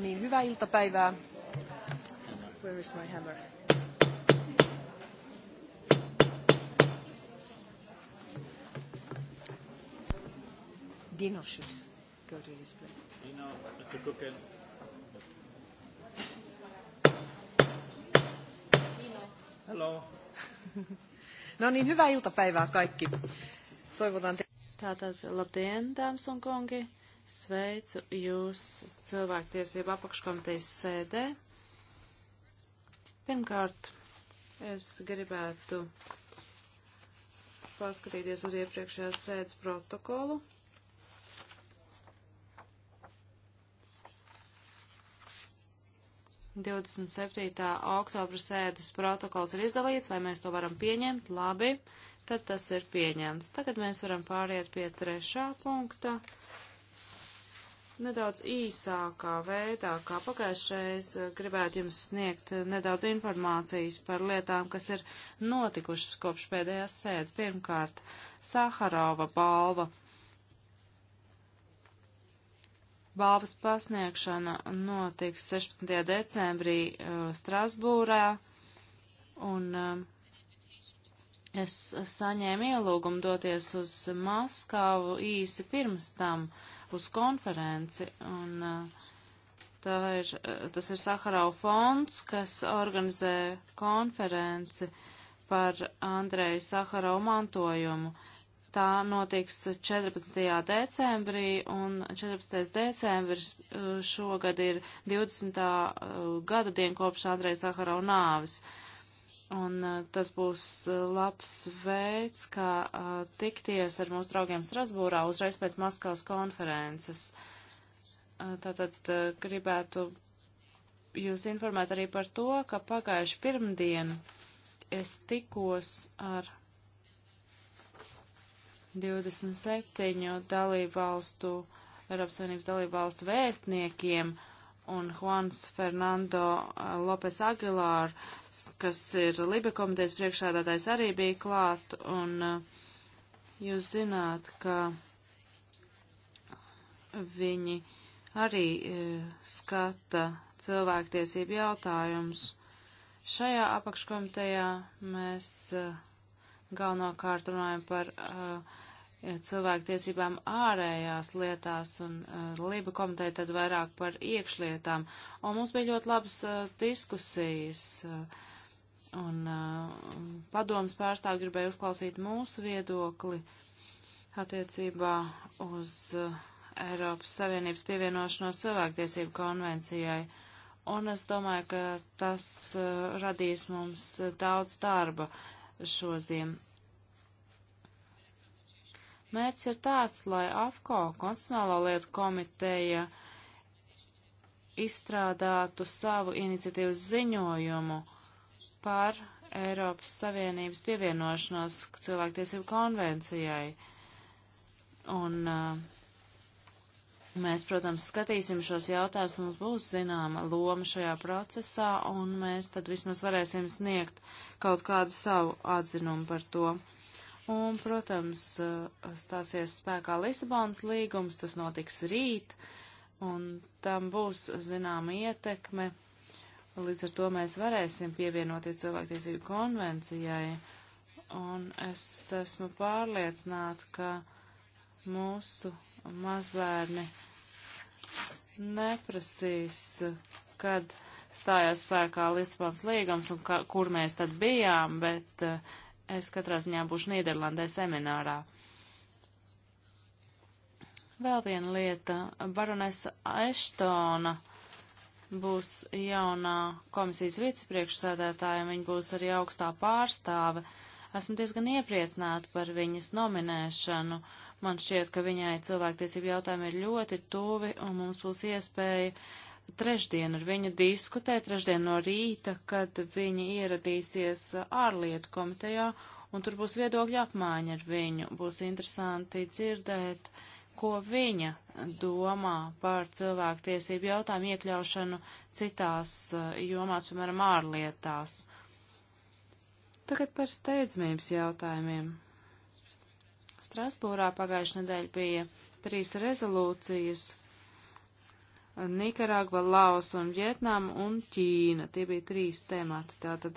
No niin, hyvää iltapäivää. Where is my hammer? Dino should go to his place. Dino, to cook in. Dino. Hello. no niin, hyvää iltapäivää kaikki. Toivotan te... Tātad, labdien, dāmas un kungi. Sveicu jūs cilvēktiesību apakškomitejas sēdē. Pirmkārt, es gribētu paskatīties uz iepriekšējās sēdes protokolu. Divdesmit septītā oktobra sēdes protokols ir izdalīts, vai mēs to varam pieņemt? Labi, tad tas ir pieņemts. Tagad mēs varam pāriet pie trešā punkta nedaudz īsākā veidā, kā pagājušreiz, eh, gribētu jums sniegt eh, nedaudz informācijas par lietām, kas ir notikušas kopš pēdējās sēdes. Pirmkārt, Saharova balva. Balvas pasniegšana notiks 16. decembrī uh, Strasbūrā, un uh, es saņēmu ielūgumu doties uz Maskavu īsi pirms tam. Uh, ārpus konferenci. Un, uh, ir, uh, tas ir Saharau fonds, kas organizē konferenci par Andreju Saharau mantojumu. Tā notiks 14. decembrī, un 14. decembris uh, šogad ir 20. gada diena kopš Andreja Saharau nāvis. Uh, Un uh, tas būs uh, labs veids, kā uh, tikties ar mūsu draugiem Strasbūrā uzreiz pēc Maskavas konferences. Tātad gribētu jūs informēt arī par to, ka pagājuši pirmdien es tikos ar 27 dalību valstu, Eiropas Savienības dalību valstu vēstniekiem uh, un Juans Fernando eh, Lopes Aguilar, kas ir Libe komitejas priekšādātājs, arī bija klāt, un eh, jūs zināt, ka viņi arī eh, skata cilvēktiesību jautājumus. Šajā apakškomitejā mēs galvenokārt runājam par uh, cilvēktiesībām ārējās lietās un uh, Lība komiteja tad vairāk par iekšlietām. Un mums bija ļoti labas uh, diskusijas. Uh, un uh, padomas pārstāv gribēja uzklausīt mūsu viedokli attiecībā uz uh, Eiropas Savienības pievienošanos cilvēktiesību konvencijai. Un es domāju, ka tas uh, radīs mums uh, daudz darba šoziem. Mērķis ir tāds, lai AFCO konstitucionālā lietu komiteja izstrādātu savu iniciatīvas ziņojumu par Eiropas Savienības pievienošanos cilvēktiesību konvencijai. Un uh, mēs, protams, skatīsim šos jautājumus, mums būs zināma loma šajā procesā, un mēs tad vismaz varēsim sniegt kaut kādu savu atzinumu par to. Un, protams, eh, stāsies spēkā Lisabonas līgums, tas notiks rīt, un tam būs zināma ietekme. Līdz ar to mēs varēsim pievienoties cilvēktiesību konvencijai, un es esmu pārliecināta, ka mūsu mazbērni neprasīs, kad stājās spēkā Lisabons līgums un ka, kur mēs tad bijām, bet uh, es katrā ziņā būšu Nīderlandē seminārā. Vēl viena lieta. Baronesa Eštona būs jaunā komisijas vicepriekšsēdētāja, viņa būs arī augstā pārstāve. Esmu diezgan iepriecināta par viņas nominēšanu. Man šķiet, ka viņai cilvēktiesību jautājumi ir ļoti tuvi, un mums būs iespēja trešdien ar viņu diskutēt, trešdien no rīta, kad viņa ieradīsies ārlietu komitejā, un tur būs viedokļa apmaiņa ar viņu. Būs interesanti dzirdēt, ko viņa domā par cilvēktiesību jautājumu iekļaušanu citās eh, jomās, piemēram, ārlietās. Tagad par steidzamības jautājumiem. Strasbūrā pagājušajā nedēļā bija trīs rezolūcijas Nikaragva, Laos un Vietnama un Ķīna. Tie bija trīs temati. Tātad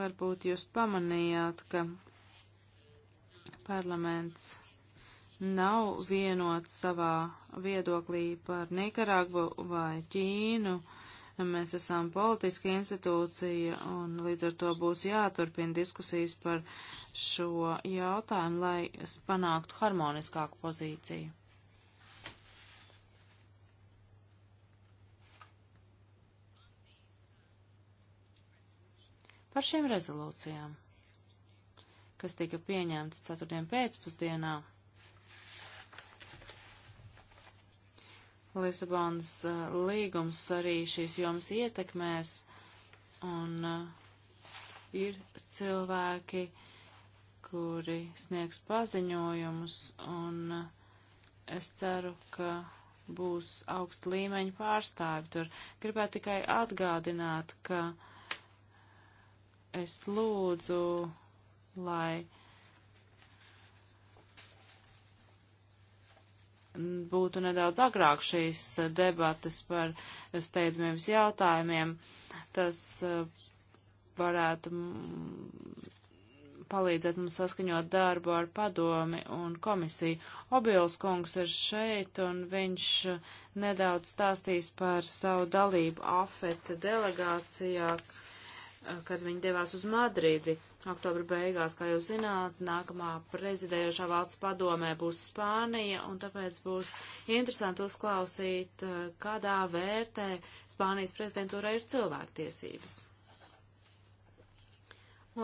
varbūt jūs pamanījāt, ka parlaments nav vienots savā viedoklī par Nikaragvu vai Ķīnu. Mēs esam politiska institūcija un līdz ar to būs jāturpina diskusijas par šo jautājumu, lai panāktu harmoniskāku pozīciju. Par šīm rezolūcijām, kas tika pieņemtas ceturtdien pēcpusdienā, Lisabonas uh, līgums arī šīs jomas ietekmēs, un uh, ir cilvēki, kuri sniegs paziņojumus, un uh, es ceru, ka būs augsta līmeņa pārstāvi tur. Gribētu tikai atgādināt, ka uh, es lūdzu, lai būtu nedaudz agrāk šīs debatas par steidzamiem jautājumiem. Tas eh, varētu palīdzēt mums saskaņot darbu ar padomi un komisiju. Obils kungs ir šeit, un viņš eh, nedaudz stāstīs par savu dalību AFET delegācijā, kad viņi devās uz Madridi oktobra beigās, kā jūs zināt, nākamā prezidējošā valsts padomē būs Spānija, un tāpēc būs interesanti uzklausīt, eh, kādā vērtē Spānijas prezidentūra ir cilvēktiesības.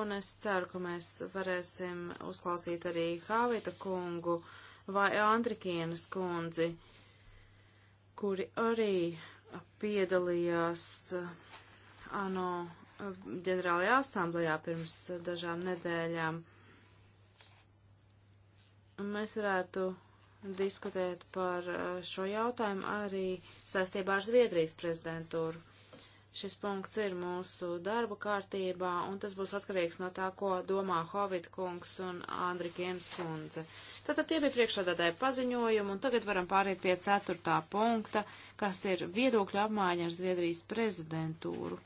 Un es ceru, ka mēs varēsim uzklausīt arī Havita kungu vai Andrikienas kundzi, kuri arī piedalījās eh, ANO ģenerālajā asamblējā pirms dažām nedēļām. Mēs varētu diskutēt par uh, šo jautājumu arī saistībā ar Zviedrijas prezidentūru. Šis punkts ir mūsu darba kārtībā, un tas būs atkarīgs no tā, ko domā Hovid kungs un Andri Kiems kundze. Tātad tie bija priekšādādāja paziņojumi, un tagad varam pāriet pie ceturtā punkta, kas ir viedokļu apmaiņa ar Zviedrijas prezidentūru.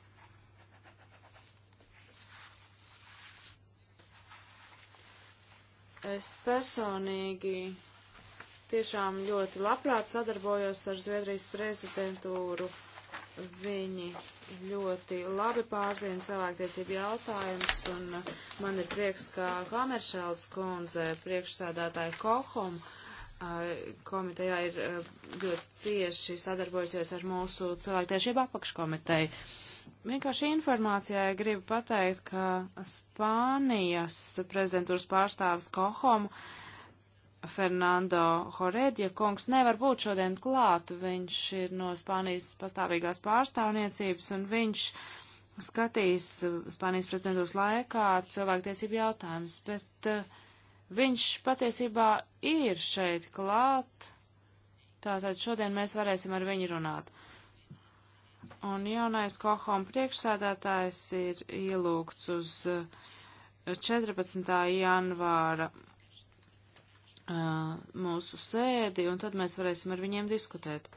Es personīgi tiešām ļoti labprāt sadarbojos ar Zviedrijas prezidentūru. Viņi ļoti labi pārzina cilvēktiesību jautājumus, un uh, man ir prieks, ka Hameršauds kundze priekšsādātāja Kohom uh, komitejā ir uh, ļoti cieši sadarbojusies ar mūsu cilvēktiesību apakškomiteju. Vienkārši informācijai gribu pateikt, ka Spānijas prezidentūras pārstāvis Kohom Fernando Horedja kungs nevar būt šodien klāt. Viņš ir no Spānijas pastāvīgās pārstāvniecības un viņš skatīs Spānijas prezidentūras laikā cilvēktiesību jautājumus, bet eh, viņš patiesībā ir šeit klāt. Tātad šodien mēs varēsim ar viņu runāt un jaunais Kohom priekšsēdētājs ir ielūgts uz 14. Eh, janvāra uh, mūsu sēdi, un tad mēs varēsim ar viņiem diskutēt.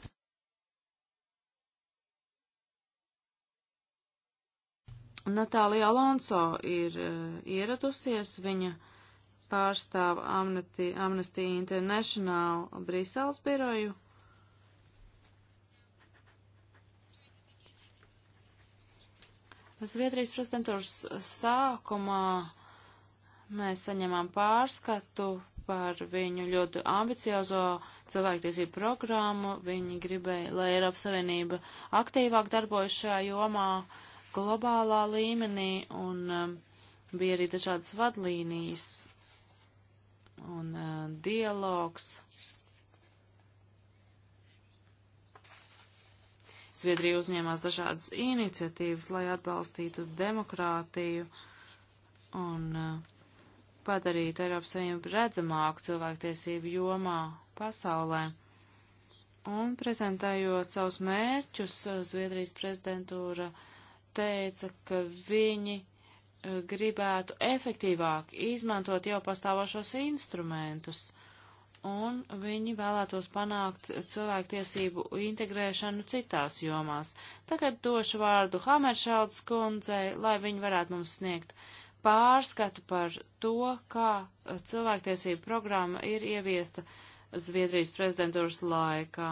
Natālija Alonso ir uh, ieradusies, viņa pārstāv Amnesty, Amnesty International Brīseles biroju Zviedrijas prezidentūras sākumā mēs saņemām pārskatu par viņu ļoti ambiciozo cilvēktiesību programmu. Viņi gribēja, lai Eiropas Savienība aktīvāk darbojas šajā jomā globālā līmenī, un um, bija arī dažādas vadlīnijas un uh, dialogs Zviedrija uzņēmās dažādas iniciatīvas, lai atbalstītu demokrātiju un uh, padarītu Eiropas Savienību redzamāku cilvēktiesību jomā pasaulē. Un prezentējot savus mērķus, uh, Zviedrijas prezidentūra teica, ka viņi uh, gribētu efektīvāk izmantot jau pastāvošos instrumentus un viņi vēlētos panākt cilvēktiesību integrēšanu citās jomās. Tagad došu vārdu Hameršaudas kundzei, lai viņi varētu mums sniegt pārskatu par to, kā cilvēktiesību programma ir ieviesta Zviedrijas prezidentūras laikā.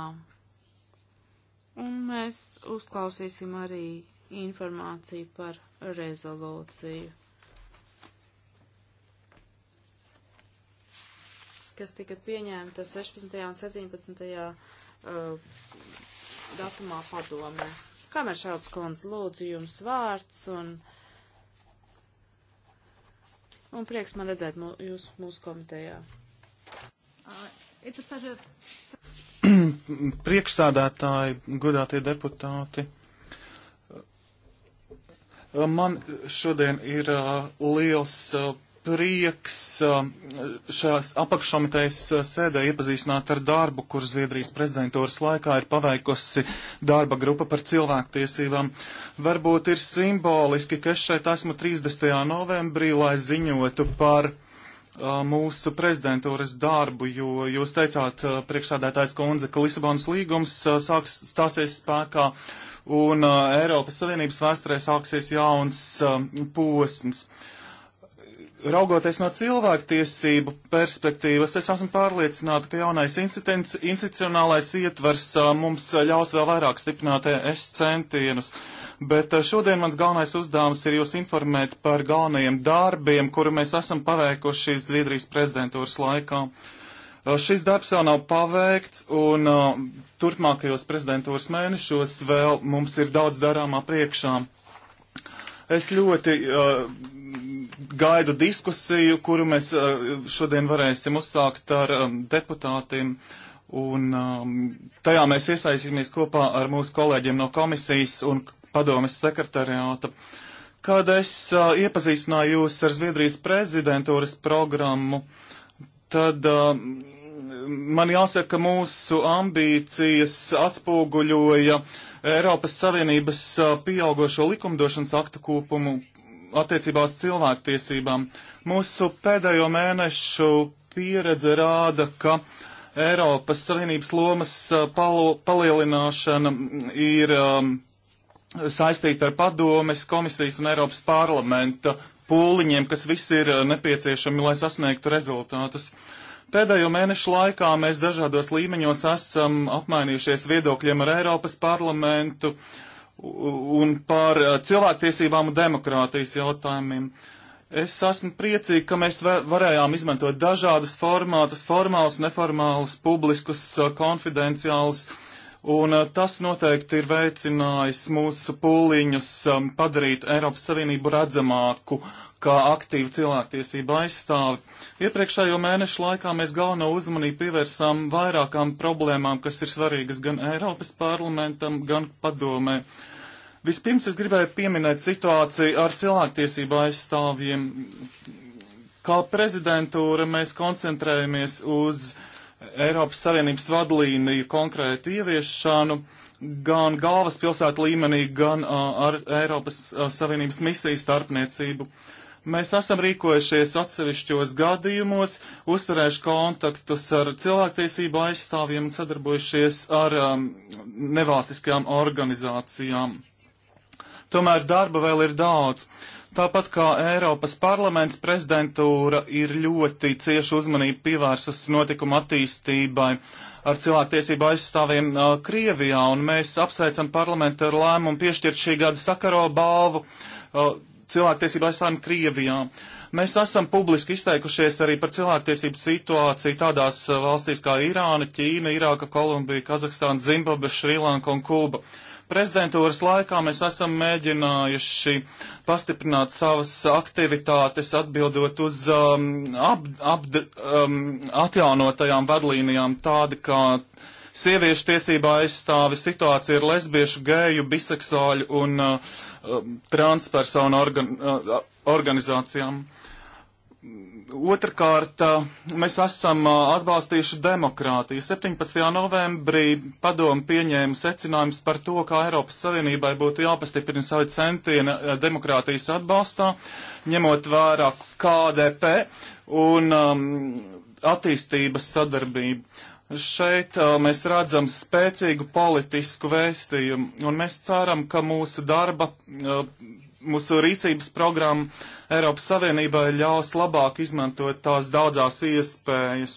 Un mēs uzklausīsim arī informāciju par rezolūciju. kas tika pieņemta 16. un 17. Uh, datumā padomē. Kameršauts kundze, lūdzu jums vārds un, un prieks man redzēt mū, jūs mūsu komitejā. Uh, Priekšsādātāji, godātie deputāti, uh, man šodien ir uh, liels uh, prieks um, šās apakškomitejas uh, sēdē iepazīstināt ar darbu, kur Zviedrijas prezidentūras laikā ir paveikusi darba grupa par cilvēktiesībām. Varbūt ir simboliski, ka es šeit esmu 30. novembrī, lai ziņotu par uh, mūsu prezidentūras darbu, jo jūs teicāt, uh, priekšsādētājs kundze, ka Lisabonas līgums sāks stāsies spēkā un Eiropas Savienības vēsturē sāksies jauns posms. Uh, Raugoties no cilvēktiesību perspektīvas, es esmu pārliecināta, ka jaunais institucionālais ietvers mums ļaus vēl vairāk stiprināt es centienus. Bet šodien mans galvenais uzdevums ir jūs informēt par galvenajiem darbiem, kuru mēs esam paveikuši Zviedrijas prezidentūras laikā. Šis darbs jau nav paveikts, un turpmākajos prezidentūras mēnešos vēl mums ir daudz darāmā priekšā. Es ļoti uh, gaidu diskusiju, kuru mēs uh, šodien varēsim uzsākt ar um, deputātiem. Un um, tajā mēs iesaistīsimies kopā ar mūsu kolēģiem no komisijas un padomes sekretariāta. Kad es uh, iepazīstināju jūs ar Zviedrijas prezidentūras programmu, tad uh, man jāsaka, ka mūsu ambīcijas atspoguļoja Eiropas Savienības pieaugošo likumdošanas aktu kopumu, attiecībā uz cilvēktiesībām. Mūsu pēdējo mēnešu pieredze rāda, ka Eiropas Savienības lomas palo, palielināšana ir um, saistīta ar padomes, komisijas un Eiropas parlamenta pūliņiem, kas visi ir nepieciešami, lai sasniegtu rezultātus. Pēdējo mēnešu laikā mēs dažādos līmeņos esam apmainījušies viedokļiem ar Eiropas parlamentu, uh, un par eh, cilvēktiesībām un demokrātijas jautājumiem. Es esmu priecīgi, ka mēs varējām izmantot dažādas formātas, formālus, neformālus, publiskus, eh, konfidenciālus, un eh, tas noteikti ir veicinājis mūsu pūliņus padarīt Eiropas Savienību redzamāku, kā aktīvu cilvēktiesību aizstāvi. Iepriekšējo mēnešu laikā mēs galveno uzmanību pievērsām vairākām problēmām, kas ir svarīgas gan Eiropas parlamentam, gan padomē. Vispirms es gribēju pieminēt situāciju ar cilvēktiesību aizstāvjiem. Kā prezidentūra mēs koncentrējamies uz Eiropas Savienības vadlīniju konkrētu ieviešanu gan galvaspilsētu līmenī, gan uh, ar Eiropas uh, Savienības misiju starpniecību. Mēs esam rīkojušies atsevišķos gadījumos, uzturējuši kontaktus ar cilvēktiesību aizstāvjiem un sadarbojušies ar um, nevalstiskajām organizācijām. Tomēr darba vēl ir daudz. Tāpat kā Eiropas parlaments prezidentūra ir ļoti cieši uzmanību pievērsusi notikuma attīstībai ar cilvēktiesību aizstāvjiem uh, Krievijā, un mēs apsveicam parlamentu ar lēmumu piešķirt šī gada Sakaro balvu uh, cilvēktiesību aizstāvjiem Krievijā. Mēs esam publiski izteikušies arī par cilvēktiesību situāciju tādās valstīs kā Irāna, Ķīna, Irāka, Kolumbija, Kazahstāna, Zimbabve, Šrilanka un Kuba. Uh, Prezidentūras laikā mēs esam mēģinājuši pastiprināt savas aktivitātes atbildot uz um, ap, ap, um, atjaunotajām vadlīnijām tādi, kā sieviešu tiesībā aizstāvi situācija ir lesbiešu, geju, biseksuāļu un uh, um, transpersonu organ, uh, organizācijām. Uh, Otrakārt, eh, mēs esam eh, atbalstījuši demokrātiju. 17. novembrī padomu pieņēma secinājums par to, kā Eiropas Savienībai būtu jāpastiprina savi centieni eh, demokrātijas atbalstā, ņemot vērā KDP un um, attīstības sadarbību. Šeit uh, mēs redzam spēcīgu politisku vēstījumu, un mēs ceram, ka mūsu darba uh, mūsu rīcības programma Eiropas Savienībai ļaus labāk izmantot tās daudzās iespējas.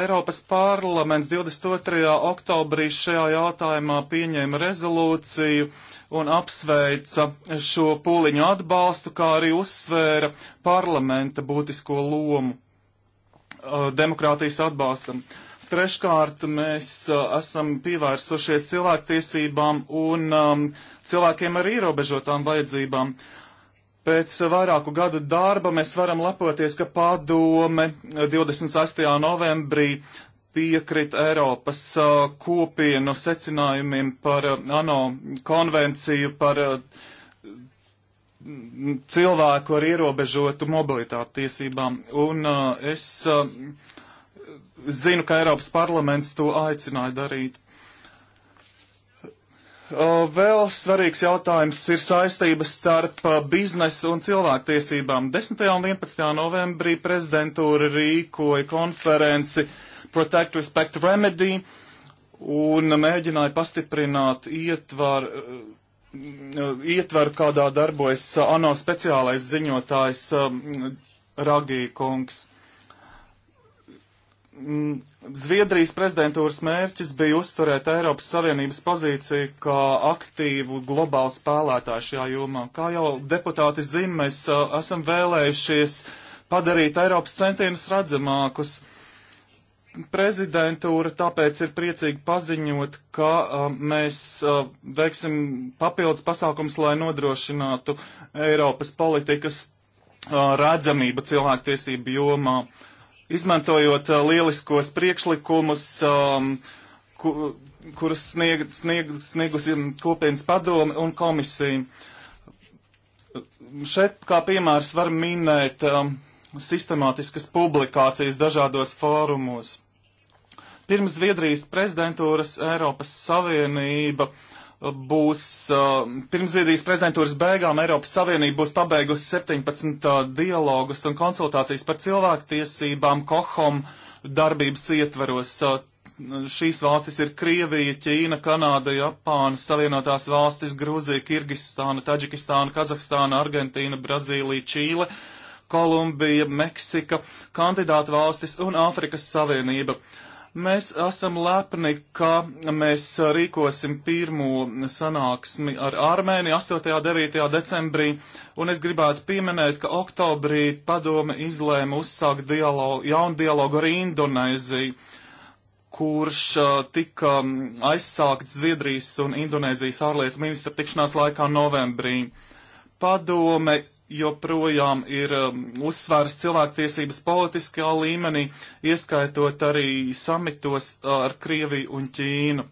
Eiropas parlaments 22. oktobrī šajā jautājumā pieņēma rezolūciju un apsveica šo pūliņu atbalstu, kā arī uzsvēra parlamenta būtisko lomu uh, demokrātijas atbalstam. Uh, Treškārt, mēs uh, esam pievērsušies cilvēktiesībām un um, cilvēkiem ar ierobežotām vajadzībām. Pēc vairāku gadu darba mēs varam lepoties, ka padome 28. novembrī piekrit Eiropas uh, kopienu secinājumiem par uh, ANO konvenciju par uh, cilvēku ar ierobežotu mobilitāti tiesībām. Un uh, es uh, zinu, ka Eiropas parlaments to aicināja darīt. Vēl svarīgs jautājums ir saistības starp biznesu un cilvēktiesībām. 10. un 11. novembrī prezidentūra rīkoja konferenci Protect Respect Remedy un mēģināja pastiprināt ietvaru, ietvaru kādā darbojas ANO speciālais ziņotājs Ragī kungs. Mm, Zviedrijas prezidentūras mērķis bija uzturēt Eiropas Savienības pozīciju kā aktīvu globālu spēlētāju šajā jomā. Kā jau deputāti zina, mēs a, uh, esam vēlējušies padarīt Eiropas centienus redzamākus. Prezidentūra tāpēc ir priecīgi paziņot, ka a, uh, mēs a, uh, veiksim papildus pasākums, lai nodrošinātu Eiropas politikas redzamību cilvēktiesību jomā. Uh, izmantojot uh, lieliskos priekšlikumus, um, ku, kurus snieg, snieg, sniegusi kopienas padome un komisija. Šeit kā piemērs var minēt um, sistemātiskas publikācijas dažādos fórumos. Pirms Zviedrijas prezidentūras Eiropas Savienība uh, būs uh, pirms Zviedrijas prezidentūras beigām Eiropas Savienība būs pabeigusi 17 uh, dialogus un konsultācijas par cilvēktiesībām Kohom darbības ietveros. Uh, šīs valstis ir Krievija, Ķīna, Kanāda, Japāna, Savienotās valstis, Grūzija, Kirgistāna, Taģikistāna, Kazahstāna, Argentīna, Brazīlija, Čīle, Kolumbija, Meksika, kandidātu valstis un Āfrikas Savienība. Uh, Mēs esam lepni, ka mēs rīkosim pirmo sanāksmi ar Armēniju 8. un 9. decembrī, un es gribētu pieminēt, ka oktobrī padome izlēma uzsākt dialogu, jaunu dialogu ar Indonēziju, kurš tika aizsākts Zviedrijas un Indonēzijas ārlietu ministra tikšanās laikā novembrī padome joprojām ir um, uzsvērs cilvēktiesības politiskajā līmenī, ieskaitot arī samitos uh, ar Krieviju un Ķīnu.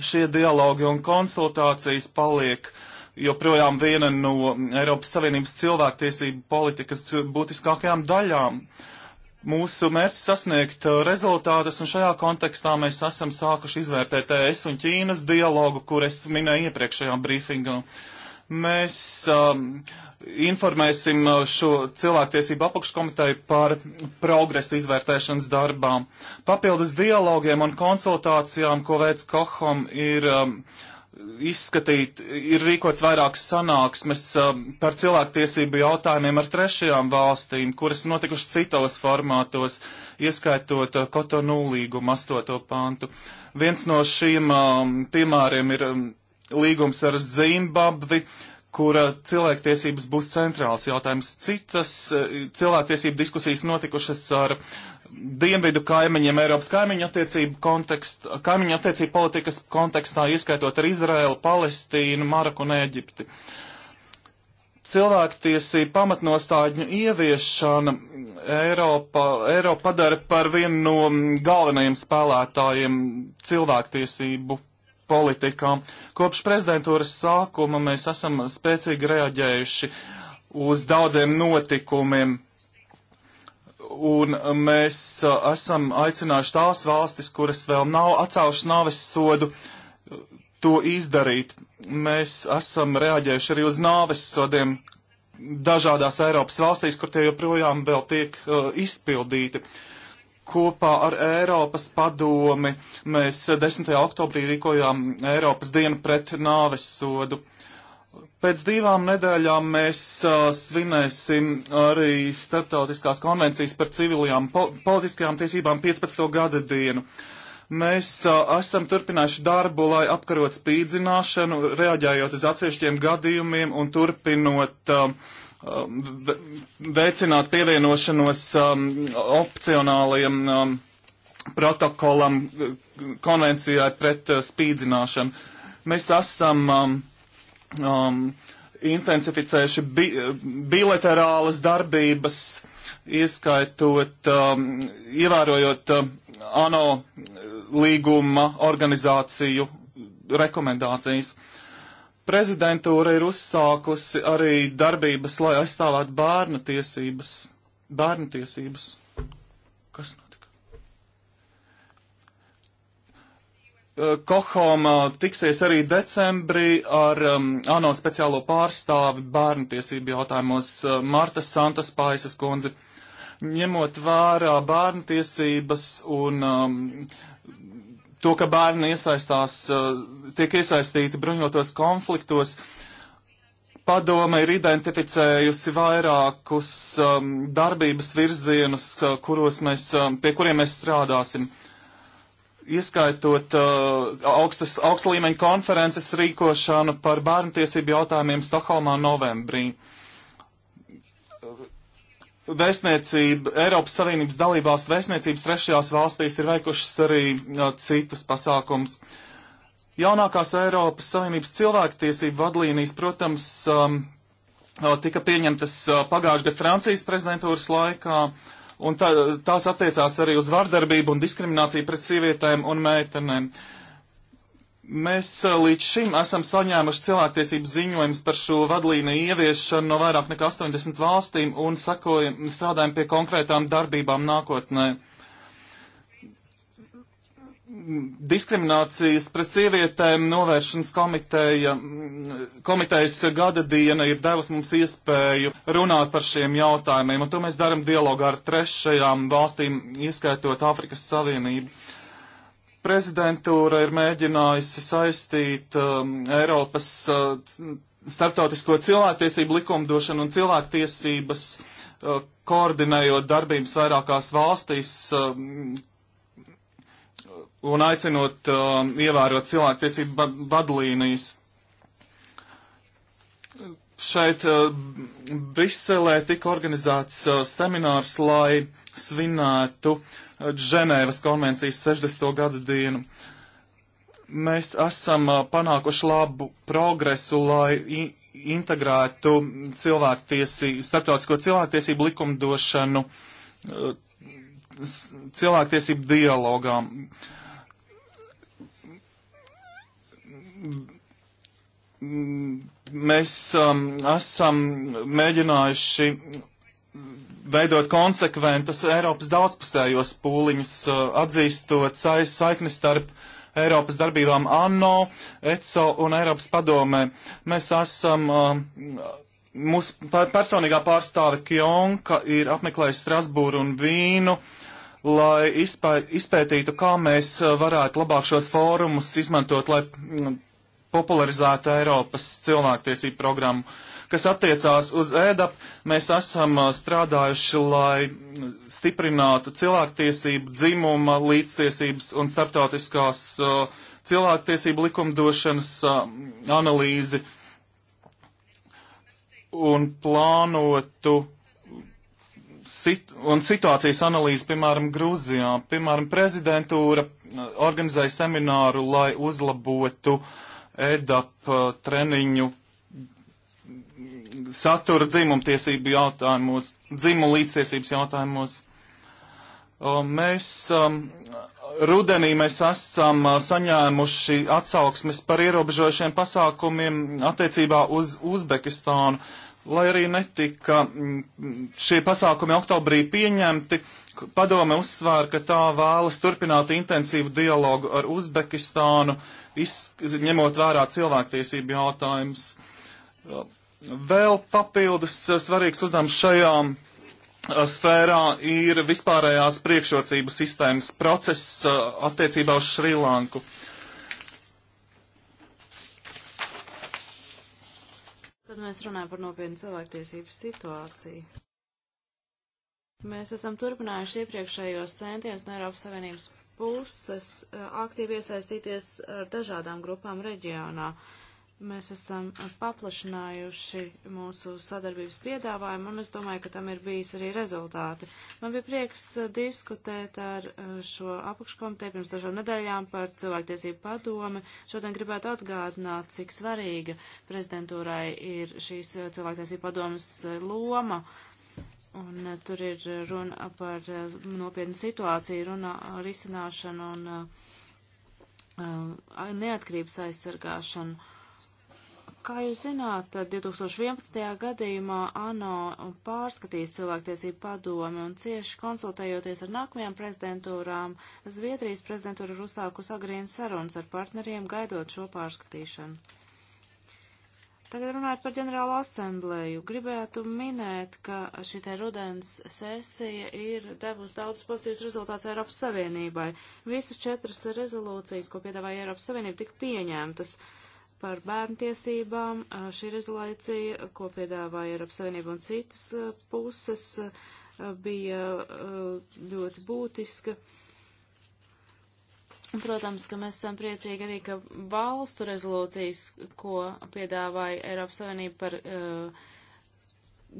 Šie dialogi un konsultācijas paliek joprojām viena no Eiropas Savienības cilvēktiesību politikas būtiskākajām daļām. Mūsu mērķis sasniegt uh, rezultātus, un šajā kontekstā mēs esam sākuši izvērtēt uh, ES un Ķīnas dialogu, kur es minēju iepriekšējā brīfingā. Mēs um, uh, informēsim uh, šo cilvēktiesību apakškomiteju par progresu izvērtēšanas darbām. Papildus dialogiem un konsultācijām, ko veids Kohom, ir um, izskatīt, ir rīkots vairākas sanāksmes um, par cilvēktiesību jautājumiem ar trešajām valstīm, kuras notikušas citos formātos, ieskaitot uh, Kotonu līgumu 8. pantu. Viens no šiem um, piemēriem ir um, līgums ar Zimbabvi. Uh, kura cilvēktiesības būs centrāls jautājums. Citas e, cilvēktiesību diskusijas notikušas ar dienvidu kaimiņiem Eiropas kaimiņu attiecību, kontekst, kaimiņu attiecību politikas kontekstā, ieskaitot ar Izraēlu, Palestīnu, Maroku un Ēģipti. Cilvēktiesību pamatnostādņu ieviešana Eiropa, Eiropa padara par vienu no galvenajiem spēlētājiem cilvēktiesību politikām. Kopš prezidentūras sākuma mēs esam spēcīgi reaģējuši uz daudziem notikumiem. Un mēs uh, esam aicinājuši tās valstis, kuras vēl nav atcēlušas nāves sodu, to izdarīt. Mēs esam reaģējuši arī uz nāves sodiem dažādās Eiropas valstīs, kur tie joprojām vēl tiek uh, izpildīti. Uh, kopā ar Eiropas padomi mēs 10. oktobrī rīkojām Eiropas dienu pret nāves sodu. Pēc divām nedēļām mēs uh, svinēsim arī starptautiskās konvencijas par civilajām po politiskajām tiesībām 15. gada dienu. Mēs uh, esam turpinājuši darbu, lai apkarot spīdzināšanu, reaģējot uz atsevišķiem gadījumiem un turpinot uh, Um, veicināt pievienošanos um, opcionālajiem um, protokolam uh, konvencijai pret uh, spīdzināšanu. Mēs esam um, um, intensificējuši bi uh, bilaterālas darbības, ieskaitot, um, ievērojot um, ANO līguma organizāciju rekomendācijas. Uh, Prezidentūra ir uzsākusi arī darbības, lai aizstāvētu bērnu tiesības. Bērnu tiesības. Kas notika? Eh, Kohoma tiksies arī decembrī ar um, ANO speciālo pārstāvi bērnu tiesību jautājumos uh, Marta Santas Paisas kundzi. Ņemot vērā bērnu tiesības un um, to, ka bērni iesaistās, eh, tiek iesaistīti bruņotos konfliktos. Padome ir identificējusi vairākus um, darbības virzienus, uh, kuros mēs, um, pie kuriem mēs strādāsim. Ieskaitot uh, augstas, augsta līmeņa konferences rīkošanu par bērnu tiesību jautājumiem Stokholmā novembrī. Uh, Vēstniecība, Eiropas Savienības dalībvalstu vēstniecības trešajās valstīs ir veikušas arī uh, citus pasākums. Jaunākās Eiropas Savienības cilvēktiesību vadlīnijas, protams, um, tika pieņemtas pagājušajā gadā Francijas prezidentūras laikā, un tā, tās attiecās arī uz vardarbību un diskrimināciju pret sievietēm un meitenēm. Uh, Mēs eh, līdz šim esam saņēmuši cilvēktiesību ziņojumus par šo vadlīniju ieviešanu no vairāk nekā 80 valstīm un sakojam, strādājam pie konkrētām darbībām nākotnē. Diskriminācijas pret sievietēm novēršanas komiteja, komitejas gada diena ir devusi mums iespēju runāt par šiem jautājumiem, un to mēs darām dialogā ar trešajām valstīm, ieskaitot Āfrikas Savienību prezidentūra ir mēģinājusi saistīt um, Eiropas uh, starptautisko cilvēktiesību likumdošanu un cilvēktiesības uh, koordinējot darbības vairākās valstīs uh, un aicinot uh, ievērot cilvēktiesību vadlīnijas. Šeit uh, Briselē tika organizēts uh, seminārs, lai svinētu uh, Ženēvas konvencijas 60. gada dienu. Mēs esam panākuši labu progresu, lai integrētu cilvēktiesību, starptautisko cilvēktiesību likumdošanu cilvēktiesību dialogā. Mēs um, esam mēģinājuši veidot konsekventas Eiropas daudzpusējos pūliņus, uh, atzīstot sa saikni starp Eiropas darbībām ANO, ECO un Eiropas padomē. Mēs esam, uh, mūsu personīgā pārstāve Kjonka ir apmeklējusi Strasbūru un Vīnu lai izpē, izpētītu, kā mēs uh, varētu labāk šos fórumus izmantot, lai mm, popularizētu Eiropas cilvēktiesību programmu. Kas attiecās uz ēdap, mēs esam strādājuši, lai stiprinātu cilvēktiesību, dzimuma, līdztiesības un starptautiskās cilvēktiesību likumdošanas analīzi un plānotu sit un situācijas analīzi, piemēram, Grūzijā. Piemēram, prezidentūra organizēja semināru, lai uzlabotu EDAP treniņu satura dzimumtiesību jautājumos, dzimumu līdztiesības jautājumos. Mēs um, rudenī mēs esam uh, saņēmuši atsauksmes par ierobežojušiem pasākumiem attiecībā uz Uzbekistānu. Lai arī netika mm, šie pasākumi oktobrī pieņemti, padome uzsvēra, ka tā vēlas turpināt intensīvu dialogu ar Uzbekistānu, ņemot vērā cilvēktiesību jautājumus. Vēl papildus eh, svarīgs uzdevums šajām eh, sfērā ir vispārējās priekšrocību sistēmas process eh, attiecībā uz Šrilanku. Tad mēs runājam par nopietnu cilvēktiesību situāciju. Mēs esam turpinājuši iepriekšējos centienus no Eiropas Savienības puses aktīvi iesaistīties ar dažādām grupām reģionā. Uh, Mēs esam paplašinājuši mūsu sadarbības piedāvājumu, un es domāju, ka tam ir bijis arī rezultāti. Man bija prieks eh, diskutēt ar eh, šo apakškomiteju pirms dažām nedēļām par cilvēktiesību padomi. Šodien gribētu atgādināt, cik svarīga prezidentūrai ir šīs eh, cilvēktiesību padomas loma. Un tur ir runa par nopietnu situāciju, runa risināšanu un neatkarības aizsargāšanu. Kā jūs zināt, 2011. gadījumā ANO pārskatīs cilvēktiesību padomi un cieši konsultējoties ar nākamajām prezidentūrām, Zviedrijas prezidentūra ir uzsākus agrīnas sarunas ar partneriem, gaidot šo pārskatīšanu. Tagad runājot par ģenerālu asemblēju, gribētu minēt, ka šī te rudens sesija ir devusi daudz pozitīvas rezultātus Eiropas Savienībai. Visas četras rezolūcijas, ko piedāvāja Eiropas Savienība, tika pieņemtas. Uh, par bērnu tiesībām. Šī rezolācija, ko piedāvāja Eiropas Savienība un citas puses, bija ļoti būtiska. Protams, ka mēs esam priecīgi arī, ka valstu rezolūcijas, ko piedāvāja Eiropas Savienība par uh,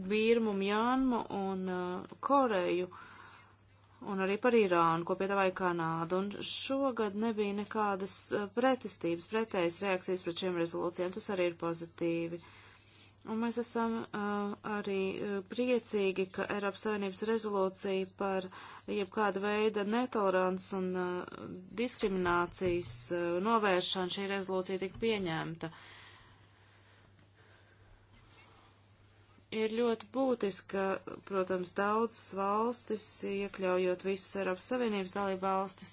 Birmu, Mjānmu un uh, Koreju, uh, un arī par Irānu, ko piedāvāja Kanāda, un šogad nebija nekādas eh, pretestības, pretējas reakcijas pret šiem rezolūcijiem, tas arī ir pozitīvi. Un mēs esam uh, arī eh, priecīgi, ka Eiropas Savienības rezolūcija par jebkāda veida netolerants un uh, diskriminācijas uh, novēršanu šī rezolūcija tika pieņemta. Uh, ir ļoti būtiski, ka, protams, daudzas valstis, iekļaujot visas Eiropas Savienības dalība valstis,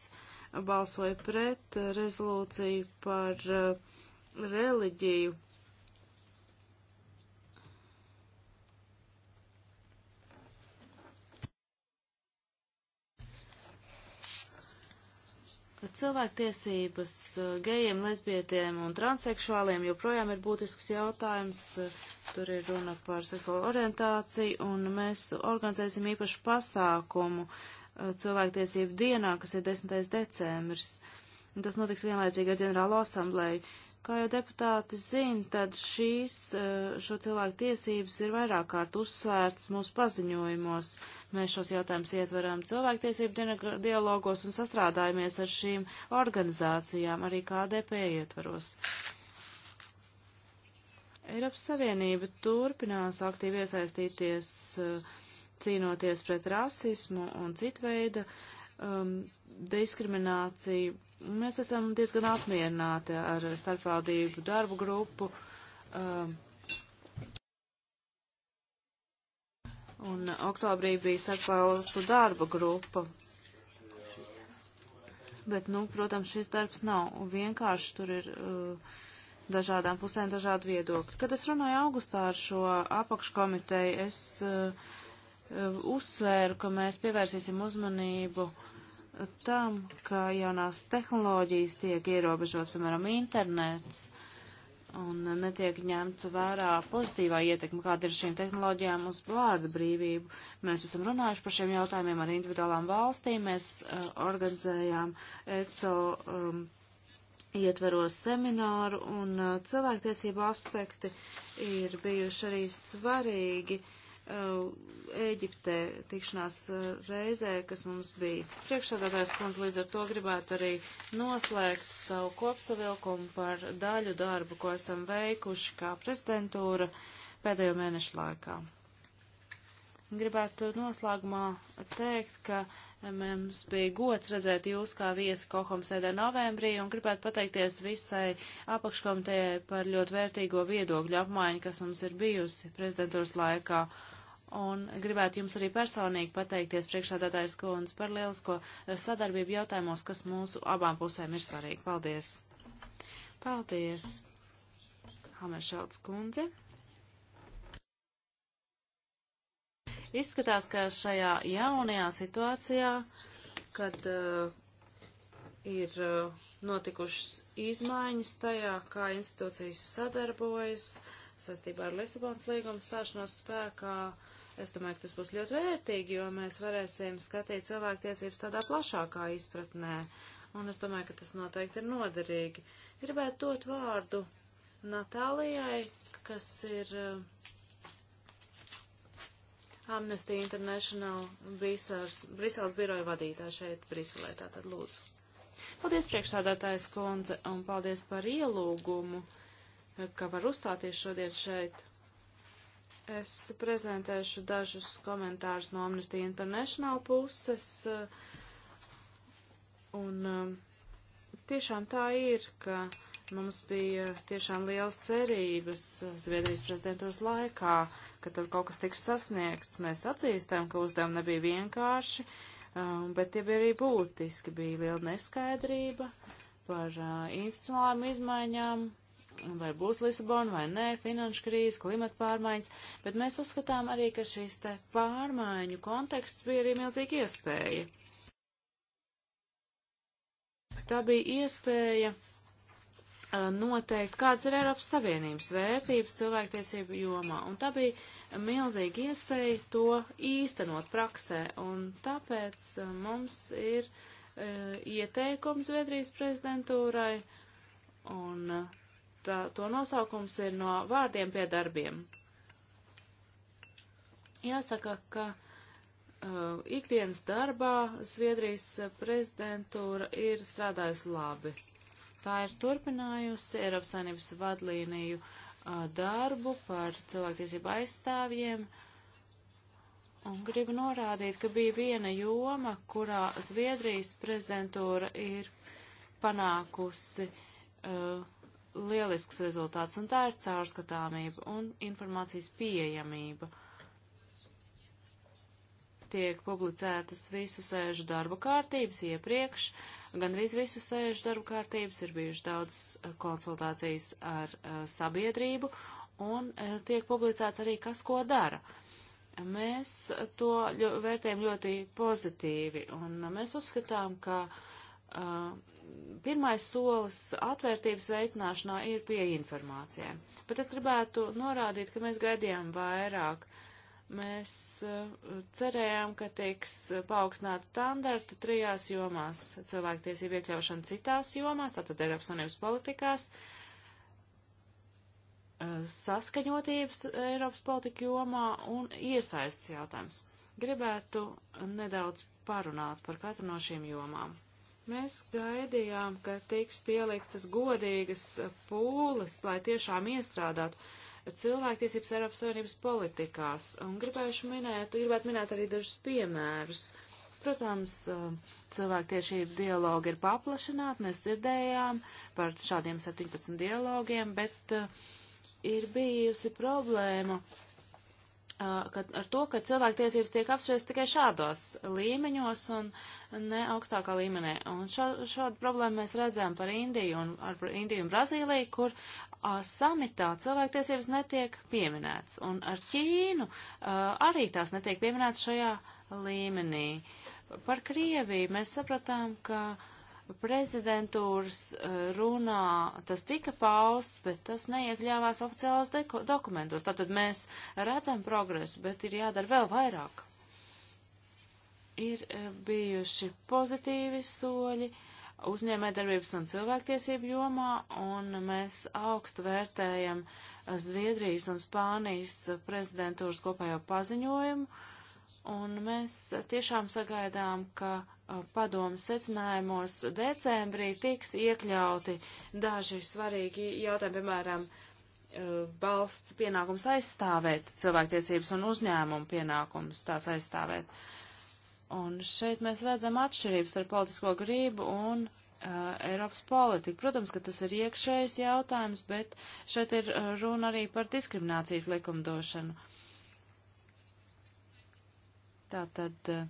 balsoja pret eh, rezolūciju par eh, reliģiju Cilvēktiesības eh, gejiem, lesbietiem un transseksuāliem joprojām ir būtisks jautājums. Eh, tur ir runa par seksuālo orientāciju, un mēs organizēsim īpašu pasākumu eh, cilvēktiesību dienā, kas ir 10. decembris. Tas notiks vienlaicīgi ar ģenerālo asamblēju. Kā jau deputāti zina, tad šīs, eh, šo cilvēku tiesības ir vairāk kārt uzsvērts mūsu paziņojumos. Mēs šos jautājumus ietveram cilvēktiesību dialogos un sastrādājamies ar šīm organizācijām, arī KDP ietvaros. Eiropas Savienība turpinās aktīvi iesaistīties eh, cīnoties pret rasismu un citveida uh, um, diskrimināciju. Mēs esam diezgan apmierināti ar starpvaldību darbu grupu. Um, un oktobrī bija starpvalstu darba grupa. Bet, nu, protams, šis darbs nav vienkārši, tur ir uh, dažādām pusēm dažādi viedokļi. Kad es runāju augustā ar šo apakškomiteju, es uh, Eh, uzsvēru, ka mēs pievērsīsim uzmanību eh, tam, ka jaunās tehnoloģijas tiek ierobežots, piemēram, internets, un netiek ņemts vērā pozitīvā ietekme, kāda ir šīm tehnoloģijām uz vārda brīvību. Mēs esam runājuši par šiem jautājumiem ar individuālām valstīm, mēs uh, organizējām ECO um, ietveros semināru, un uh, cilvēktiesība aspekti ir bijuši arī svarīgi Eh, Ēģiptē tikšanās eh, reizē, kas mums bija priekšsādātājs kundze, līdz ar to gribētu arī noslēgt savu kopsavilkumu par daļu darbu, ko esam veikuši kā prezidentūra pēdējo mēnešu laikā. Gribētu noslēgumā teikt, ka Mums bija gods redzēt jūs kā viesi Kohom sēdē novembrī un gribētu pateikties visai apakškomitejai par ļoti vērtīgo viedokļu apmaiņu, kas mums ir bijusi prezidentūras laikā. Un gribētu jums arī personīgi pateikties priekšsādātājs kundz par lielisko sadarbību jautājumos, kas mūsu abām pusēm ir svarīgi. Paldies! Paldies, Hameršalds kundze! Izskatās, ka šajā jaunajā situācijā, kad uh, ir uh, notikušas izmaiņas tajā, kā institūcijas sadarbojas, saistībā ar Lisabonas līgumu stāšanos spēkā, uh, Es domāju, ka tas būs ļoti vērtīgi, jo mēs varēsim skatīt cilvēktiesības tādā plašākā izpratnē, un es domāju, ka tas noteikti ir noderīgi. Gribētu dot vārdu Natālijai, kas ir eh, Amnesty International Briseles biroja vadītāja šeit Briselē, tātad lūdzu. Paldies priekšsādātājs kundze, un paldies par ielūgumu, ka var uzstāties šodien šeit. Es prezentēšu dažus komentārus no Amnesty International puses. Eh, un eh, tiešām tā ir, ka mums bija tiešām liels cerības Zviedrijas prezidentūras laikā, ka tur kaut kas tiks sasniegts. Mēs atzīstam, ka uzdevumi nebija vienkārši, eh, bet tie bija arī būtiski. Bija liela neskaidrība par institucionālām izmaiņām, vai būs Lisabona vai nē, finanšu krīze, klimata pārmaiņas, bet mēs uzskatām arī, ka šīs te pārmaiņu konteksts bija arī milzīga iespēja. Tā bija iespēja uh, noteikt, kāds ir Eiropas Savienības vērtības cilvēktiesību jomā, un tā bija milzīga iespēja to īstenot praksē, un tāpēc uh, mums ir uh, ieteikums Zviedrijas prezidentūrai, un uh, tā, uh, to nosaukums ir no vārdiem pie darbiem. Jāsaka, ka uh, ikdienas darbā Zviedrijas prezidentūra ir strādājusi labi. Tā ir turpinājusi Eiropas Savienības vadlīniju uh, darbu par cilvēktiesību aizstāvjiem. Un gribu norādīt, ka bija viena joma, kurā Zviedrijas prezidentūra ir panākusi uh, lielisks rezultāts, un tā ir caurskatāmība un informācijas pieejamība. Tiek publicētas visu sēžu darba kārtības iepriekš, gandrīz visu sēžu darba kārtības ir bijuši daudz eh, konsultācijas ar uh, sabiedrību, un uh, tiek publicēts arī, kas ko dara. Mēs to ļo, vērtējam ļoti pozitīvi, un uh, mēs uzskatām, ka uh, Uh, pirmais solis atvērtības veicināšanā ir pie informācijai. Bet es gribētu norādīt, ka mēs gaidījām vairāk. Mēs uh, cerējām, ka tiks paaugstināta standarta trijās jomās - cilvēktiesība iekļaušana citās jomās, tātad Eiropas Savienības politikās, uh, saskaņotības Eiropas politika jomā un iesaists jautājums. Gribētu nedaudz parunāt par katru no šīm jomām. Mēs gaidījām, ka tiks pieliktas godīgas pūles, lai tiešām iestrādātu cilvēktiesības Eiropas Savienības politikās. Un gribēšu minēt, gribētu minēt arī dažus piemērus. Protams, cilvēktiesību dialogi ir paplašināti, mēs dzirdējām par šādiem 17 dialogiem, bet eh, ir bijusi problēma ka, ar to, ka cilvēktiesības tiek apspriest tikai šādos līmeņos un ne augstākā līmenī. Un šo, šādu problēmu mēs redzējām par Indiju un ar Indiju un Brazīliju, kur a, samitā cilvēktiesības netiek pieminēts. Un ar Ķīnu a, arī tās netiek pieminētas šajā līmenī. Par Krieviju mēs sapratām, ka a, prezidentūras eh, runā tas tika pausts, bet tas neiekļāvās oficiālās dokumentos. Tātad mēs redzam progresu, bet ir jādara vēl vairāk. Ir eh, bijuši pozitīvi soļi uzņēmē darbības un cilvēktiesību jomā, un mēs augstu vērtējam eh, Zviedrijas un Spānijas prezidentūras kopējo paziņojumu Un mēs tiešām sagaidām, ka padomu secinājumos decembrī tiks iekļauti daži svarīgi jautājumi, piemēram, balsts pienākums aizstāvēt cilvēktiesības un uzņēmumu pienākums tās aizstāvēt. Un šeit mēs redzam atšķirības starp politisko grību un uh, Eiropas politiku. Protams, ka tas ir iekšējs jautājums, bet šeit ir runa arī par diskriminācijas likumdošanu. Uh, Tātad eh,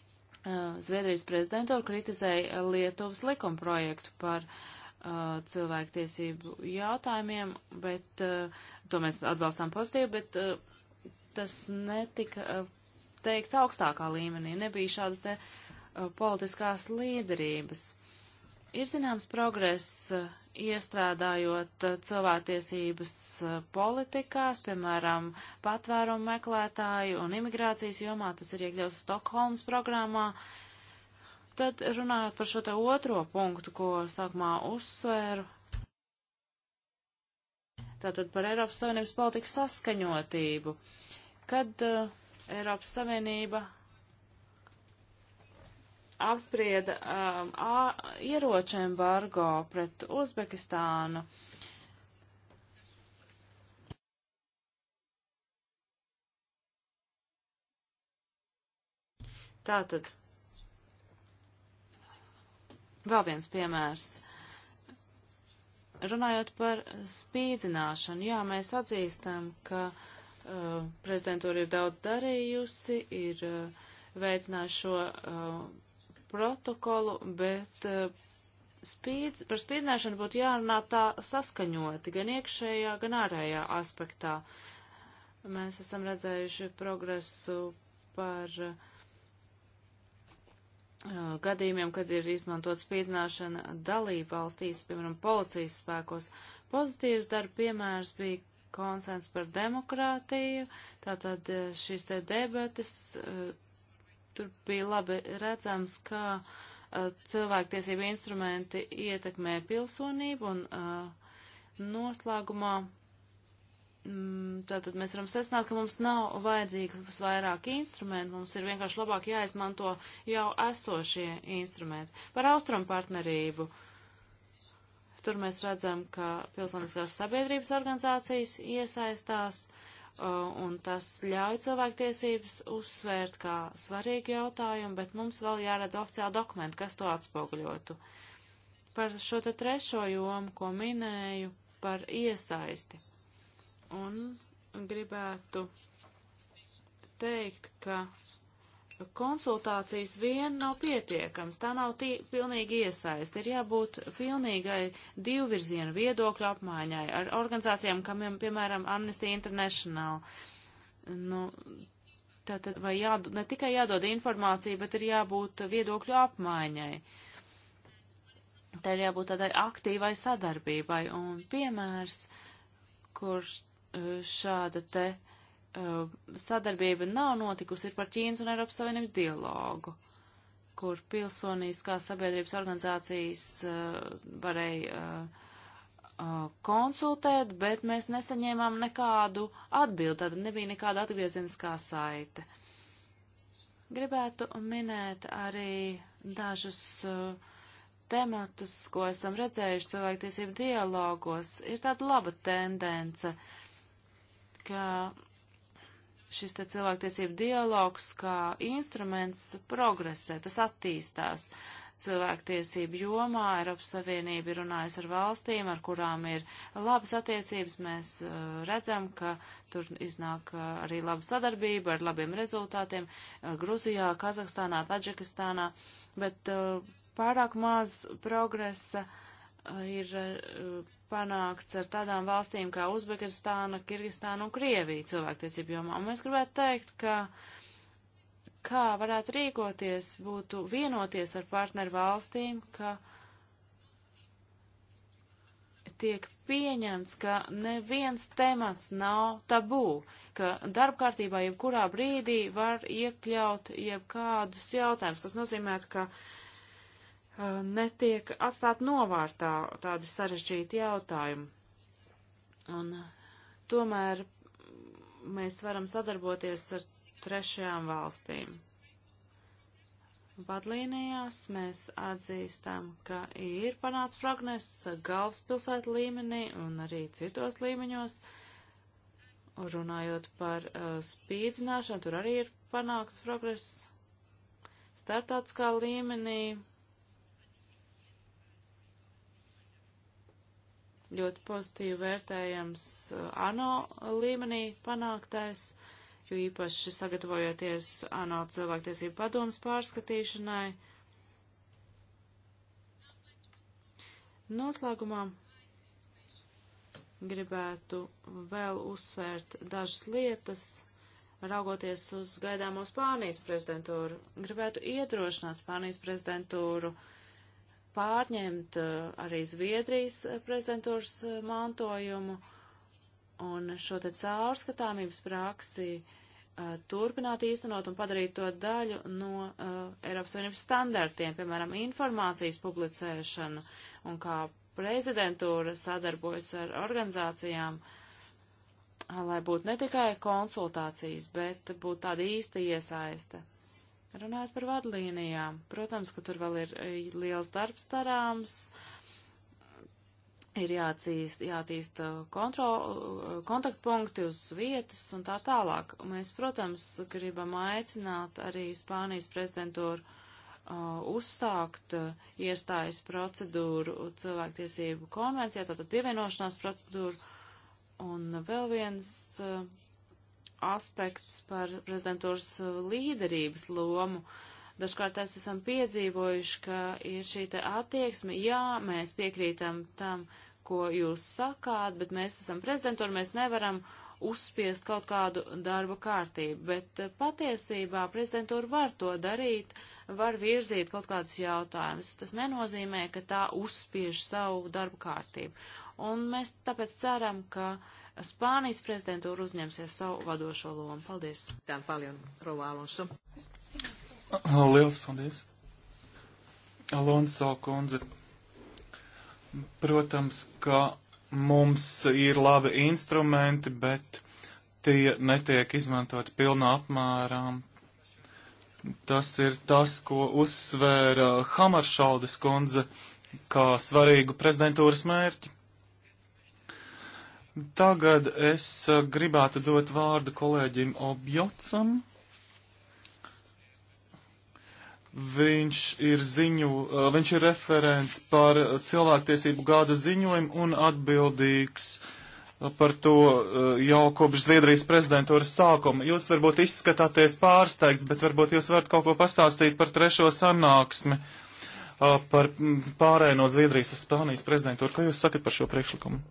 eh, Zviedrijas prezidentūra kritizēja Lietuvas likumprojektu par eh, cilvēktiesību jautājumiem, bet to mēs atbalstām pozitīvi, bet tas netika teikts augstākā līmenī, nebija šādas te politiskās līderības. Ir zināms progress iestrādājot eh, cilvēktiesības eh, politikās, piemēram, patvērumu meklētāju un imigrācijas jomā, tas ir iekļauts Stokholmas programmā. Tad runājot par šo te otro punktu, ko sākumā uzsvēru, tātad par Eiropas Savienības politikas saskaņotību. Kad uh, Eiropas Savienība apsprieda um, ieroču embargo pret Uzbekistānu. Tātad, vēl viens piemērs. Runājot par spīdzināšanu, jā, mēs atzīstam, ka uh, prezidentūra ir daudz darījusi, ir uh, veicinājuši šo uh, protokolu, bet eh, spīdz, par spīdzināšanu būtu jārunā tā saskaņoti, gan iekšējā, gan ārējā aspektā. Mēs esam redzējuši progresu par uh, gadījumiem, kad ir izmantot spīdzināšana dalība valstīs, piemēram, policijas spēkos. Pozitīvs darba piemērs bija konsens par demokrātiju, tātad eh, šīs te debates uh, tur bija labi redzams, kā uh, cilvēktiesība instrumenti ietekmē pilsonību un uh, noslēgumā. Mm, tātad mēs varam secināt, ka mums nav vajadzīgas vairāk instrumentu, mums ir vienkārši labāk jāizmanto jau esošie instrumenti. Par austrumu partnerību. Tur mēs redzam, ka pilsoniskās sabiedrības organizācijas iesaistās uh, Uh, un tas ļauj cilvēktiesības uzsvērt kā svarīgu jautājumu, bet mums vēl jāredz oficiāli dokumenti, kas to atspoguļotu. Par šo te trešo jomu, ko minēju, par iesaisti. Un gribētu teikt, ka konsultācijas vien nav pietiekams, tā nav tī, pilnīgi iesaist, ir jābūt pilnīgai divvirzienu viedokļu apmaiņai ar organizācijām, kam, piemēram, Amnesty International. Nu, tātad vai jādod, ne tikai jādod informācija, bet ir jābūt viedokļu apmaiņai. Tā ir jābūt tādai aktīvai sadarbībai, un piemērs, kur šāda te uh, Uh, sadarbība nav notikusi, ir par Ķīnas un Eiropas Savienības dialogu, kur pilsoniskās sabiedrības organizācijas uh, varēja uh, konsultēt, bet mēs nesaņēmām nekādu atbildi, tad nebija nekāda atgriezeniskā saite. Gribētu minēt arī dažus uh, tematus, ko esam redzējuši cilvēktiesību dialogos, ir tāda laba tendence, ka šis te cilvēktiesību dialogs kā instruments progresē, tas attīstās. Cilvēktiesību jomā Eiropas Savienība ir runājusi ar valstīm, ar kurām ir labas attiecības. Mēs uh, redzam, ka tur iznāk uh, arī laba sadarbība ar labiem rezultātiem uh, Gruzijā, Kazahstānā, Tadžikistānā, bet uh, pārāk maz progresa uh, ir uh, panākts ar tādām valstīm kā Uzbekistāna, Kirgistāna un Krievija cilvēktiesību jomā. Un mēs gribētu teikt, ka kā varētu rīkoties, būtu vienoties ar partneru valstīm, ka tiek pieņemts, ka neviens temats nav tabū, ka darbkārtībā jebkurā brīdī var iekļaut jebkādus jautājumus. Tas nozīmē, ka uh, netiek atstāt novārtā tādi sarežģīti jautājumi. Un tomēr mēs varam sadarboties ar trešajām valstīm. Vadlīnijās mēs atzīstam, ka ir panāts progress galvaspilsētu līmenī un arī citos līmeņos. Runājot par uh, spīdzināšanu, tur arī ir panākts progress starptautiskā līmenī. ļoti pozitīvi vērtējams uh, ANO līmenī panāktais, jo īpaši sagatavojoties ANO cilvēktiesību padomas pārskatīšanai. Noslēgumā gribētu vēl uzsvērt dažas lietas, raugoties uz gaidāmo Spānijas prezidentūru. Gribētu iedrošināt Spānijas prezidentūru uh, pārņemt eh, arī Zviedrijas eh, prezidentūras eh, mantojumu un šo te caurskatāmības praksi uh, turpināt īstenot un padarīt to daļu no uh, Eiropas Savienības standartiem, piemēram, informācijas publicēšanu un kā prezidentūra sadarbojas ar organizācijām, lai būtu ne tikai konsultācijas, bet būtu tāda īsta iesaiste. Runājot par vadlīnijām, protams, ka tur vēl ir eh, liels darbs darāms, ir jāatzīst, jātīst eh, kontrol, eh, kontaktpunkti uz vietas un tā tālāk. Mēs, protams, gribam aicināt arī Spānijas prezidentūru uh, uzsākt uh, iestājas procedūru cilvēktiesību konvencijā, tātad pievienošanās procedūru. Un vēl viens uh, aspekts par prezidentūras uh, līderības lomu. Dažkārt mēs esam piedzīvojuši, ka ir šī te attieksme, jā, mēs piekrītam tam, ko jūs sakāt, bet mēs esam prezidentūra, mēs nevaram uzspiest kaut kādu darba kārtību, bet uh, patiesībā prezidentūra var to darīt, var virzīt kaut kādus jautājumus. Tas nenozīmē, ka tā uzspiež savu darba kārtību. Un mēs tāpēc ceram, ka uh, Spānijas prezidentūra uzņemsies savu vadošo lomu. Paldies! Tā, paljon, Rovā Alonso. Liels paldies! Alonso kundze. Protams, ka mums ir labi instrumenti, bet tie netiek izmantoti pilnā apmērā. Tas ir tas, ko uzsvēra Hamaršaldes kundze kā svarīgu prezidentūras mērķi. Tagad es eh, gribētu dot vārdu kolēģim Objocam. Viņš ir, ziņu, eh, viņš ir referents par eh, cilvēktiesību gada ziņojumu un atbildīgs par to jau kopš Zviedrijas prezidentūras sākuma. Jūs varbūt izskatāties pārsteigts, bet varbūt jūs varat kaut ko pastāstīt par trešo sanāksmi, par pārēju no Zviedrijas uz Spānijas prezidentūru. Ko jūs sakat par šo priekšlikumu?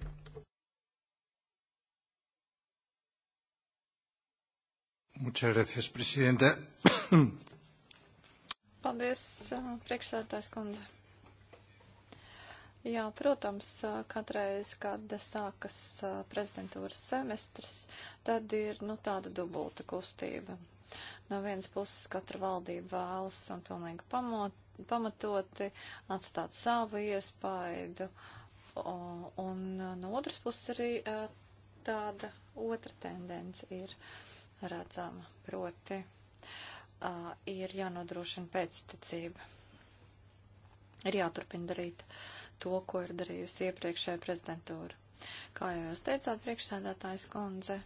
Muchas gracias, presidenta. Paldies, eh, priekšsētājs kundze. Jā, protams, eh, katreiz, kad sākas eh, prezidentūras semestrs, tad ir, nu, tāda dubulta kustība. No vienas puses katra valdība vēlas un pilnīgi pamot, pamatoti atstāt savu iespaidu, un no otras puses arī tāda otra tendence ir. Uh, redzama. Proti uh, ir jānodrošina pēctecība. Ir jāturpina darīt to, ko ir darījusi iepriekšējā prezidentūra. Kā jau jūs teicāt, priekšsēdētājs kundze,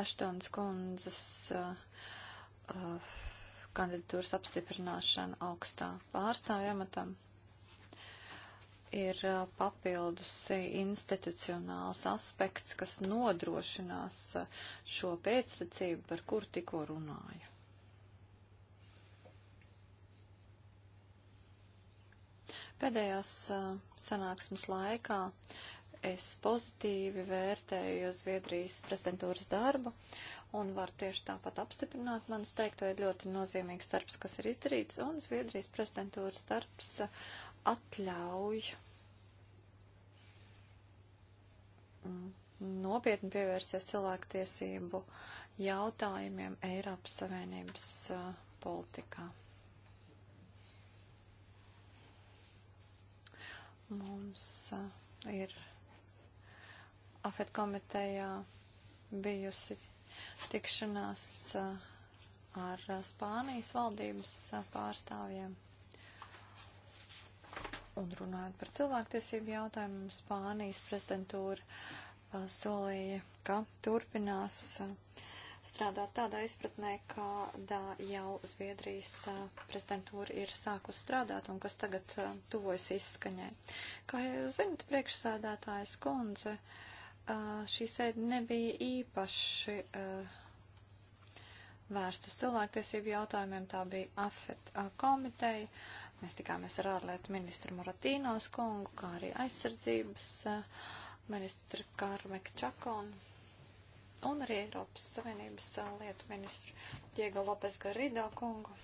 Aštons kundzes uh, uh, kandidatūras apstiprināšana augstā pārstāvjamatam ir papildus institucionāls aspekts, kas nodrošinās šo pēcsacību, par kur tikko runāju. Pēdējās sanāksmes laikā es pozitīvi vērtēju Zviedrijas prezidentūras darbu un varu tieši tāpat apstiprināt manas teikto, ir ļoti nozīmīgs darbs, kas ir izdarīts, un Zviedrijas prezidentūras darbs uh, atļauj nopietni pievērsties cilvēktiesību jautājumiem Eiropas Savienības politikā. Mums ir AFET komitejā bijusi tikšanās ar Spānijas valdības pārstāvjiem un runājot par cilvēktiesību jautājumu, Spānijas prezidentūra uh, solīja, ka turpinās uh, strādāt tādā izpratnē, kādā jau Zviedrijas uh, prezidentūra ir sākus strādāt un kas tagad tuvojas izskaņai. Kā jūs zinat, priekšsēdētājs kundze, šī sēde nebija īpaši vērsta uz cilvēktiesību jautājumiem, tā bija AFET komiteja Mēs tikāmies ar ārlietu ministru Moratīnos kungu, kā arī aizsardzības eh, ministru Kārmeku Čakonu un arī Eiropas Savienības eh, lietu ministru Diego Lopes Garrido kungu,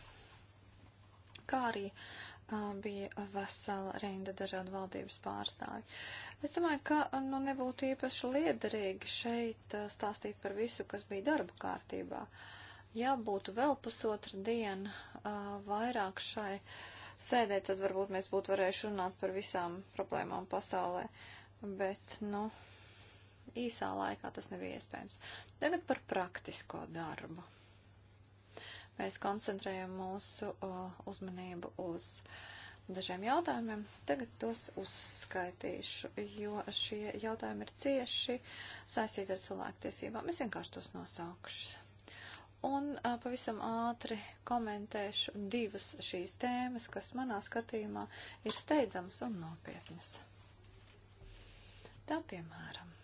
kā arī eh, bija vesela rinda dažādu valdības pārstāvju. Es domāju, ka nu, nebūtu īpaši liederīgi šeit stāstīt par visu, kas bija darba kārtībā. Ja būtu vēl pusotra diena vairāk šai uh, sēdē, tad varbūt mēs būtu varējuši runāt par visām problēmām pasaulē. Bet, nu, īsā laikā tas nebija iespējams. Tagad par praktisko darbu. Mēs koncentrējam mūsu uh, uzmanību uz dažiem jautājumiem. Tagad tos uzskaitīšu, jo šie jautājumi ir cieši saistīti ar cilvēktiesībām. Es vienkārši tos nosaukšu. Un a, pavisam ātri komentēšu divas šīs tēmas, kas manā skatījumā ir steidzamas un nopietnas. Tā piemēram,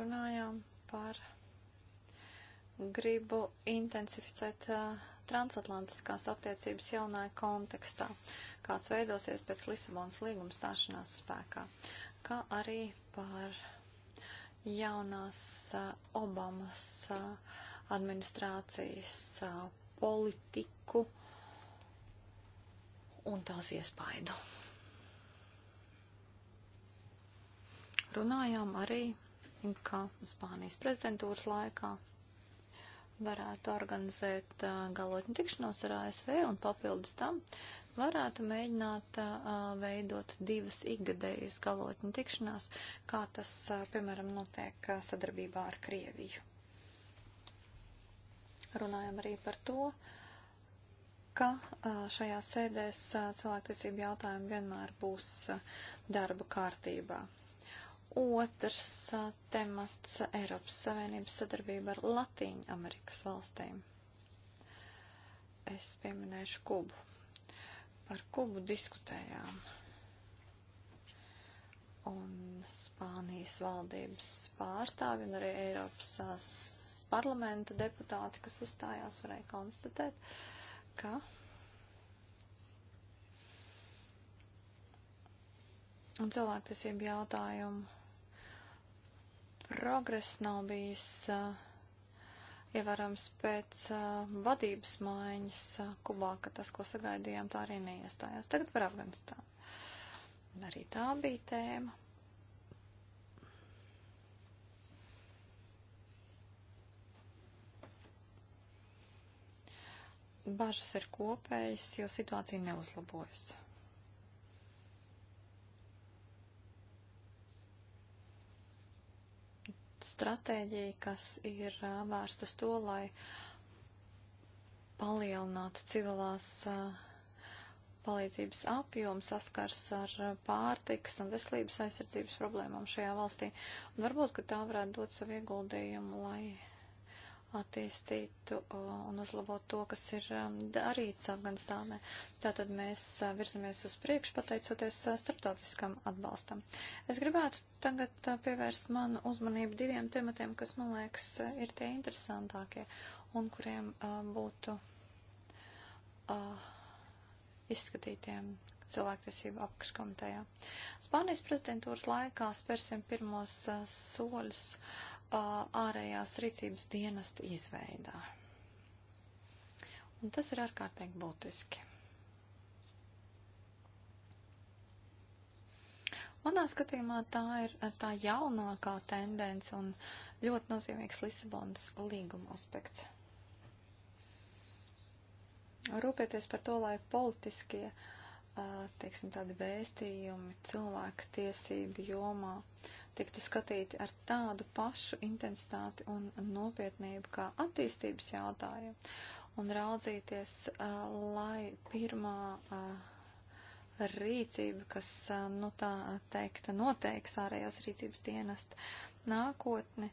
runājām par gribu intensificēt uh, transatlantiskās attiecības jaunajā kontekstā, kāds veidosies pēc Lisabonas līguma stāšanās spēkā, kā arī par jaunās Obamas administrācijas politiku un tās iespaidu. Runājām arī, ka Spānijas prezidentūras laikā varētu organizēt galotņu tikšanos ar ASV un papildus tam varētu mēģināt uh, veidot divas ikgadējas galotņu tikšanās, kā tas, uh, piemēram, notiek uh, sadarbībā ar Krieviju. Runājam arī par to, ka uh, šajā sēdēs uh, cilvēktiesību jautājumi vienmēr būs uh, darba kārtībā. Otrs uh, temats - Eiropas Savienības sadarbība ar Latīņu Amerikas valstīm. Es pieminēšu Kubu Par Kubu diskutējām. Un Spānijas valdības pārstāvi un arī Eiropas uh, parlamenta deputāti, kas uzstājās, varēja konstatēt, ka un cilvēktiesību jautājumu progress nav bijis uh, ievērams pēc uh, vadības maiņas uh, Kubā, ka tas, ko sagaidījām, tā arī neiestājās. Tagad par Afganistānu. Arī tā bija tēma. Bažas ir kopējas, jo situācija neuzlabojas. stratēģija, kas ir vērsta uz to, lai palielinātu civilās palīdzības apjomu, saskars ar pārtikas un veselības aizsardzības problēmām šajā valstī. Un varbūt, ka tā varētu dot savu ieguldījumu, lai attīstītu un uzlabotu to, kas ir um, darīts Afganistānē. Tātad mēs uh, virzamies uz priekšu, pateicoties uh, starptautiskam atbalstam. Es gribētu tagad uh, pievērst manu uzmanību diviem tematiem, kas, man liekas, ir tie interesantākie un kuriem būtu izskatītiem cilvēktiesību apakškomitejā. Spānijas prezidentūras laikā spērsim pirmos soļus uh, Uh, ārējās rīcības dienesta izveidā. Un tas ir ārkārtīgi būtiski. Manā skatījumā tā ir tā jaunākā tendence un ļoti nozīmīgs Lisabonas līguma aspekts. Rūpieties par to, lai politiskie, uh, teiksim, tādi vēstījumi cilvēka tiesību jomā tiktu skatīti ar tādu pašu intensitāti un nopietnību kā attīstības jautājumu un raudzīties, lai pirmā rīcība, kas, nu tā teikt, noteiks ārējās rīcības dienesta nākotni,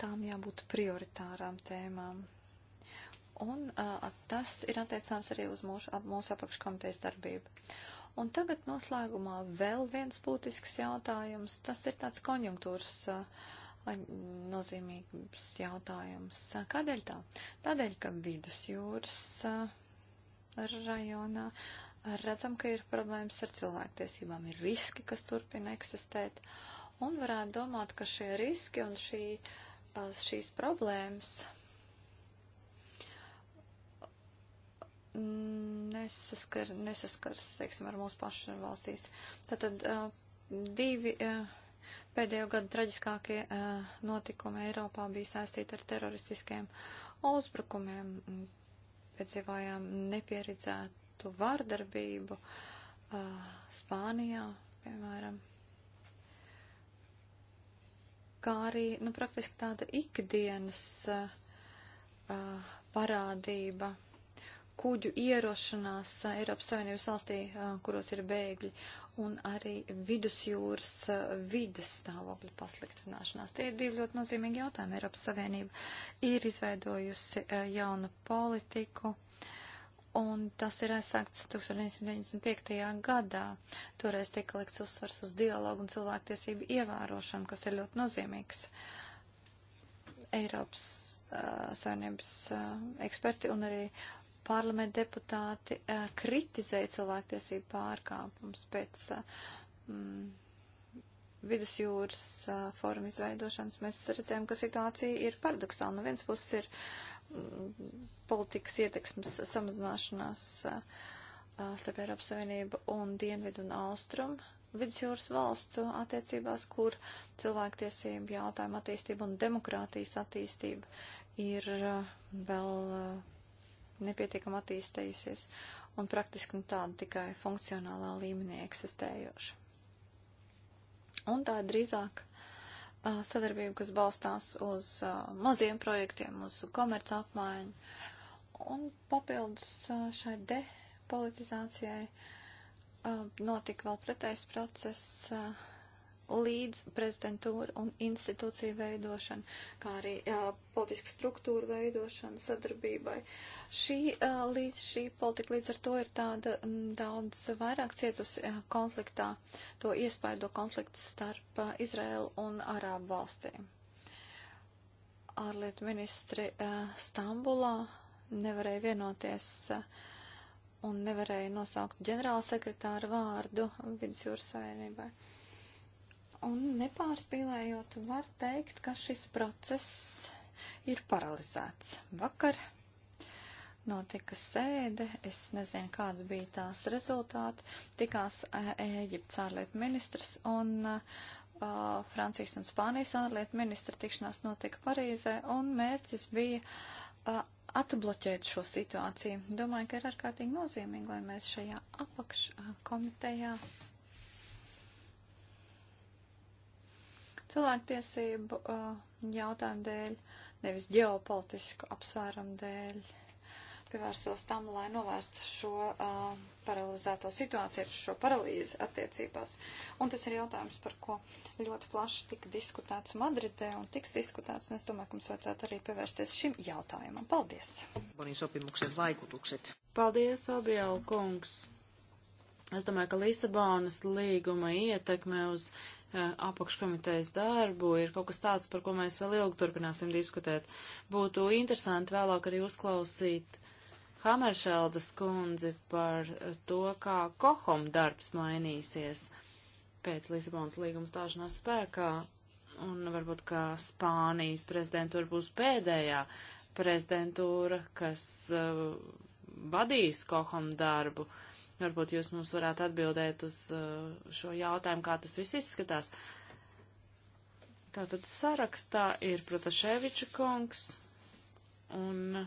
tām jābūt prioritārām tēmām. Un uh, tas ir attiecāms arī uz mūsu, ap, mūsu apakškomitejas darbību. Un tagad noslēgumā vēl viens būtisks jautājums. Tas ir tāds konjunktūras nozīmīgs jautājums. Kādēļ tā? Tādēļ, ka vidusjūras rajonā redzam, ka ir problēmas ar cilvēktiesībām, ir riski, kas turpina eksistēt. Un varētu domāt, ka šie riski un šī, šīs problēmas Mm, nesaskar, nesaskars, teiksim, ar mūsu pašu valstīs. Tātad uh, divi uh, pēdējo gadu traģiskākie uh, notikumi Eiropā bija saistīti ar teroristiskiem uzbrukumiem. Piedzīvājām nepieredzētu vardarbību uh, Spānijā, piemēram. Kā arī, nu, praktiski tāda ikdienas uh, uh, parādība kuģu ierošanās Eiropas Savienības valstī, kuros ir bēgļi, un arī vidusjūras vidas stāvokļa pasliktināšanās. Tie ir divi ļoti nozīmīgi jautājumi. Eiropas Savienība ir izveidojusi jaunu politiku. Un tas ir aizsākts 1995. gadā. Toreiz tika likts uzsvars uz dialogu un cilvēktiesību ievērošanu, kas ir ļoti nozīmīgs. Eiropas uh, Savienības uh, eksperti un arī uh, parlamenta deputāti uh, kritizēja cilvēktiesību pārkāpums pēc eh, mm, vidusjūras uh, foruma izveidošanas. Mēs redzējām, ka situācija ir paradoxāla. No vienas puses ir mm, politikas ietekmes samazināšanās uh, starp Eiropas Savienību un Dienvidu un Austrumu vidusjūras valstu attiecībās, kur cilvēktiesību jautājuma attīstība un demokrātijas attīstība ir vēl nepietiekam attīstījusies un praktiski nu, tāda tikai funkcionālā līmenī eksistējoša. Un tā ir drīzāk uh, sadarbība, kas balstās uz uh, maziem projektiem, uz komerc apmaiņu. Un papildus uh, šai depolitizācijai notika vēl pretējs process līdz prezidentūra un institūcija veidošana, kā arī uh, politisku struktūru veidošana sadarbībai. Šī, uh, līdz, šī politika līdz ar to ir tāda m, daudz vairāk cietusi uh, konfliktā, to iespaido konflikts starp uh, Izraēlu un Arābu valstīm. Ārlietu ministri uh, Stambulā nevarēja vienoties uh, un nevarēja nosaukt ģenerāla sekretāra vārdu vidusjūras savienībai. Uh, Un nepārspīlējot, var teikt, ka šis process ir paralizēts. Vakar notika sēde, es nezinu, kāda bija tās rezultāti, tikās e, e, Ēģipts ārlietu ministrs un Uh, Francijas un Spānijas ārlietu ministra tikšanās notika Parīzē, un mērķis bija uh, atbloķēt šo situāciju. Domāju, ka ir ārkārtīgi nozīmīgi, lai mēs šajā apakškomitejā uh, cilvēktiesību uh, jautājumu dēļ, nevis ģeopolitisku apsvērumu dēļ pievērstos tam, lai novērstu šo uh, paralizēto situāciju, šo paralīzi attiecībās. Un tas ir jautājums, par ko ļoti plaši tika diskutēts Madridē un tiks diskutēts, un es domāju, ka mums vajadzētu arī pievērsties šim jautājumam. Paldies! Paldies, Objāl kungs! Es domāju, ka Lisabonas līguma ietekme uz apakškomitejas darbu ir kaut kas tāds, par ko mēs vēl ilgi turpināsim diskutēt. Būtu interesanti vēlāk arī uzklausīt Hameršeldas kundzi par to, kā kohom darbs mainīsies pēc Lisabonas līguma stāšanās spēkā, un varbūt kā Spānijas prezidentūra būs pēdējā prezidentūra, kas uh, vadīs kohom darbu. Uh, Varbūt jūs mums varētu atbildēt uz uh, šo jautājumu, kā tas viss izskatās. Tātad sarakstā ir Protaševiča kungs un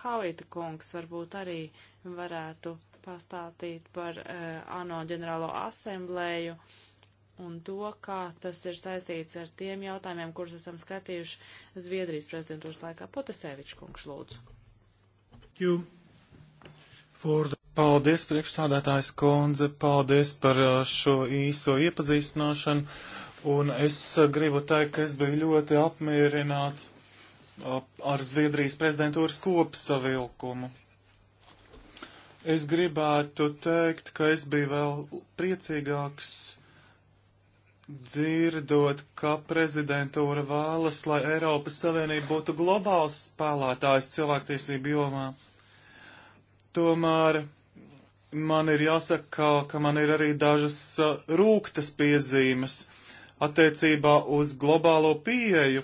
Havita kungs varbūt arī varētu pastāstīt par uh, ANO ģenerālo asemblēju un to, kā tas ir saistīts ar tiem jautājumiem, kurus esam skatījuši Zviedrijas prezidentūras laikā. Potasēvičs kungs, lūdzu. The... Paldies, priekšstādātājs kundze, paldies par uh, šo īso iepazīstināšanu. Un es uh, gribu teikt, ka es biju ļoti apmierināts uh, ar Zviedrijas prezidentūras kopsavilkumu. Es gribētu teikt, ka es biju vēl priecīgāks dzirdot, ka prezidentūra vēlas, lai Eiropas Savienība būtu globāls spēlētājs cilvēktiesību jomā. Tomēr man ir jāsaka, ka, ka man ir arī dažas rūktas piezīmes attiecībā uz globālo pieeju.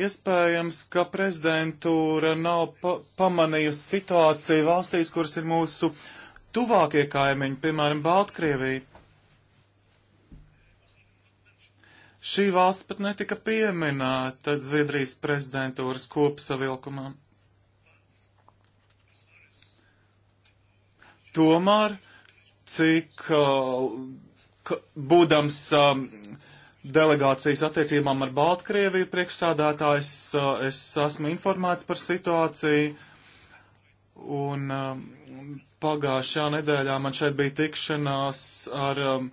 Iespējams, ka prezidentūra nav pa pamanījusi situāciju valstīs, kuras ir mūsu tuvākie kaimiņi, piemēram, Baltkrievija. Šī valsts pat netika pieminēta Zviedrijas prezidentūras kopsavilkumā. Tomēr, cik uh, būdams um, delegācijas attiecībām ar Baltkrieviju priekšsādātājs, uh, es esmu informēts par situāciju. Un um, pagājušā nedēļā man šeit bija tikšanās ar um,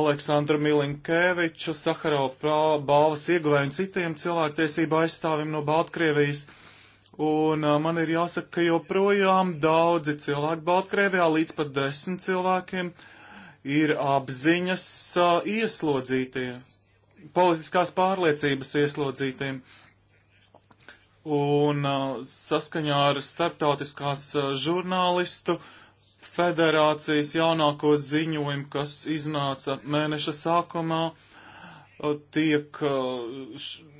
Aleksandru Milinkēviču, Saharova balvas ieguvēju un citiem cilvēktiesību aizstāvim no Baltkrievijas. Uh, Un uh, man ir jāsaka, ka joprojām daudzi cilvēki Baltkrievijā, līdz pat desmit cilvēkiem, ir apziņas uh, ieslodzītie, politiskās pārliecības ieslodzītiem. Un uh, saskaņā ar starptautiskās uh, žurnālistu federācijas jaunāko ziņojumu, kas iznāca mēneša sākumā, uh, tiek. Uh, š,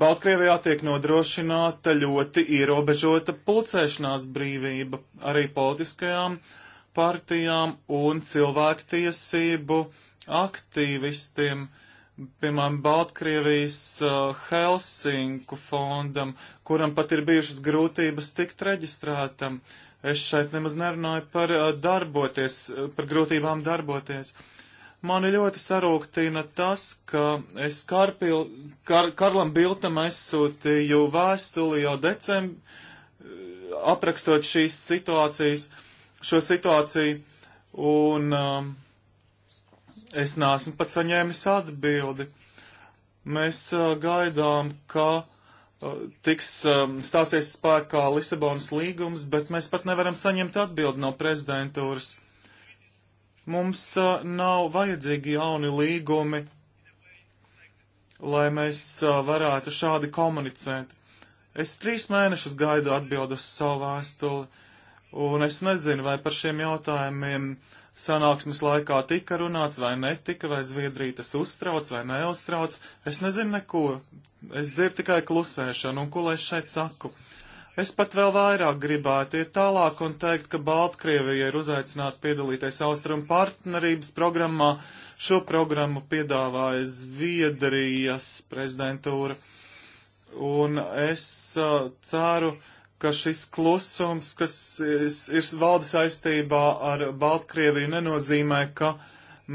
Baltkrievijā tiek nodrošināta ļoti ierobežota pulcēšanās brīvība arī politiskajām partijām un cilvēktiesību aktīvistiem, piemēram, Baltkrievijas uh, Helsinku fondam, kuram pat ir bijušas grūtības tikt reģistrētam. Es šeit nemaz nerunāju par uh, darboties, par grūtībām darboties. Uh, Mani ļoti sarūktina tas, ka es Karpil, Kar, Karlam Biltam aizsūtīju vēstuli jau decembrī, aprakstot šīs situācijas, šo situāciju, un um, es nāsmu pat saņēmis atbildi. Mēs uh, gaidām, ka uh, tiks um, stāsies spēkā Lisabonas līgums, bet mēs pat nevaram saņemt atbildi no prezidentūras. Mums uh, nav vajadzīgi jauni līgumi, lai mēs uh, varētu šādi komunicēt. Es trīs mēnešus gaidu atbildus savu vēstuli, un es nezinu, vai par šiem jautājumiem sanāksmes laikā tika runāts vai netika, vai Zviedrija tas uztrauc vai neuztrauc. Es nezinu neko. Es dzirdu tikai klusēšanu, un ko lai es šeit saku? Uh, Es pat vēl vairāk gribētu iet tālāk un teikt, ka Baltkrievija ir uzaicināta piedalīties Austrum partnerības programmā. Šo programmu piedāvāja Zviedrijas prezidentūra. Un es uh, ceru, ka šis klusums, kas ir, ir valda saistībā ar Baltkrieviju, nenozīmē, ka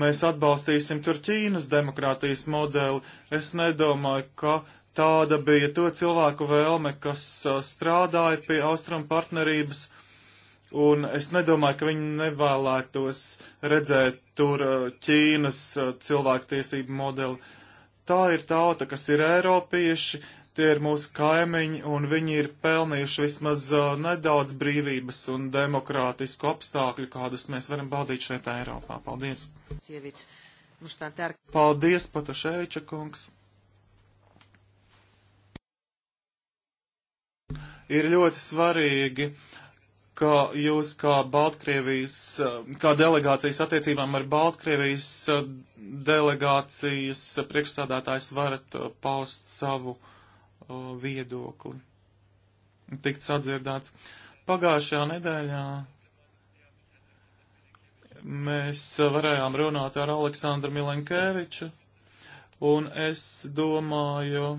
mēs atbalstīsim tur Ķīnas demokrātijas modeli. Es nedomāju, ka Tāda bija to cilvēku vēlme, kas strādāja pie austrumu partnerības, un es nedomāju, ka viņi nevēlētos redzēt tur Ķīnas cilvēktiesību modeli. Tā ir tauta, kas ir eiropieši, tie ir mūsu kaimiņi, un viņi ir pelnījuši vismaz uh, nedaudz brīvības un demokrātisku apstākļu, kādus mēs varam baudīt šeit Eiropā. Paldies! Paldies, Patašēča kungs! Ir ļoti svarīgi, ka jūs kā Baltkrievijas, kā delegācijas attiecībām ar Baltkrievijas delegācijas priekšstādātājs varat uh, paust savu uh, viedokli, tikt sadzirdāts. Pagājušajā nedēļā mēs varējām runāt ar Aleksandru Milenkeviču, un es domāju,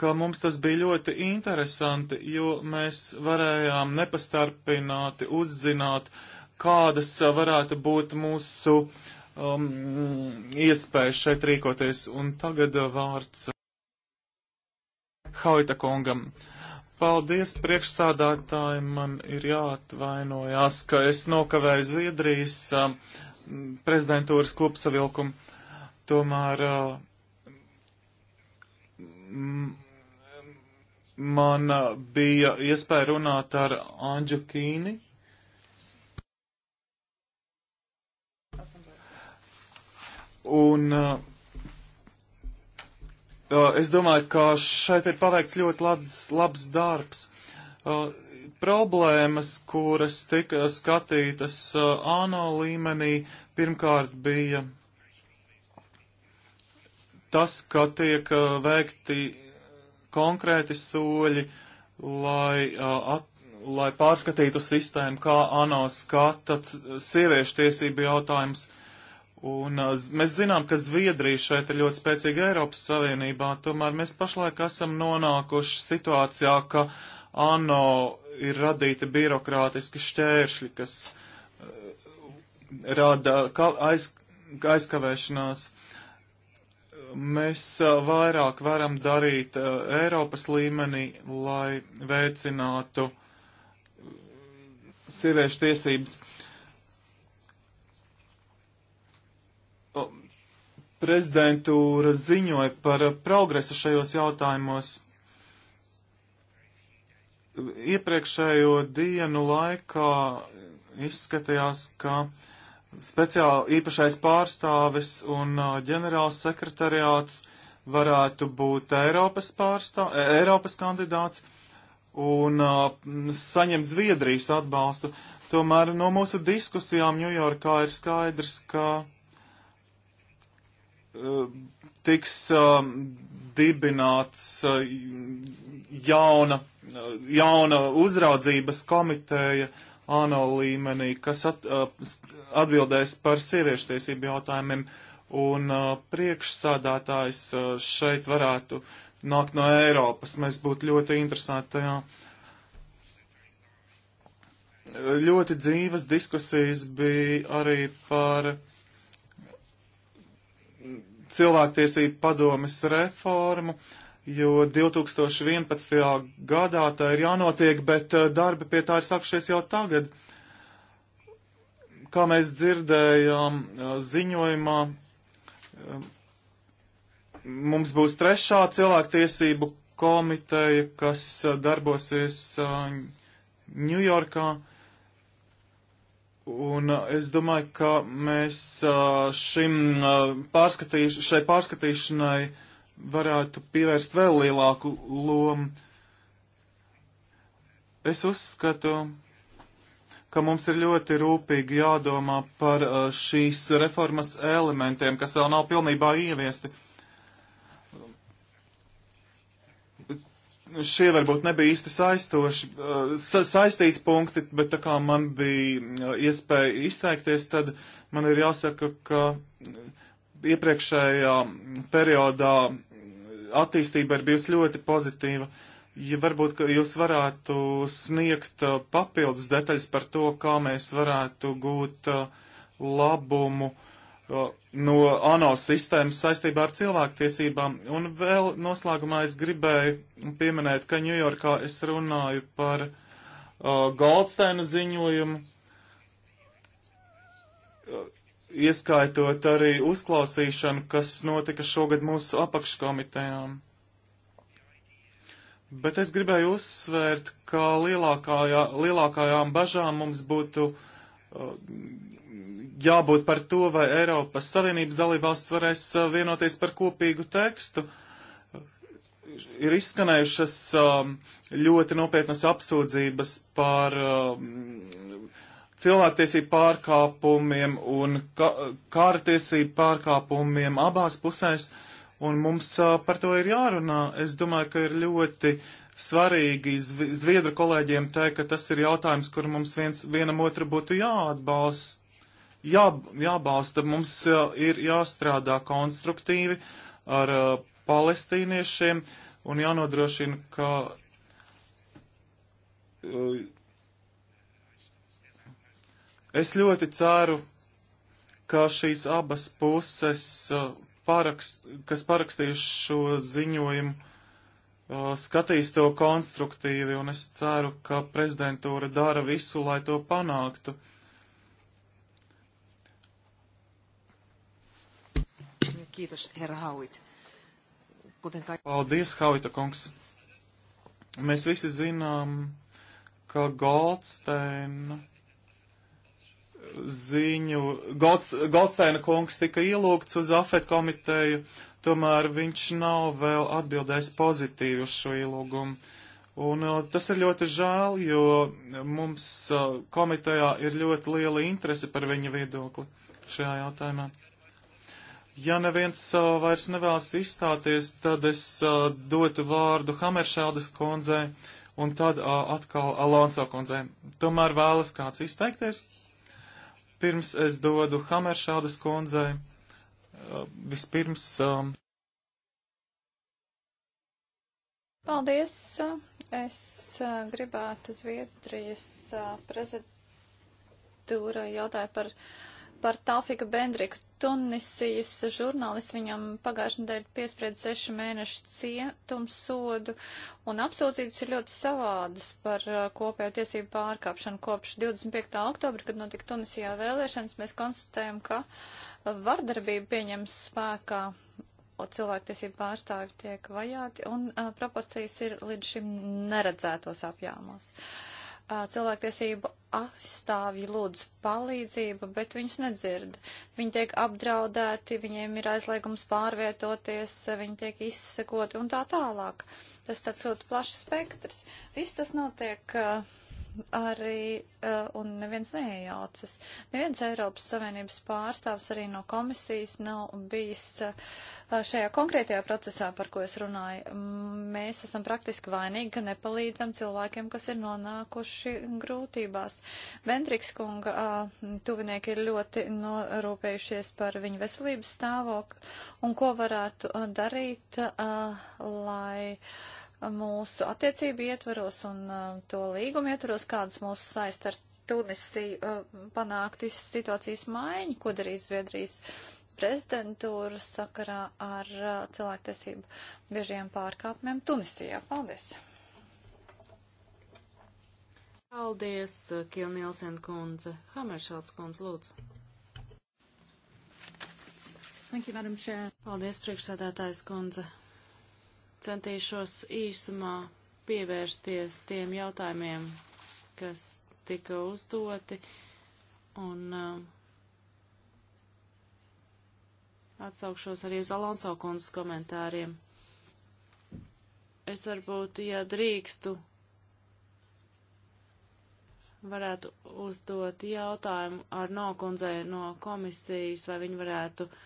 ka mums tas bija ļoti interesanti, jo mēs varējām nepastarpināti uzzināt, kādas varētu būt mūsu um, iespējas šeit rīkoties. Un tagad vārds Haita kungam. Paldies priekšsādātāji, man ir jāatvainojās, ka es nokavēju Zviedrijas um, prezidentūras kopsavilkumu. Tomēr uh, um, man uh, bija iespēja runāt ar Anģu Kīni. Un uh, uh es domāju, ka šeit ir paveikts ļoti labs, labs darbs. Uh, problēmas, kuras tika skatītas uh, ANO līmenī, pirmkārt bija tas, ka tiek uh, veikti konkrēti soļi, lai, uh, at, lai pārskatītu sistēmu, kā ANO skata sieviešu tiesību jautājums. Un uh, mēs zinām, ka Zviedrija šeit ir ļoti spēcīga Eiropas Savienībā, tomēr mēs pašlaik esam nonākuši situācijā, ka ANO ir radīti birokrātiski šķēršļi, kas uh, rada aiz, aizkavēšanās mēs vairāk varam darīt Eiropas līmenī, lai veicinātu sieviešu tiesības. Prezidentūra ziņoja par progresu šajos jautājumos. Iepriekšējo dienu laikā izskatījās, ka uh, speciāli īpašais pārstāvis un ģenerāls sekretariāts varētu būt Eiropas, pārstā, Eiropas kandidāts un saņemt Zviedrijas atbalstu. Tomēr no mūsu diskusijām Ņujorkā ir skaidrs, ka tiks dibināts jauna, jauna uzraudzības komiteja ANO līmenī, kas at, uh, atbildēs par sieviešu tiesību jautājumiem, un uh, priekšsādātājs uh, šeit varētu nākt no Eiropas. Mēs būtu ļoti interesēti tajā. Ļoti dzīves diskusijas bija arī par cilvēktiesību padomes reformu. Uh, jo 2011. gadā tā ir jānotiek, bet eh, darbi pie tā ir sākušies jau tagad. Kā mēs dzirdējām eh, ziņojumā, eh, mums būs trešā cilvēktiesību komiteja, kas darbosies Ņujorkā. Un es domāju, ka mēs šim pārskatīš, šai pārskatīšanai uh, varētu pievērst vēl lielāku lomu. Es uzskatu, ka mums ir ļoti rūpīgi jādomā par uh, šīs reformas elementiem, kas vēl nav pilnībā ieviesti. Šie varbūt nebija īsti saistoši, uh, sa saistīti punkti, bet tā kā man bija uh, iespēja izteikties, tad man ir jāsaka, ka iepriekšējā periodā attīstība ir bijusi ļoti pozitīva. Ja varbūt jūs varētu sniegt uh, papildus detaļas par to, kā mēs varētu gūt uh, labumu uh, no ANO sistēmas saistībā ar cilvēktiesībām. Un vēl noslēgumā es gribēju pieminēt, ka Ņujorkā es runāju par uh, Goldsteina ziņojumu ieskaitot arī uzklausīšanu, kas notika šogad mūsu apakškomitejām. Bet es gribēju uzsvērt, ka lielākājā, lielākajām bažām mums būtu uh, jābūt par to, vai Eiropas Savienības dalībvalsts varēs uh, vienoties par kopīgu tekstu. Ir izskanējušas um, ļoti nopietnas apsūdzības par um, cilvēktiesību pārkāpumiem un ka kārtiesību pārkāpumiem abās pusēs, un mums a, par to ir jārunā. Es domāju, ka ir ļoti svarīgi zviedru kolēģiem teikt, ka tas ir jautājums, kur mums viens, vienam otru būtu jāatbalsta. Jā, jābalsta, mums a, ir jāstrādā konstruktīvi ar a, palestīniešiem un jānodrošina, ka Es ļoti ceru, ka šīs abas puses, uh, parakst, kas parakstīs šo ziņojumu, uh, skatīs to konstruktīvi, un es ceru, ka prezidentūra dara visu, lai to panāktu. Kiitos, herra Hauit. Kuten kai... Paldies, Hauita kungs. Mēs visi zinām, ka Goldsteina ziņu. Golds, Goldsteina kungs tika ielūgts uz afet komiteju, tomēr viņš nav vēl atbildējis pozitīvi uz šo ielūgumu. Un uh, tas ir ļoti žēl, jo mums uh, komitejā ir ļoti liela interese par viņa viedokli šajā jautājumā. Ja neviens uh, vairs nevēlas izstāties, tad es dotu vārdu Hameršaldes kundzei un tad atkal Alonso kundzei. Tomēr vēlas kāds izteikties? Pirms es dodu Hameršādas kundzei, uh, vispirms. Um, Paldies! Es uh, gribētu Zviedrijas uh, prezidentūrai jautāju par uh, par Tāfika Bendriku. Tunisijas žurnālisti viņam pagājušajā nedēļā piesprieda sešu mēnešu cietumsodu, un apsūdzības ir ļoti savādas par uh, kopējo tiesību pārkāpšanu. Kopš 25. oktobra, kad notika Tunisijā vēlēšanas, mēs konstatējam, ka uh, vardarbība pieņems spēkā, cilvēktiesību pārstāvi tiek vajāti, un a, uh, proporcijas ir līdz šim neredzētos apjāmos. Uh, cilvēktiesību aizstāvji lūdz palīdzību, bet viņus nedzird. Viņi tiek apdraudēti, viņiem ir aizliegums pārvietoties, viņi tiek izsekoti un tā tālāk. Tas tāds ļoti plašs spektrs. Viss tas notiek uh, arī, uh, un neviens neiejaucas. Neviens Eiropas Savienības pārstāvs arī no komisijas nav bijis uh, šajā konkrētajā procesā, par ko es runāju. Mēs esam praktiski vainīgi, ka nepalīdzam cilvēkiem, kas ir nonākuši grūtībās. Bendriks kunga uh, tuvinieki ir ļoti norūpējušies par viņu veselības stāvokli un ko varētu uh, darīt, uh, lai. Uh, mūsu attiecību ietvaros un uh, to līgumu ietvaros, kādas mūs saist ar Tunisiju uh, panākt situācijas maiņu, ko darīs Zviedrijas prezidentūra sakarā ar uh, cilvēktiesību biežiem pārkāpumiem Tunisijā. Paldies! Paldies, Kilnielsen kundze. Hameršalds kundze, lūdzu. Thank you, Madam Chair. Paldies, priekšsādātājs kundze. Centīšos īsumā pievērsties tiem jautājumiem, kas tika uzdoti un uh, atsaukšos arī uz Alonso kundzes komentāriem. Es varbūt, ja drīkstu, varētu uzdot jautājumu ar nokundzei no komisijas, vai viņi varētu uh,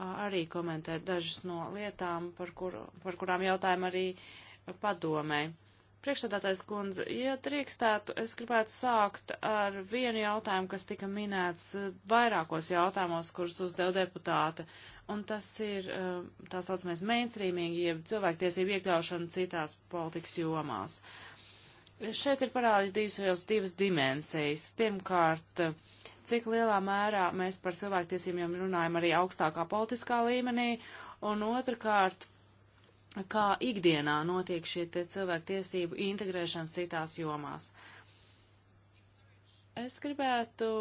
arī komentēt dažas no lietām, par, kur, par kurām jautājumu arī padomē. Priekšstādātais kundze, ja drīkstētu, es gribētu sākt ar vienu jautājumu, kas tika minēts vairākos jautājumos, kurus uzdev deputāte, un tas ir tā saucamais mainstreaming, jeb cilvēktiesību iekļaušana citās politikas jomās. Uh, Šeit ir parādījusies divas dimensijas. Pirmkārt, cik lielā mērā mēs par cilvēktiesībiem runājam arī augstākā politiskā līmenī, un otrkārt, kā ikdienā notiek šie cilvēktiesību integrēšanas citās jomās. Es gribētu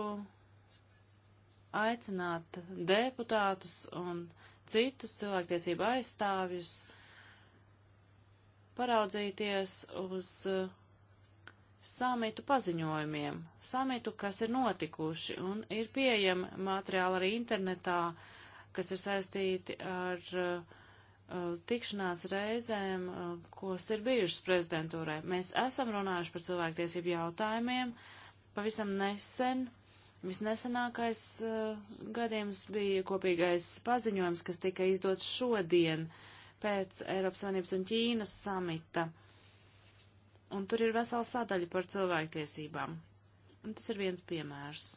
aicināt deputātus un citus cilvēktiesību aizstāvjus paraudzīties uz uh, samitu paziņojumiem, samitu, kas ir notikuši, un ir pieejami materiāli arī internetā, kas ir saistīti ar uh, uh tikšanās reizēm, uh, kas ir bijušas prezidentūrai. Mēs esam runājuši par cilvēktiesību jautājumiem pavisam nesen. Visnesenākais uh, gadījums bija kopīgais paziņojums, kas tika izdots šodien pēc Eiropas Savienības un Ķīnas samita. Uh, un tur ir vesela sadaļa par cilvēktiesībām. Un tas ir viens piemērs.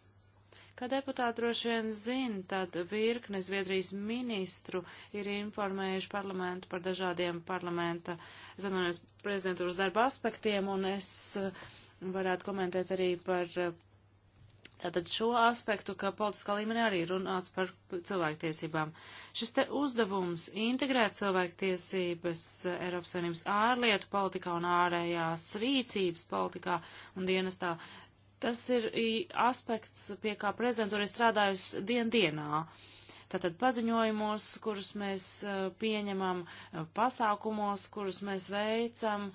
Kā deputāti droši vien zina, tad virkne Zviedrijas ministru ir informējuši parlamentu par dažādiem parlamenta, zināmies, prezidentūras darba aspektiem, un es eh, varētu komentēt arī par eh, Tātad šo aspektu, ka politiskā līmenī arī runāts par cilvēktiesībām. Šis te uzdevums integrēt cilvēktiesības Eiropas Savienības ārlietu politikā un ārējās rīcības politikā un dienestā, tas ir aspekts, pie kā prezidentūra ir strādājusi dien dienā. Tātad paziņojumos, kurus mēs e, pieņemam, e, pasākumos, kurus mēs veicam,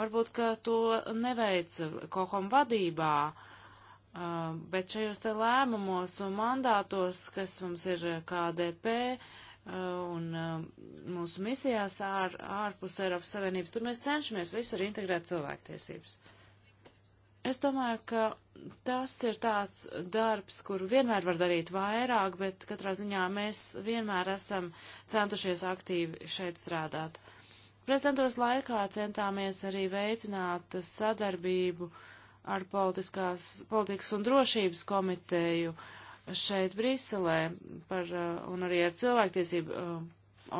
varbūt, ka to neveica kohom vadībā. Uh, Um, bet šajos te lēmumos un mandātos, kas mums ir uh, KDP uh, un um, mūsu misijās ār, ārpus Eiropas Savienības, tur mēs cenšamies visur integrēt cilvēktiesības. Es domāju, ka tas ir tāds darbs, kur vienmēr var darīt vairāk, bet katrā ziņā mēs vienmēr esam centušies aktīvi šeit strādāt. Prezidentūras laikā centāmies arī veicināt sadarbību uh, ar politiskās, politikas un drošības komiteju šeit Briselē par, uh, un arī ar cilvēktiesību uh,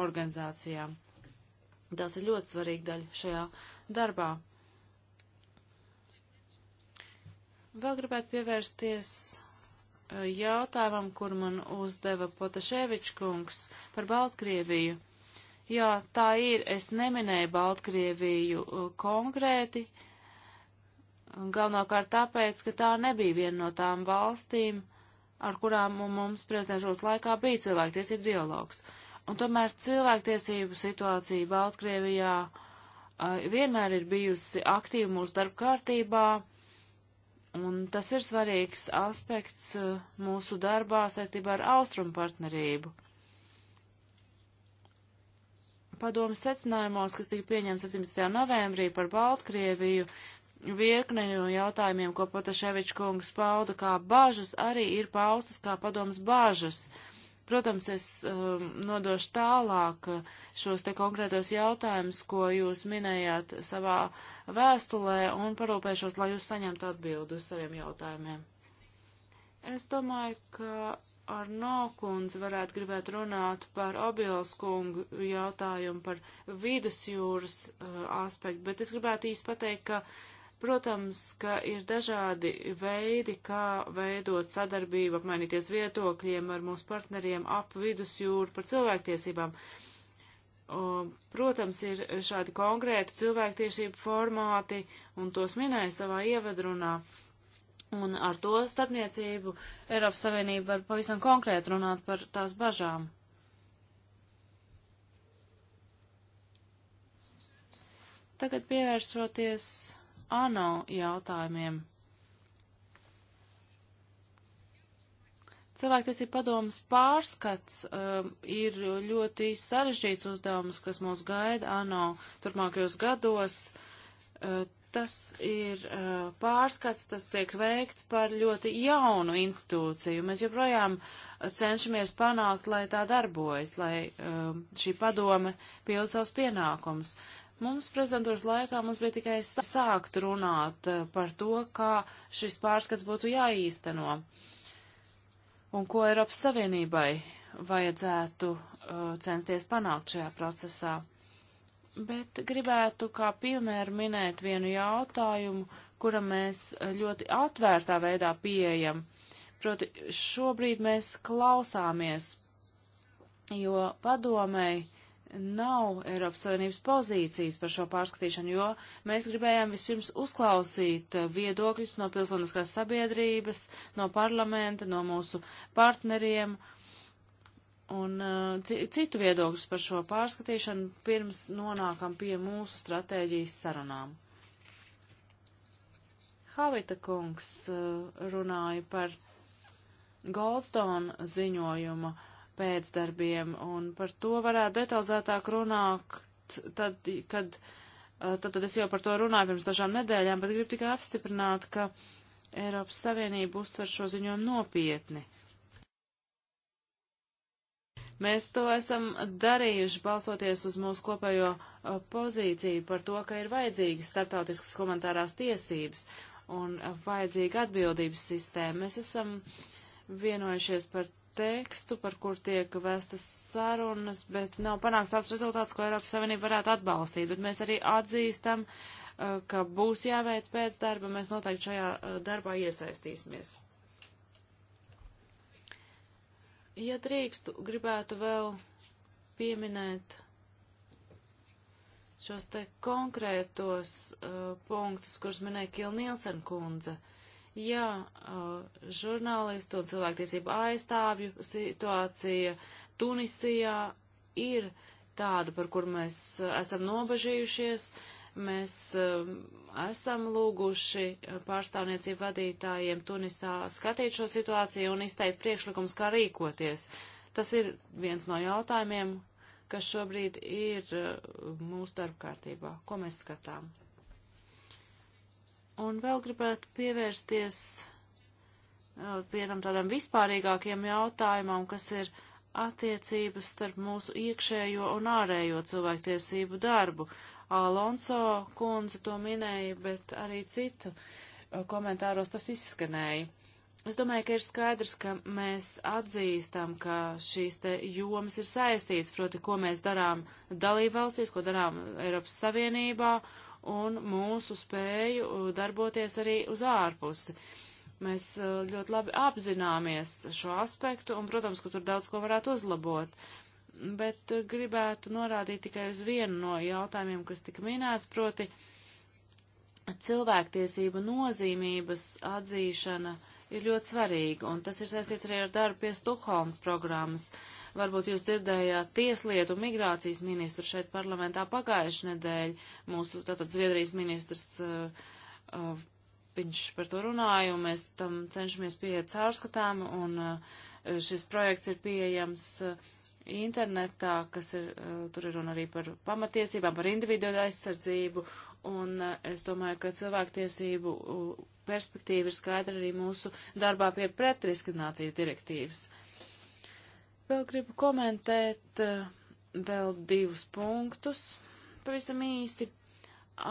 organizācijām. Tas ir ļoti svarīga daļa šajā darbā. Vēl gribētu pievērsties uh, jautājumam, kur man uzdeva Potaševičs kungs par Baltkrieviju. Jā, tā ir. Es neminēju Baltkrieviju konkrēti, uh, Galvenokārt tāpēc, ka tā nebija viena no tām valstīm, ar kurām mums prezidentūras laikā bija cilvēktiesību dialogs. Un tomēr cilvēktiesību situācija Baltkrievijā vienmēr ir bijusi aktīva mūsu darba kārtībā, un tas ir svarīgs aspekts mūsu darbā saistībā ar austrumu partnerību padomas secinājumos, kas tika pieņemts 17. novembrī par Baltkrieviju, virkne no jautājumiem, ko Potaševičs kungs pauda kā bāžas, arī ir paustas kā padomas bāžas. Protams, es um, nodošu tālāk uh, šos te konkrētos jautājumus, ko jūs minējāt savā vēstulē, un parūpēšos, lai jūs saņemtu atbildi uz saviem jautājumiem. Es domāju, ka ar Nokundzi varētu gribēt runāt par Obilskungu jautājumu par vidusjūras uh, aspektu, bet es gribētu īsti pateikt, ka uh, Protams, ka ir dažādi veidi, kā veidot sadarbību, apmainīties vietokļiem ar mūsu partneriem ap vidusjūru par cilvēktiesībām. Protams, ir šādi konkrēti cilvēktiesību formāti, un tos minēja savā ievadrunā. Un ar to starpniecību Eiropas Savienība var pavisam konkrēti runāt par tās bažām. Tagad pievērsoties ANO jautājumiem. Cilvēktiesība padomas pārskats um, ir ļoti sarežģīts uzdevums, kas mūs gaida ANO turpmākajos gados. Uh, tas ir uh, pārskats, tas tiek veikts par ļoti jaunu institūciju. Mēs joprojām cenšamies panākt, lai tā darbojas, lai uh, šī padome pild savus pienākumus. Mums prezidentūras laikā mums bija tikai sākt runāt eh, par to, kā šis pārskats būtu jāīsteno un ko Eiropas Savienībai vajadzētu uh, censties panākt šajā procesā. Bet gribētu kā piemēru minēt vienu jautājumu, kuram mēs eh, ļoti atvērtā veidā pieejam. Proti šobrīd mēs klausāmies, jo padomēji nav Eiropas Savienības pozīcijas par šo pārskatīšanu, jo mēs gribējām vispirms uzklausīt uh, viedokļus no pilsoniskās sabiedrības, no parlamenta, no mūsu partneriem un uh, citu viedokļus par šo pārskatīšanu, pirms nonākam pie mūsu stratēģijas sarunām. Havita kungs uh, runāja par Goldstone ziņojuma uh, pēcdarbiem, un par to varētu detalizētāk runāt, tad, kad, tad, tad es jau par to runāju pirms dažām nedēļām, bet gribu tikai apstiprināt, ka Eiropas Savienība uztver šo ziņojumu nopietni. Mēs to esam darījuši, balstoties uz mūsu kopējo a, pozīciju par to, ka ir vajadzīgas startautiskas humanitārās tiesības un a, vajadzīga atbildības sistēma. Mēs esam vienojušies par tekstu, par kur tiek vēstas sarunas, bet nav panāks tāds rezultāts, ko Eiropas Savienība varētu atbalstīt. Bet mēs arī atzīstam, uh, ka būs jāveic pēc darba, mēs noteikti šajā uh, darbā iesaistīsimies. Ja drīkstu, gribētu vēl pieminēt šos te konkrētos uh, punktus, kurus minēja Kilnielsen kundze. Uh, Jā, žurnālistu un cilvēktiesību aizstāvju situācija Tunisijā ir tāda, par kur mēs esam nobežījušies. Mēs esam lūguši pārstāvniecību vadītājiem Tunisā skatīt šo situāciju un izteikt priekšlikums, kā rīkoties. Tas ir viens no jautājumiem, kas šobrīd ir mūsu darbkārtībā. Ko mēs skatām? Un vēl gribētu pievērsties uh, vienam tādam vispārīgākiem jautājumam, kas ir attiecības starp mūsu iekšējo un ārējo cilvēktiesību darbu. Alonso kundze to minēja, bet arī citu uh, komentāros tas izskanēja. Es domāju, ka ir skaidrs, ka mēs atzīstam, ka šīs te jomas ir saistītas, proti, ko mēs darām dalībvalstīs, ko darām Eiropas Savienībā, uh, un mūsu spēju uh, darboties arī uz ārpusi. Mēs uh, ļoti labi apzināmies šo aspektu, un, protams, ka tur daudz ko varētu uzlabot. Bet uh, gribētu norādīt tikai uz vienu no jautājumiem, kas tika minēts, proti cilvēktiesību nozīmības atzīšana ir ļoti svarīga, un tas ir saistīts arī ar darbu pie Stokholmas programmas. Uh, Varbūt jūs dzirdējāt tieslietu un migrācijas ministru šeit parlamentā pagājuši nedēļ. Mūsu tātad Zviedrijas ministrs, uh, uh, viņš par to runāja, un mēs tam cenšamies pieiet caurskatām, un uh, šis projekts ir pieejams. Uh, internetā, kas ir, uh, tur ir runa arī par pamatiesībām, par individuālu aizsardzību, un uh, es domāju, ka cilvēktiesību perspektīva ir skaidra arī mūsu darbā pie pretriskinācijas direktīvas. Vēl gribu komentēt eh, vēl divus punktus. Pavisam īsi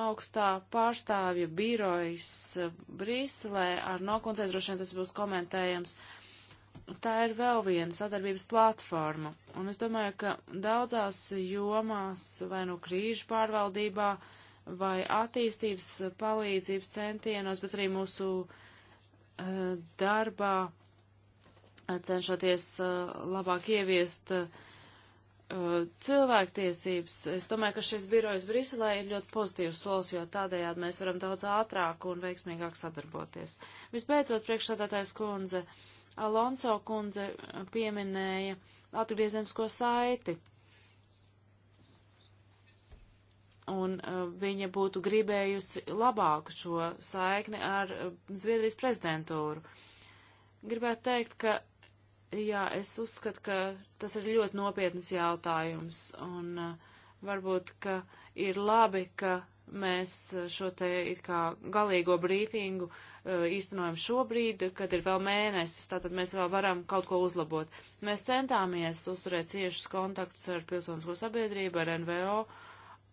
augstā pārstāvja birojas eh, Brīselē ar nokundzē, droši vien tas būs komentējams. Tā ir vēl viena sadarbības platforma, un es domāju, ka daudzās jomās, vai nu no krīžu pārvaldībā, vai attīstības palīdzības centienos, bet arī mūsu uh, darbā cenšoties labāk ieviest cilvēktiesības. Es domāju, ka šis birojs Briselē ir ļoti pozitīvs solis, jo tādējādi mēs varam daudz ātrāk un veiksmīgāk sadarboties. Visbeidzot, priekšsādātais kundze, Alonso kundze pieminēja atgriezienisko saiti. Un uh, viņa būtu gribējusi labāku šo saikni ar uh, Zviedrijas prezidentūru. Gribētu teikt, ka Jā, es uzskatu, ka tas ir ļoti nopietnas jautājums, un uh, varbūt, ka ir labi, ka mēs uh, šo te it kā galīgo brīfingu uh, īstenojam šobrīd, kad ir vēl mēnesis, tātad mēs vēl varam kaut ko uzlabot. Mēs centāmies uzturēt ciešus kontaktus ar pilsonisko sabiedrību, ar NVO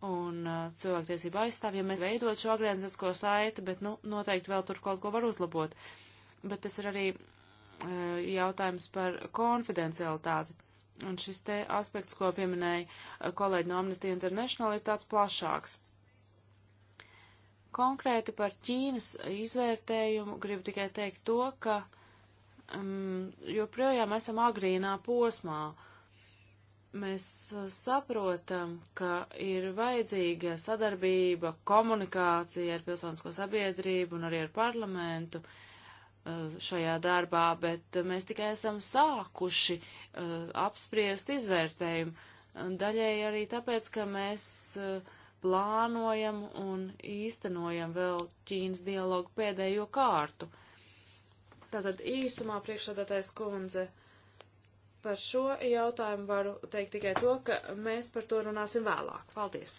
un cilvēktiesību aizstāvjiem. Ja mēs veidot šo organizētisko saiti, bet, nu, noteikti vēl tur kaut ko var uzlabot. Bet tas ir arī E, jautājums par konfidencialitāti. Un šis te aspekts, ko pieminēja e, kolēģi no Amnesty International, ir tāds plašāks. Konkrēti par Ķīnas izvērtējumu gribu tikai teikt to, ka um, joprojām esam agrīnā posmā. Mēs e, saprotam, ka ir vajadzīga sadarbība, komunikācija ar pilsonisko sabiedrību un arī ar parlamentu. Uh, Eh, šajā darbā, bet mēs tikai esam sākuši eh, apspriest izvērtējumu. Daļēji arī tāpēc, ka mēs eh, plānojam un īstenojam vēl Ķīnas dialogu pēdējo kārtu. Tātad īsumā priekšsādātais kundze. Par šo jautājumu varu teikt tikai to, ka mēs par to runāsim vēlāk. Paldies.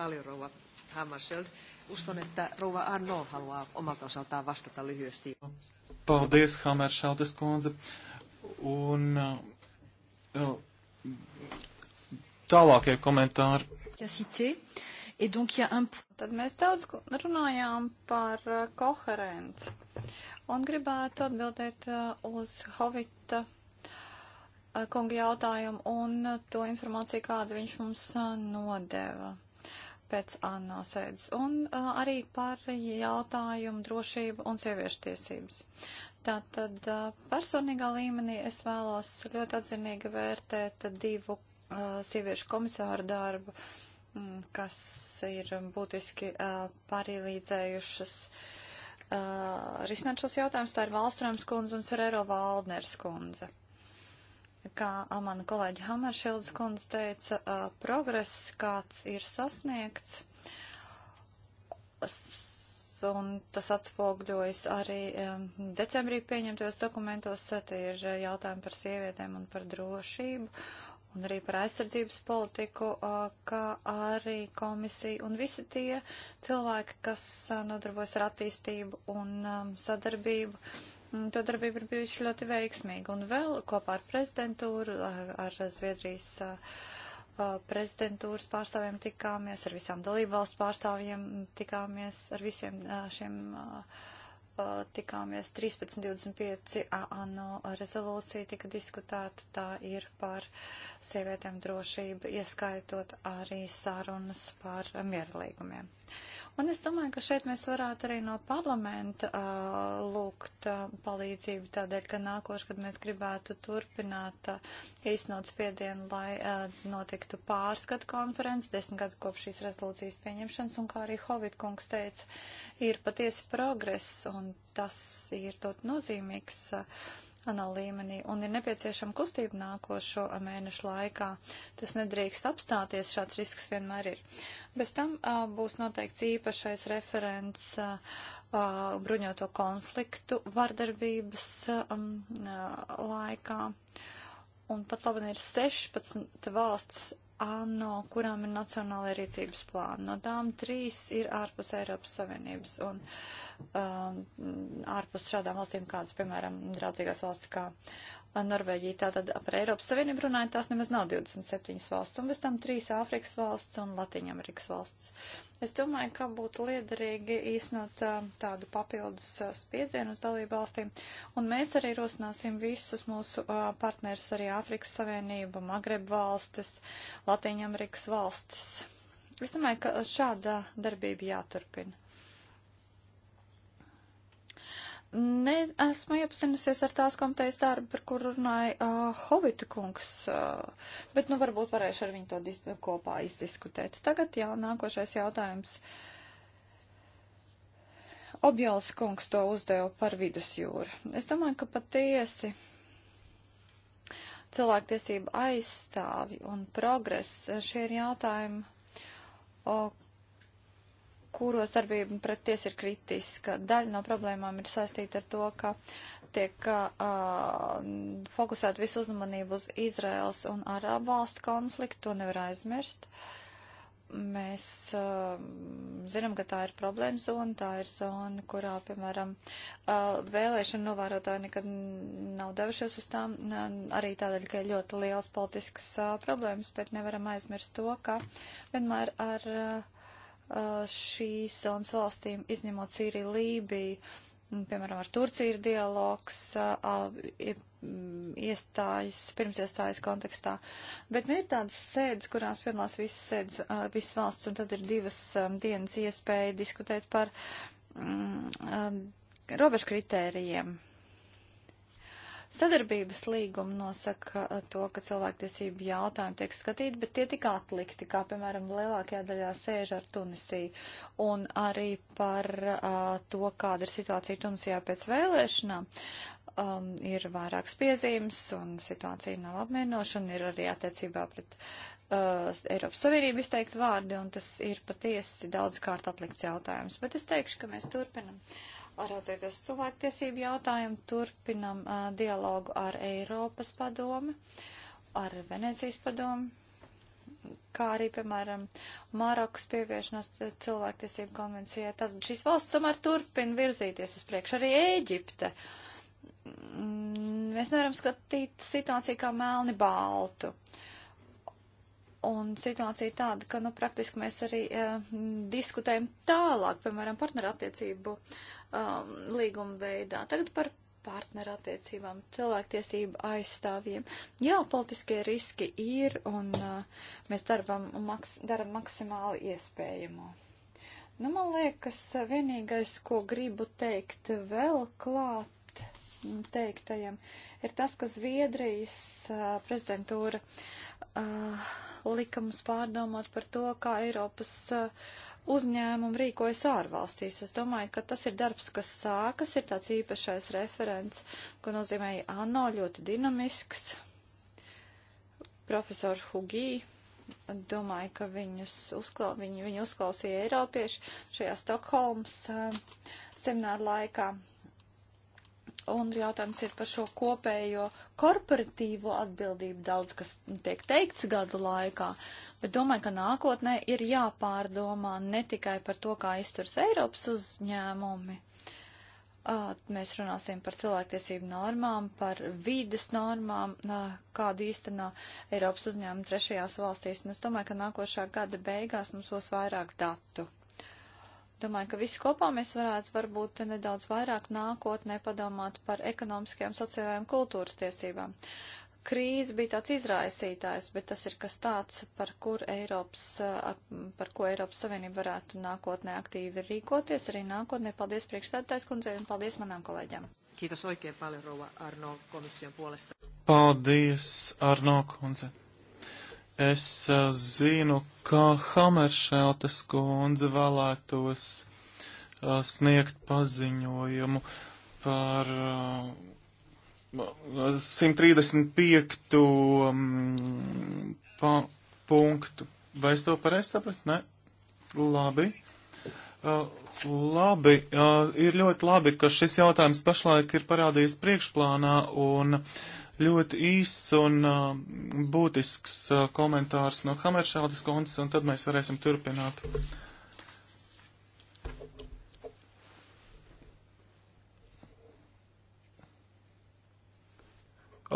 Paljon rouva Hammarskjöld. Uskon, että rouva Arno haluaa omalta osaltaan vastata lyhyesti. Paldies, Hameršaudes kundze. Un uh, uh tālākie komentāri. Tad mēs daudz runājām par uh, koherenci. Un gribētu atbildēt uh, uz Hovita kunga jautājumu un to informāciju, kādu viņš mums nodeva pēc ANO sēdes, un uh, arī par jautājumu drošību un sieviešu tiesības. Tātad uh, personīgā līmenī es vēlos ļoti atzinīgi vērtēt divu uh, sieviešu komisāru darbu, mm, kas ir būtiski uh, parīlīdzējušas uh, risināt šos jautājumus. Tā ir Valstrāms kundze un Ferrero Valdners kundze. Kā mana kolēģa Hamaršildes kundze teica, progress kāds ir sasniegts, un tas atspogļojas arī decembrī pieņemtajos dokumentos, tie ir jautājumi par sievietēm un par drošību un arī par aizsardzības politiku, kā arī komisija un visi tie cilvēki, kas nodarbojas ar attīstību un sadarbību, Mm, to darbība ir bijusi ļoti veiksmīga. Un vēl kopā ar prezidentūru, ar Zviedrijas prezidentūras pārstāvjiem tikāmies, ar visām dalībvalstu pārstāvjiem tikāmies, ar visiem šiem tikāmies. 13.25 ANO rezolūcija tika diskutēta, tā ir par sievietēm drošību, ieskaitot arī sarunas par mierlīgumiem. Uh, Un es domāju, ka šeit mēs varētu arī no parlamenta uh, lūgt uh, palīdzību tādēļ, ka nākošu, kad mēs gribētu turpināt uh, īstenot spiedienu, lai uh, notiktu pārskatu konferences, desmit gadu kopš šīs rezolūcijas pieņemšanas, un kā arī Hovid kungs teica, ir patiesi progress, un tas ir ļoti nozīmīgs. Uh, ANO līmenī un ir nepieciešama kustība nākošo mēnešu laikā. Tas nedrīkst apstāties, šāds risks vienmēr ir. Bez tam a, būs noteikts īpašais referents a, a, bruņoto konfliktu vardarbības a, a, laikā. Un pat labi ir 16 valsts ANO, kurām ir nacionālai rīcības plāni. No tām trīs ir ārpus Eiropas Savienības un uh, ārpus šādām valstīm, kādas, piemēram, draudzīgās valsts kā Norvēģija. Tātad par Eiropas Savienību runājot, tās nemaz nav 27 valsts, un bez tam trīs Āfrikas valsts un Latīņamerikas valsts. Es domāju, ka būtu liederīgi īstenot tādu papildus spiedzienu uz dalību valstīm, un mēs arī rosināsim visus mūsu partners arī Āfrikas Savienību, Magreb valstis, Latīņamerikas valstis. Es domāju, ka šāda darbība jāturpina ne, esmu iepazinusies ar tās komitejas darbu, par kur runāja uh, Hobita kungs, uh, bet nu varbūt varēšu ar viņu to dis kopā izdiskutēt. Tagad jā, nākošais jautājums. Objāls kungs to uzdeva par vidusjūru. Es domāju, ka patiesi cilvēktiesība aizstāvi un progress šie ir jautājumi, o, kuros darbība pret tiesu ir kritiska. Daļa no problēmām ir saistīta ar to, ka tiek uh, fokusēta visu uzmanību uz Izraels un Arābu valstu konfliktu, to nevar aizmirst. Mēs uh, zinām, ka tā ir problēma zona, tā ir zona, kurā, piemēram, uh, vēlēšana novērotāji nekad nav devušies uz tām, uh, arī tādēļ, ka ir ļoti liels politisks uh, problēmas, bet nevaram aizmirst to, ka vienmēr ar. Uh, Uh, šīs zonas valstīm, izņemot Sīriju, Lībiju. Piemēram, ar Turciju ir dialogs, uh, uh, mm, iestājas, pirms iestājas kontekstā. Bet nu, ir tādas sēdes, kurās piedalās visas sēdes, visas valsts, un tad ir divas um, dienas iespēja diskutēt par mm, um, robežu kritērijiem Sadarbības līguma nosaka eh, to, ka cilvēktiesību jautājumi tiek skatīti, bet tie tika atlikti, kā piemēram lielākajā daļā sēž ar Tunisiju. Un arī par uh, to, kāda ir situācija Tunisijā pēc vēlēšanām. Um, ir vairākas piezīmes un situācija nav apmienoša un ir arī attiecībā pret uh, Eiropas Savienību izteikt vārdi un tas ir patiesi daudzkārt atlikts jautājums. Bet es teikšu, ka mēs turpinam. Uh, raudzieties cilvēktiesību jautājumu, turpinam uh, dialogu ar Eiropas padomi, ar Venecijas padomi, kā arī, piemēram, Marokas pieviešanās cilvēktiesību konvencijai. Tad šīs valsts tomēr turpina virzīties uz priekšu, arī Ēģipte. Mm, mēs nevaram skatīt situāciju kā melni baltu. Un situācija tāda, ka, nu, praktiski mēs arī uh, diskutējam tālāk, piemēram, partnerattiecību uh, um, līguma veidā. Tagad par partnerattiecībām, cilvēktiesību aizstāvjiem. Jā, politiskie riski ir, un uh, mēs darbam, maks, daram maksimāli iespējamo. Nu, man liekas, vienīgais, ko gribu teikt vēl klāt teiktajam, ir tas, ka Zviedrijas uh, prezidentūra uh, lika mums pārdomāt par to, kā Eiropas uh, uzņēmumi rīkojas ārvalstīs. Es domāju, ka tas ir darbs, kas sākas, ir tāds īpašais referents, ko nozīmēja ANO ļoti dinamisks. Profesor Hugī, domāju, ka viņus uzkla, viņu, viņu uzklausīja Eiropieši šajā Stokholmas uh, eh, semināru laikā. Un jautājums ir par šo kopējo korporatīvo atbildību daudz, kas tiek teikts gadu laikā, bet domāju, ka nākotnē ir jāpārdomā ne tikai par to, kā izturs Eiropas uzņēmumi. Mēs runāsim par cilvēktiesību normām, par vīdes normām, kādu īstenā Eiropas uzņēmumi trešajās valstīs. Un es domāju, ka nākošā gada beigās mums būs vairāk datu Domāju, ka viss kopā mēs varētu varbūt nedaudz vairāk nākotnē padomāt par ekonomiskajām, sociālajām kultūras tiesībām. Krīze bija tāds izraisītājs, bet tas ir kas tāds, par, kur Eiropas, par ko Eiropas Savienība varētu nākotnē aktīvi rīkoties. Arī nākotnē paldies priekšstādātais kundzei un paldies manām kolēģiem. Kiitos oikein paljon, Rouva Arno, komission puolesta. Paldies, Arno kundze. Es zinu, ka Hameršeltes kundze vēlētos sniegt paziņojumu par 135. Um, mm, pa, punktu. Vai es to pareizi sapratu? Nē. Labi. Uh, labi, uh, ir ļoti labi, ka šis jautājums pašlaik ir parādījis priekšplānā un uh, Ļoti īss un uh, būtisks uh, komentārs no Hameršādas kontas, un tad mēs varēsim turpināt.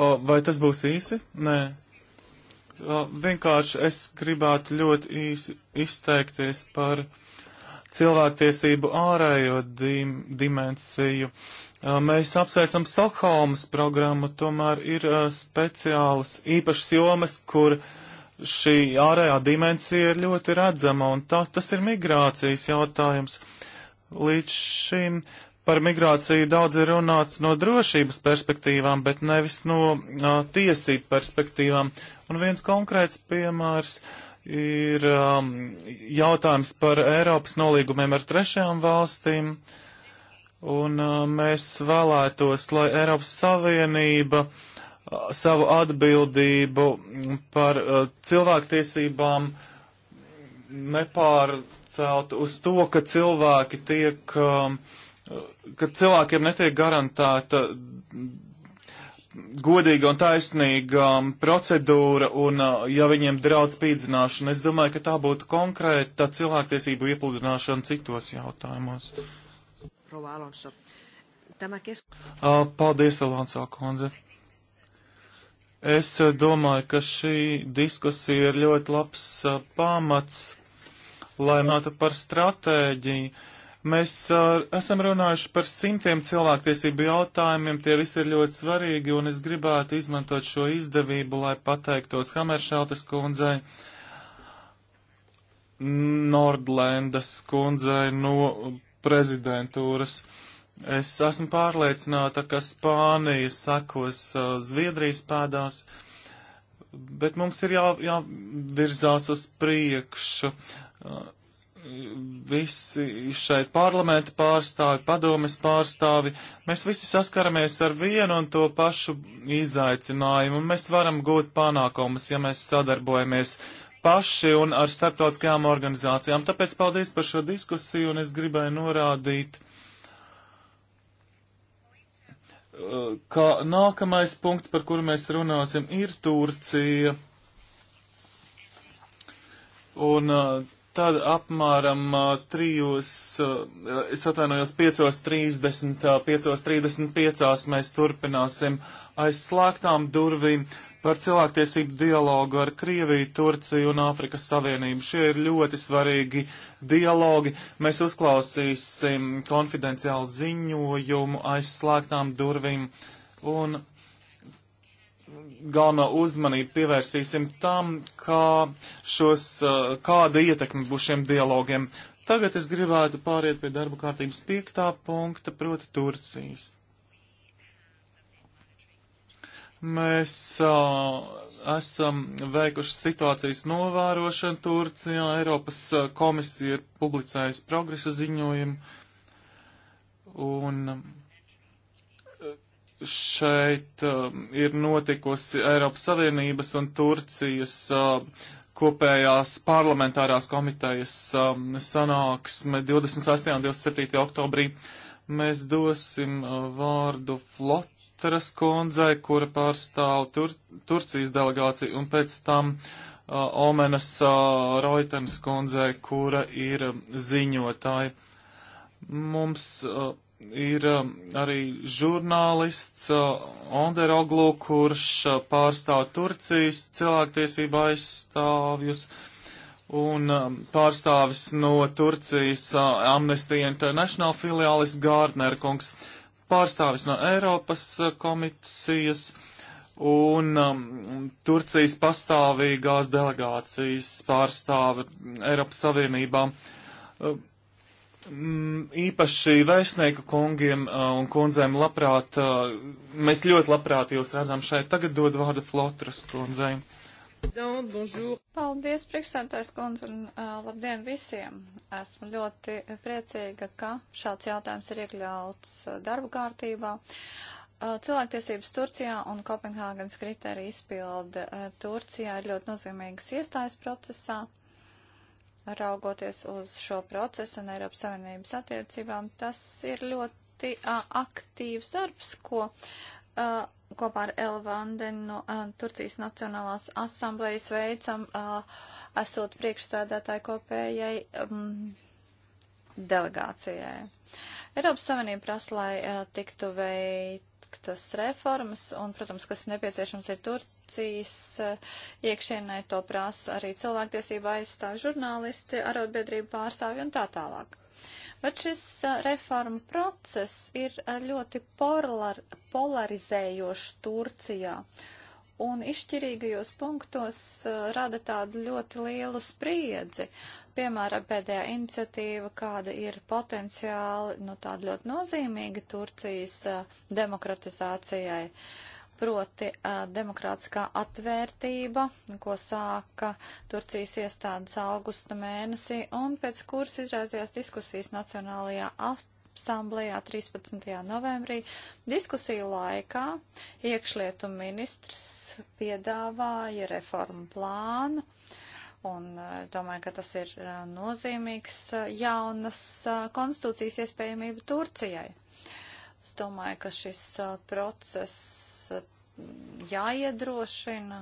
O, vai tas būs īsi? Nē. O, vienkārši es gribētu ļoti īsi izteikties par cilvēktiesību ārējo dim dimensiju. Uh, Mēs apsveicam Stokholmas programmu, tomēr ir speciālas īpašas jomas, kur šī ārējā dimensija ir ļoti redzama, un tā, tas ir migrācijas jautājums. Līdz šim par migrāciju daudz ir runāts no drošības perspektīvām, bet nevis no a, tiesību perspektīvām. Un viens konkrēts piemērs ir a, jautājums par Eiropas nolīgumiem ar trešajām valstīm. A, Un uh, mēs vēlētos, lai Eiropas Savienība uh, savu atbildību par uh, cilvēktiesībām nepārceltu uz to, ka cilvēki tiek, um, ka cilvēkiem netiek garantēta godīga un taisnīga um, procedūra, un ja viņiem draudz spīdzināšana, es domāju, ka tā būtu konkrēta cilvēktiesību iepludināšana citos jautājumos proua Alonso. Tämä kes... Paldies, Alonso Konze. Es eh, domāju, ka šī diskusija ir ļoti labs a, eh, pamats, lai runātu par stratēģiju. Mēs a, eh, esam runājuši par simtiem cilvēktiesību jautājumiem, tie visi ir ļoti svarīgi, un es gribētu izmantot šo izdevību, lai pateiktos Hameršaltes kundzei, Nordlendas kundzei no prezidentūras. Es esmu pārliecināta, ka Spānija sekos uh, Zviedrijas pēdās, bet mums ir jā, jāvirzās uz priekšu. Uh, visi šeit parlamenta pārstāvi, padomes pārstāvi, mēs visi saskaramies ar vienu un to pašu izaicinājumu, un mēs varam gūt panākumus, ja mēs sadarbojamies. Uh, paši un ar starptautiskajām organizācijām. Tāpēc paldies par šo diskusiju un es gribēju norādīt, ka nākamais punkts, par kuru mēs runāsim, ir Turcija. Un tad apmēram trijos, es atvainojos, 5.30, 5.35 mēs turpināsim aizslēgtām durvīm. Par cilvēktiesību dialogu ar Krieviju, Turciju un Āfrikas Savienību. Šie ir ļoti svarīgi dialogi. Mēs uzklausīsim konfidenciālu ziņojumu aizslēgtām durvīm un galveno uzmanību pievērsīsim tam, kā šos, kāda ietekme būs šiem dialogiem. Tagad es gribētu pāriet pie darba kārtības piektā punkta, proti Turcijas. Mēs uh, esam veikuši situācijas novērošanu Turcijā. Eiropas komisija ir publicējusi progresa ziņojumu. Un šeit uh, ir notikusi Eiropas Savienības un Turcijas uh, kopējās parlamentārās komitejas um, sanāksme 26. un 27. oktobrī. Mēs dosim uh, vārdu flot Flotras kundzei, kura pārstāv Tur Turcijas delegāciju, un pēc tam uh, Omenas uh, Roitenes kundzei, kura ir um, ziņotāja. Mums uh, ir uh, arī žurnālists uh, Onderoglu, kurš uh, pārstāv Turcijas cilvēktiesību aizstāvjus. Uh, un um, pārstāvis no Turcijas uh, Amnesty International filiālis Gārdner kungs pārstāvis no Eiropas eh, komisijas un um, Turcijas pastāvīgās delegācijas pārstāve Eiropas Savienībā. Um, mm, īpaši vēstnieku kungiem uh, un kundzēm labprāt, uh, mēs ļoti labprāt jūs redzam šeit. Tagad dod vārdu Flotras kundzei. Don, bonjour. Paldies, priekšsēdētājs kundze, un uh, labdien visiem. Esmu ļoti priecīga, ka šāds jautājums ir iekļauts uh, darba kārtībā. Uh, cilvēktiesības Turcijā un Kopenhāgenes kriterija izpilde uh, Turcijā ir ļoti nozīmīgas iestājas procesā raugoties uz šo procesu un Eiropas Savienības attiecībām, tas ir ļoti a, aktīvs darbs, ko a, kopā ar Elvandeni no uh, Turcijas Nacionālās asamblejas veicam, uh, esot priekšstādātāju kopējai um, delegācijai. Eiropas Savienība prasa, lai uh, tiktu veiktas reformas, un, protams, kas nepieciešams ir Turcijas uh, iekšienai, to prasa arī cilvēktiesība aizstāvi žurnālisti, arotbiedrību pārstāvi un tā tālāk. Bet šis reforma process ir ļoti polar, polarizējošs Turcijā. Un izšķirīgajos punktos rada tādu ļoti lielu spriedzi. Piemēram, pēdējā iniciatīva, kāda ir potenciāli, nu tāda ļoti nozīmīga Turcijas demokratizācijai. Uh, proti uh, demokrātiskā atvērtība, ko sāka Turcijas iestādes augusta mēnesī, un pēc kuras izraizījās diskusijas Nacionālajā asamblējā 13. novembrī. Diskusiju laikā iekšlietu ministrs piedāvāja reformu plānu. Un domāju, ka tas ir nozīmīgs jaunas konstitūcijas iespējamība Turcijai. Uh, Es domāju, ka šis uh, process uh, jāiedrošina.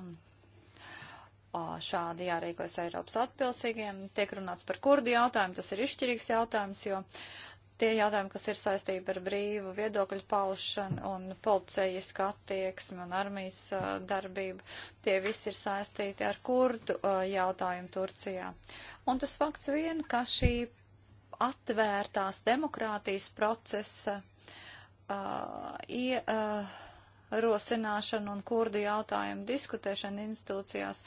Uh, šādi jārīkojas Eiropas atbilstīgiem. Tiek runāts par kurdu jautājumu, tas ir izšķirīgs jautājums, jo tie jautājumi, kas ir saistīti ar brīvu viedokļu paušanu un policijas attieksmi un armijas darbību, tie visi ir saistīti ar kurdu jautājumu Turcijā. Un tas fakts vien, ka šī atvērtās demokrātijas procesa uh, ierosināšanu un kurdu jautājumu diskutēšanu institūcijās.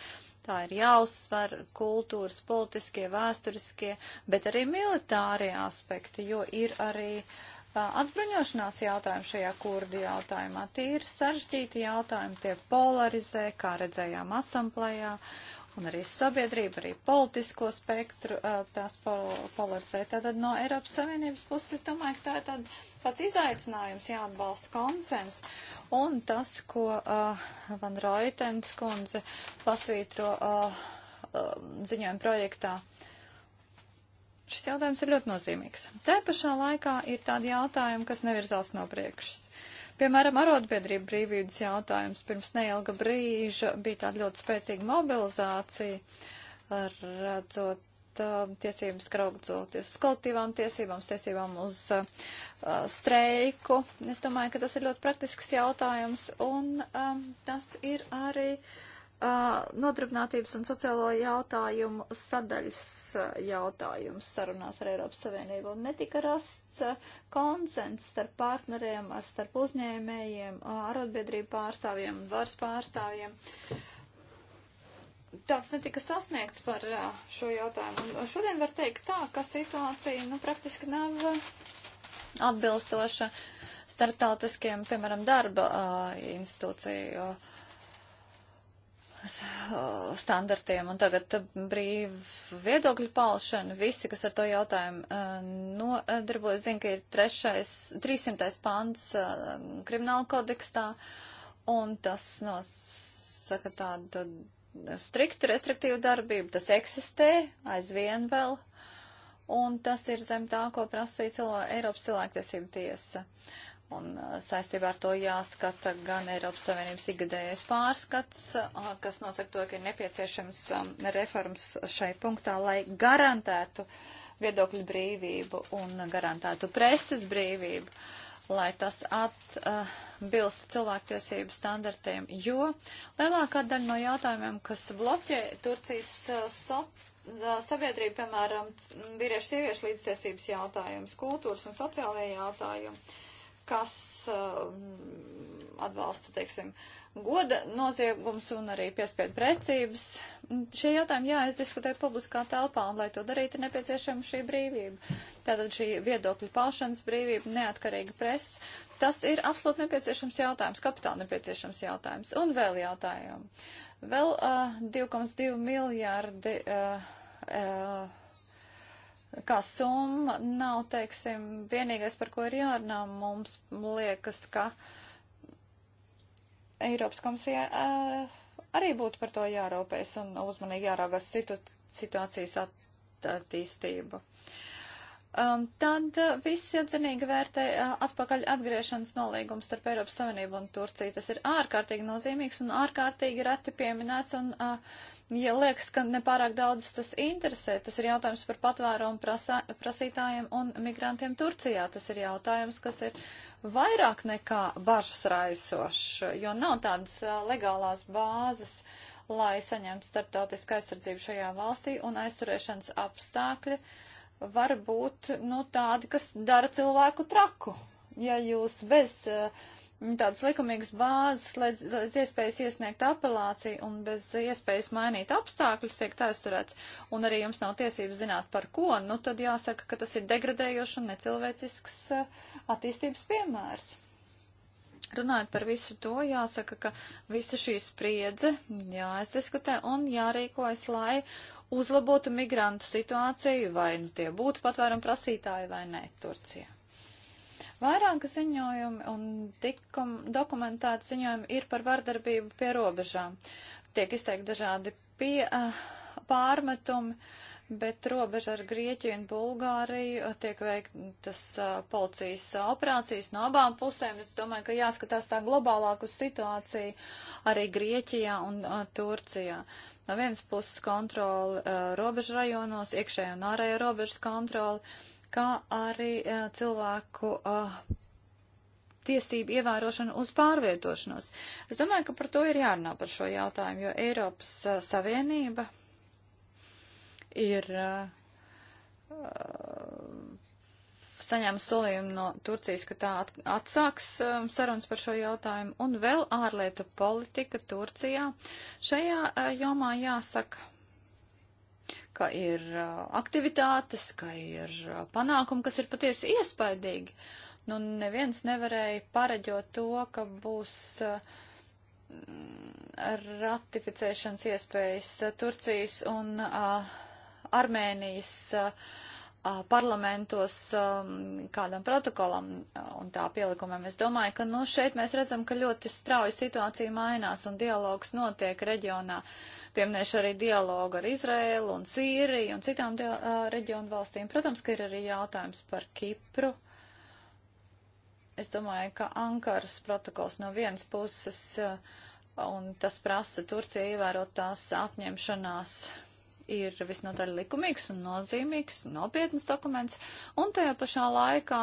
Tā ir jāuzsver kultūras, politiskie, vēsturiskie, bet arī militārie aspekti, jo ir arī uh, atbruņošanās jautājumi šajā kurdu jautājumā. Tie ir sarežģīti jautājumi, tie polarizē, kā redzējām asamblējā, un arī sabiedrība, arī politisko spektru tās polarizē. Tātad no Eiropas Savienības puses es domāju, ka tā ir tāds pats izaicinājums jāatbalsta konsens. Un tas, ko uh, Van Roitens kundze pasvītro uh, uh, ziņojuma projektā, šis jautājums ir ļoti nozīmīgs. Te pašā laikā ir tādi jautājumi, kas nevirzās no priekšas. Uh, Piemēram, arotbiedrība brīvības jautājums. Pirms neilga brīža bija tāda ļoti spēcīga mobilizācija, redzot uh, tiesības graudzoties uz kolektīvām tiesībām, uz tiesībām uz uh, streiku. Es domāju, ka tas ir ļoti praktisks jautājums, un um, tas ir arī uh, uh, nodarbinātības un sociālo jautājumu sadaļas uh, jautājums sarunās ar Eiropas Savienību. Un netika rasts uh, konsens starp partneriem, ar starp uzņēmējiem, arotbiedrību pārstāvjiem un varas pārstāvjiem. Tāds netika sasniegts par šo jautājumu. Un šodien var teikt tā, ka situācija nu, praktiski nav atbilstoša starptautiskiem, piemēram, darba institūciju uh, Uh, standartiem. Un tagad uh, brīva viedokļu paušana. Visi, kas ar to jautājumu uh, nodarbojas, zina, ka ir trešais, 300. pants krimināla kodekstā. Un tas nosaka tādu striktu restriktīvu darbību. Tas eksistē aizvien vēl. Un tas ir zem tā, ko prasīja cilvē, Eiropas cilvēktiesību tiesa. Uh, Un uh, saistībā ar to jāskata gan Eiropas Savienības ikgadējais pārskats, uh, kas nosaka to, ka ir nepieciešams um, reformas šai punktā, lai garantētu viedokļu brīvību un garantētu preses brīvību, lai tas atbilstu cilvēktiesību standartiem, jo lielākā daļa no jautājumiem, kas bloķē Turcijas uh, sot sabiedrību, piemēram, vīriešu sieviešu līdztiesības jautājums, kultūras un sociālajie jautājumi, kas um, atbalsta, teiksim, goda noziegums un arī piespiedu precības. Šie jautājumi jāizdiskutē publiskā telpā, un lai to darītu, ir nepieciešama šī brīvība. Tātad šī viedokļu paušanas brīvība, neatkarīga presa, tas ir absolūti nepieciešams jautājums, kapitāla nepieciešams jautājums. Un vēl jautājumu. Vēl uh, 2,2 miljārdi. Uh, uh, kā summa nav, teiksim, vienīgais, par ko ir jārunā. Mums liekas, ka Eiropas komisijai uh, eh, arī būtu par to jārūpēs un uzmanīgi jāraugās situ, situācijas attīstību um, tad uh, viss iedzinīgi vērtē uh, atpakaļ atgriešanas nolīgums starp Eiropas Savienību un Turciju. Tas ir ārkārtīgi nozīmīgs un ārkārtīgi reti pieminēts un uh, ja liekas, ka nepārāk daudz tas interesē, tas ir jautājums par patvērumu prasā, prasītājiem un migrantiem Turcijā. Tas ir jautājums, kas ir vairāk nekā bažas raisošs, jo nav tādas uh, legālās bāzes, lai saņemtu starptautisku aizsardzību šajā valstī un aizturēšanas apstākļi. Uh, var būt nu, tādi, kas dara cilvēku traku. Ja jūs bez uh, tādas likumīgas bāzes, līdz, līdz iespējas iesniegt apelāciju un bez iespējas mainīt apstākļus tiek aizturēts, un arī jums nav tiesības zināt par ko, nu tad jāsaka, ka tas ir degradējošs un necilvēcisks eh, attīstības piemērs. Runājot par visu to, jāsaka, ka visa šī spriedze jāizdiskutē un jārīkojas, lai uzlabotu migrantu situāciju, vai nu tie būtu patvērumu prasītāji vai nē Turcijā. Vairāki ziņojumi un tikum, dokumentēti ziņojumi ir par vardarbību pie robežām. Tiek izteikti dažādi pie, eh, pārmetumi. Uh, bet robeža ar Grieķiju un Bulgāriju uh, tiek veiktas uh, policijas uh, operācijas no abām pusēm. Es domāju, ka jāskatās tā globālāk uz situāciju arī Grieķijā un a, Turcijā. No vienas puses kontroli robežu rajonos, iekšējā un ārējā robežas kontroli, kā arī a, cilvēku a, tiesību ievērošanu uz pārvietošanos. Es domāju, ka par to ir jārunā par šo jautājumu, jo Eiropas Savienība ir uh, saņēma solījumu no Turcijas, ka tā atsāks um, sarunas par šo jautājumu. Un vēl ārlietu politika Turcijā. Šajā uh, jomā jāsaka, ka ir uh, aktivitātes, ka ir uh, panākumi, kas ir patiesi iespaidīgi. Nu, neviens nevarēja pareģot to, ka būs uh, ratificēšanas iespējas uh, Turcijas un uh, Armēnijas parlamentos kādam protokolam un tā pielikumam. Es domāju, ka nu, šeit mēs redzam, ka ļoti strauji situācija mainās un dialogs notiek reģionā. Pieminēšu arī dialogu ar Izrēlu un Sīriju un citām reģionu valstīm. Protams, ka ir arī jautājums par Kipru. Es domāju, ka Ankaras protokols no vienas puses, un tas prasa Turcija ievērot tās apņemšanās ir visnotaļ likumīgs un nozīmīgs, nopietns dokuments, un tajā pašā laikā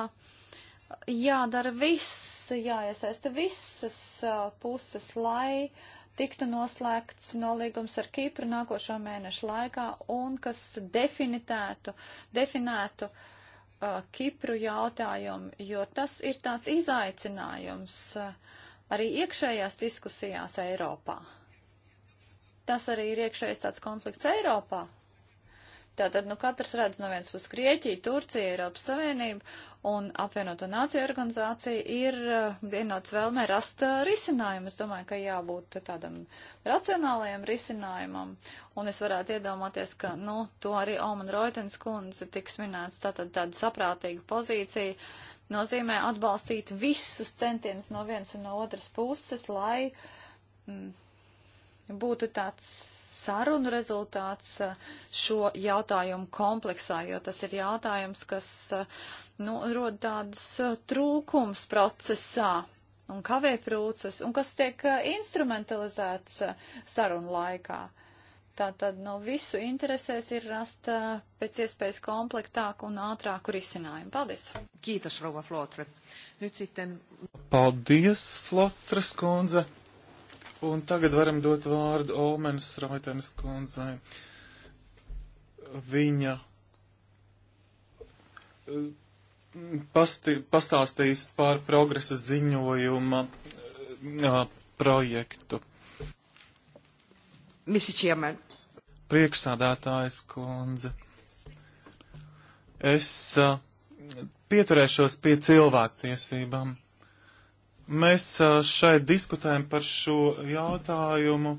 jādara viss, jāiesaista visas uh, puses, lai tiktu noslēgts nolīgums ar Kipru nākošo mēnešu laikā un kas definitētu, definētu uh, Kipru jautājumu, jo tas ir tāds izaicinājums uh, arī iekšējās diskusijās Eiropā tas arī ir iekšējais tāds konflikts Eiropā. Tātad, nu, katrs redz no vienas puses Grieķiju, Turciju, Eiropas Savienību un apvienoto nāciju organizācija ir eh, vienots vēlmē rast eh, risinājumu. Es domāju, ka jābūt tādam racionālajam risinājumam. Un es varētu iedomāties, ka, nu, to arī Oman Roitens kundze tiks minēts, tātad tāda saprātīga pozīcija nozīmē atbalstīt visus centienus no vienas un no otras puses, lai. Mm, būtu tāds sarunu rezultāts eh, šo jautājumu kompleksā, jo tas ir jautājums, kas eh, nu, rod tādas eh, trūkums procesā un kavē prūces, un kas tiek instrumentalizēts sarunu laikā. Tātad no visu interesēs ir rast pēc iespējas komplektāku un ātrāku risinājumu. Paldies! Kītas, Rova Flotre. Paldies, Flotras kundze! Un tagad varam dot vārdu Olmenas Raitenes kundzai. Viņa eh, pasti, pastāstīs par progresa ziņojuma a, eh, projektu. Mr. Chairman. Priekšsādātājs kundze. Es a, eh, pieturēšos pie cilvēktiesībām. Mēs šeit diskutējam par šo jautājumu,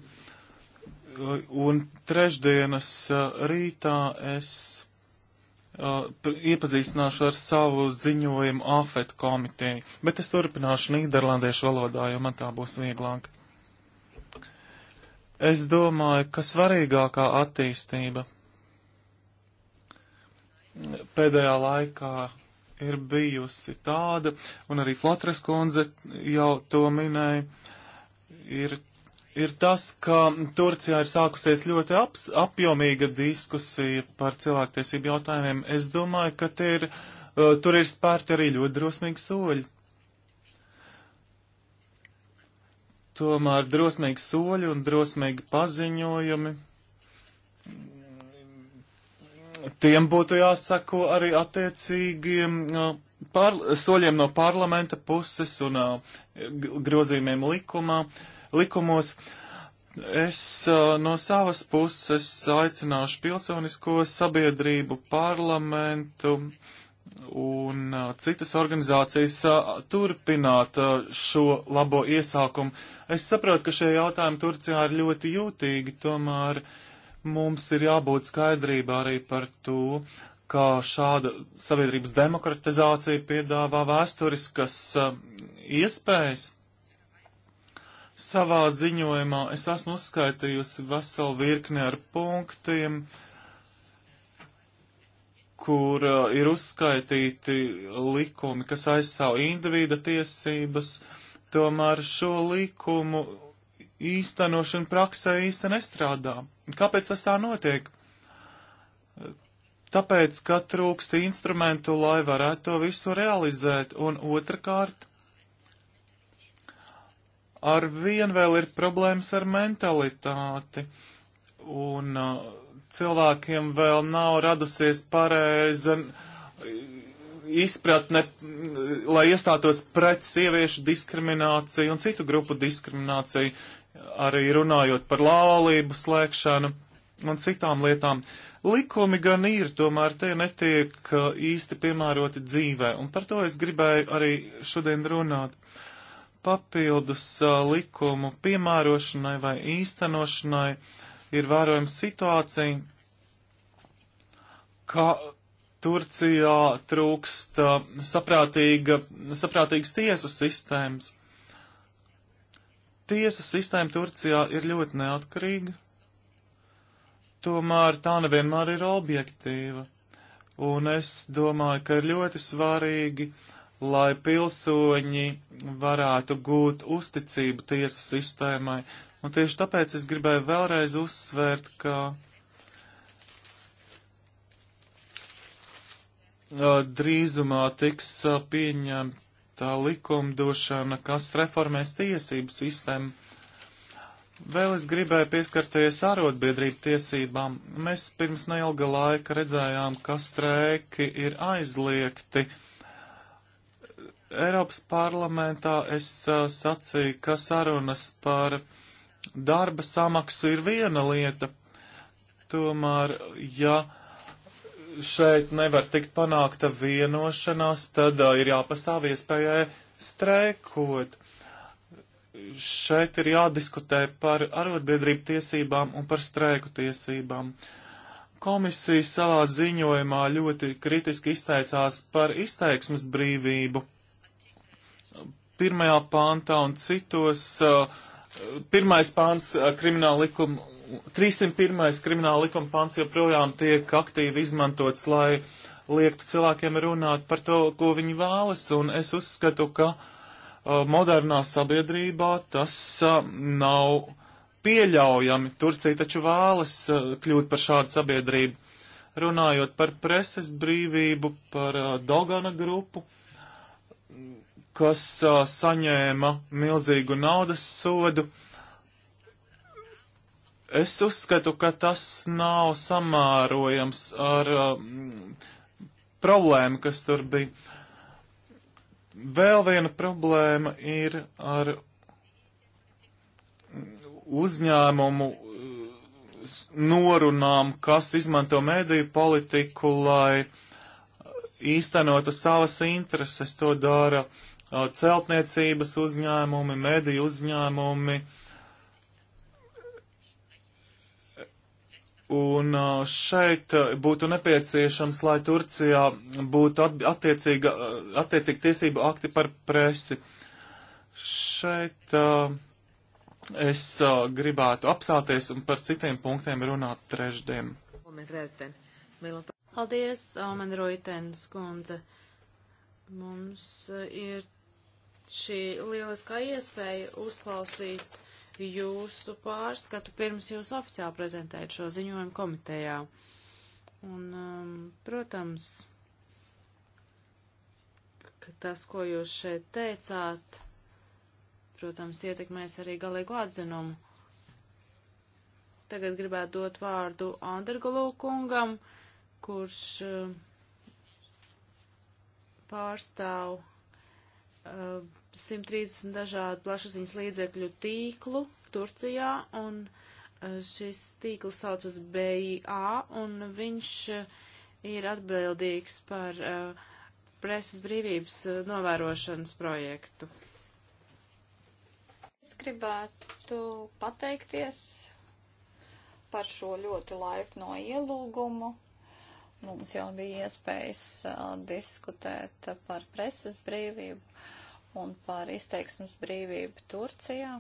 un trešdienas rītā es iepazīstināšu ar savu ziņojumu AFET komiteju, bet es turpināšu nīderlandiešu valodā, jo man tā būs vieglāk. Es domāju, ka svarīgākā attīstība pēdējā laikā ir bijusi tāda, un arī Flatras kundze jau to minēja, ir, ir tas, ka Turcijā ir sākusies ļoti aps, apjomīga diskusija par cilvēktiesību jautājumiem. Es domāju, ka ir, uh, tur ir spērti arī ļoti drosmīgi soļi. Tomēr drosmīgi soļi un drosmīgi paziņojumi tiem būtu jāsako arī attiecīgiem uh, pār, soļiem no parlamenta puses un uh, grozījumiem likumā, likumos. Es uh, no savas puses aicināšu pilsonisko sabiedrību, parlamentu un citas organizācijas turpināt šo labo iesākumu. Es saprotu, ka šie jautājumi Turcijā ir ļoti jūtīgi, tomēr Mums ir jābūt skaidrībā arī par to, kā šāda sabiedrības demokratizācija piedāvā vēsturiskas uh, iespējas. Savā ziņojumā es esmu uzskaitījusi veselu virkni ar punktiem, kur uh, ir uzskaitīti likumi, kas aizstāv individa tiesības, tomēr šo likumu īstenošana praksē īsti nestrādā. Kāpēc tas tā notiek? Tāpēc, ka trūkst instrumentu, lai varētu to visu realizēt, un otrkārt, ar vien vēl ir problēmas ar mentalitāti, un uh, cilvēkiem vēl nav radusies pareiza uh, izpratne, mm, lai iestātos pret sieviešu diskrimināciju un citu grupu diskrimināciju arī runājot par laulību slēgšanu un citām lietām. Likumi gan ir, tomēr tie netiek uh, īsti piemēroti dzīvē, un par to es gribēju arī šodien runāt. Papildus uh, likumu piemērošanai vai īstenošanai ir vērojama situācija, ka Turcijā trūkst uh, saprātīga, saprātīgas tiesu sistēmas Tiesa sistēma Turcijā ir ļoti neatkarīga, tomēr tā nevienmēr ir objektīva. Un es domāju, ka ir ļoti svarīgi, lai pilsoņi varētu gūt uzticību tiesu sistēmai. Un tieši tāpēc es gribēju vēlreiz uzsvērt, ka drīzumā tiks pieņemt tā likumdošana, kas reformēs tiesību sistēmu. Vēl es gribēju pieskarties arotbiedrību tiesībām. Mēs pirms neilga laika redzējām, ka streiki ir aizliegti. Eiropas parlamentā es uh, sacīju, ka sarunas par darba samaksu ir viena lieta. Tomēr, ja uh, šeit nevar tikt panākta vienošanās, tad uh, ir jāpastāv iespējai streikot. Šeit ir jādiskutē par arotbiedrību tiesībām un par streiku tiesībām. Komisija savā ziņojumā ļoti kritiski izteicās par izteiksmes brīvību. Pirmajā pāntā un citos, uh, pirmais pāns uh, krimināla likuma 301. krimināla likuma pants joprojām tiek aktīvi izmantots, lai liektu cilvēkiem runāt par to, ko viņi vēlas, un es uzskatu, ka uh, modernā sabiedrībā tas uh, nav pieļaujami. Turcija taču vēlas uh, kļūt par šādu sabiedrību. Runājot par preses brīvību, par uh, Dogana grupu, kas uh, saņēma milzīgu naudas sodu, uh, Es uzskatu, ka tas nav samārojams ar um, problēmu, kas tur bija. Vēl viena problēma ir ar uzņēmumu uh, norunām, kas izmanto mediju politiku, lai īstenotu savas intereses. To dara uh, celtniecības uzņēmumi, mediju uzņēmumi. Uh, Un šeit būtu nepieciešams, lai Turcijā būtu attiecīga, attiecīga tiesība akti par presi. Šeit es gribētu apstāties un par citiem punktiem runāt trešdien. Paldies, Omen Roitens kundze. Mums ir šī lieliskā iespēja uzklausīt jūsu pārskatu pirms jūs oficiāli prezentējat šo ziņojumu komitejā. Un, um, protams, ka tas, ko jūs šeit teicāt, protams, ietekmēs arī galīgu atzinumu. Tagad gribētu dot vārdu Andergalū kungam, kurš uh, pārstāv uh, 130 dažādu plašsaziņas līdzekļu tīklu Turcijā, un e, šis tīkls saucas BIA, un viņš e, ir atbildīgs par uh, preses brīvības novērošanas projektu. Es gribētu pateikties par šo ļoti laipno ielūgumu. Mums jau bija iespējas uh, diskutēt par preses brīvību un par izteiksmes brīvību Turcijā.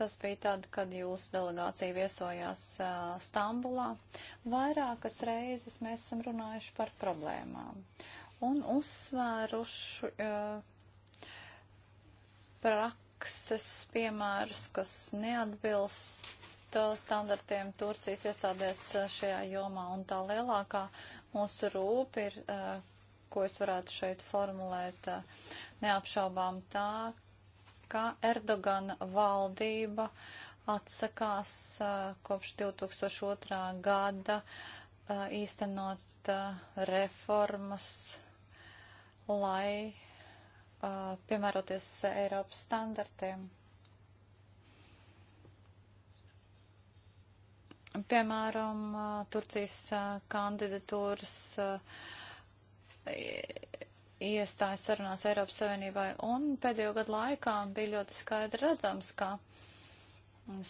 Tas bija tad, kad jūsu delegācija viesojās uh, Stambulā. Vairākas reizes mēs esam runājuši par problēmām un uzsvēruši uh, prakses piemērus, kas neatbilst standartiem Turcijas iestādēs šajā jomā. Un tā lielākā mūsu rūpa ir, uh, ko es varētu šeit formulēt, eh, neapšaubām tā, ka Erdogana valdība atsakās eh, kopš 2002. gada eh, īstenot reformas, lai piemēroties Eiropas standartiem. Piemēram, Turcijas kandidatūras uh, iestājas sarunās Eiropas Savienībai, un pēdējo gadu laikā bija ļoti skaidri redzams, ka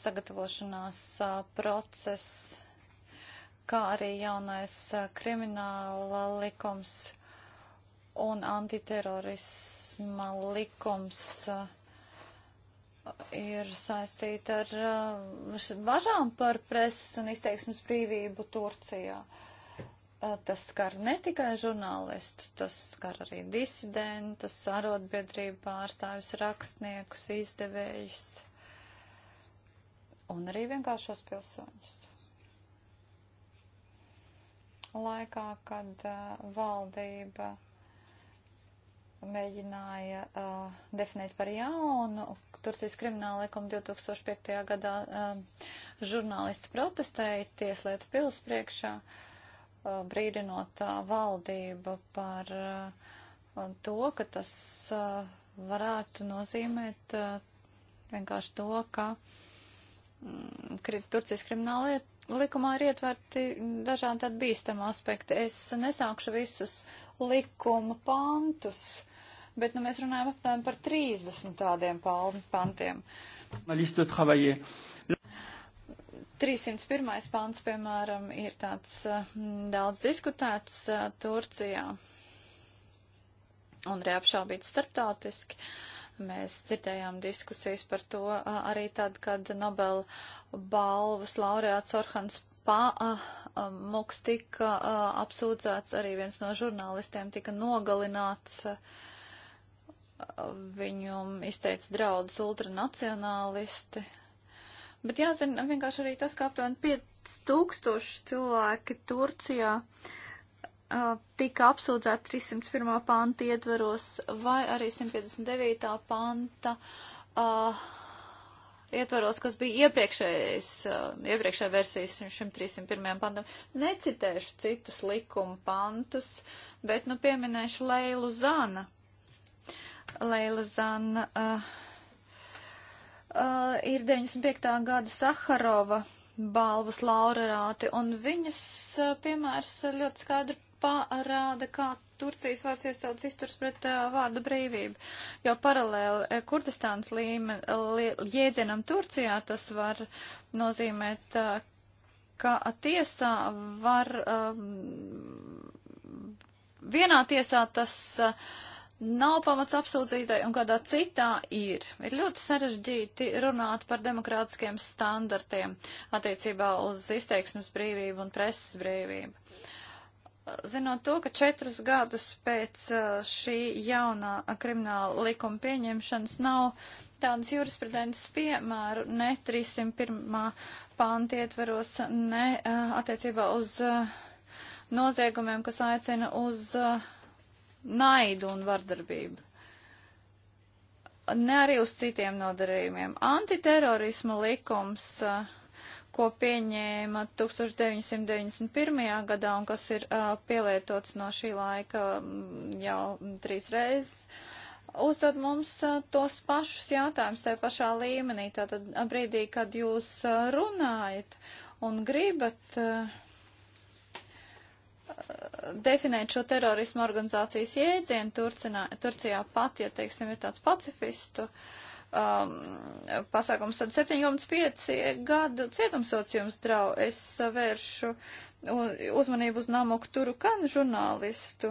sagatavošanās process, kā arī jaunais krimināla likums un antiterorisma likums ir saistīti ar bažām par presas un izteiksmes brīvību Turcijā. Uh, tas skar ne tikai žurnālistus, tas skar arī disidentus, arotbiedrību pārstāvis, rakstniekus, izdevējus un arī vienkāršos pilsoņus. Laikā, kad uh, valdība mēģināja uh, definēt par jaunu Turcijas krimināla likuma 2005. gadā, uh, žurnālisti protestēja tieslietu pils priekšā. Uh, Uh, brīdinot uh, valdību par uh, to, ka tas varētu nozīmēt vienkārši to, ka mm, Turcijas krimināla likumā ir ietverti dažādi tādi bīstami aspekti. Es nesākšu visus likuma pantus, bet nu, mēs runājam aptuveni par 30 tādiem pantiem. 301. pāns, piemēram, ir tāds eh, daudz diskutēts eh, Turcijā un arī apšaubīts starptautiski. Mēs dzirdējām diskusijas par to eh, arī tad, kad Nobel balvas laureāts Orhans Pāmuks tika apsūdzēts, arī viens no žurnālistiem tika nogalināts. Viņam izteica draudus ultranacionālisti, Bet jāzina vienkārši arī tas, ka aptuveni 5000 cilvēki Turcijā uh, tika apsūdzēti 301. panta ietveros vai arī 159. panta uh, ietvaros, kas bija iepriekšējais, uh, iepriekšējā versijas šim 301. pantam. Necitēšu citus likuma pantus, bet nu pieminēšu Leilu Zana. Leila Zana. Uh, uh, ir 95. gada Saharova balvas laurerāti, un viņas uh, piemērs ļoti skaidri parāda, kā Turcijas varas iestādes izturs pret uh, vārdu brīvību. Jo paralēli uh, Kurdistāns līmen, li, jēdzienam Turcijā tas var nozīmēt, uh, ka tiesā var. Um, vienā tiesā tas. Uh, nav pamats apsūdzībai un kādā citā ir. Ir ļoti sarežģīti runāt par demokrātiskiem standartiem attiecībā uz izteiksmes brīvību un presas brīvību. Zinot to, ka četrus gadus pēc uh, šī jaunā krimināla likuma pieņemšanas nav tādas jurisprudences piemēru ne 301. pānta ietveros, ne uh, attiecībā uz uh, noziegumiem, kas aicina uz uh, naidu un vardarbību. Ne arī uz citiem nodarījumiem. Antiterorisma likums, ko pieņēma 1991. gadā un kas ir pielietots no šī laika jau trīs reizes, uzdod mums tos pašus jautājumus tajā pašā līmenī. Tātad brīdī, kad jūs runājat un gribat uh, definēt šo terorismu organizācijas jēdzienu Turcinā, Turcijā pat, ja, teiksim, ir tāds pacifistu um, pasākums, tad 7,5 gadu cietumsocījums drau. Es vēršu uzmanību uz Namuku Turukan žurnālistu.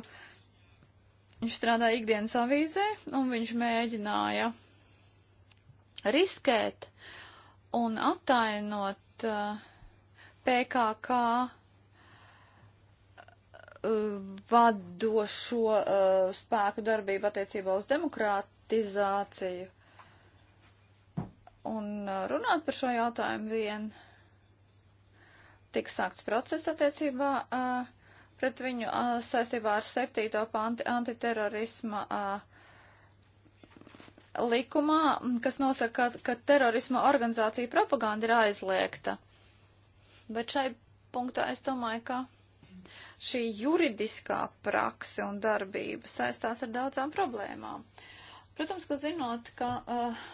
Viņš strādāja ikdienas avīzē, un viņš mēģināja riskēt un attainot uh, PKK Uh, vadošo uh, spēku darbību attiecībā uz demokratizāciju. Un uh, runāt par šo jautājumu vien tika sākts process attiecībā uh, pret viņu uh, saistībā ar 7. panti antiterorisma uh, likumā, kas nosaka, ka, ka terorisma organizācija propaganda ir aizliegta. Bet šai punktā es domāju, ka šī juridiskā prakse un darbība saistās ar daudzām problēmām. Protams, ka zinot, ka uh,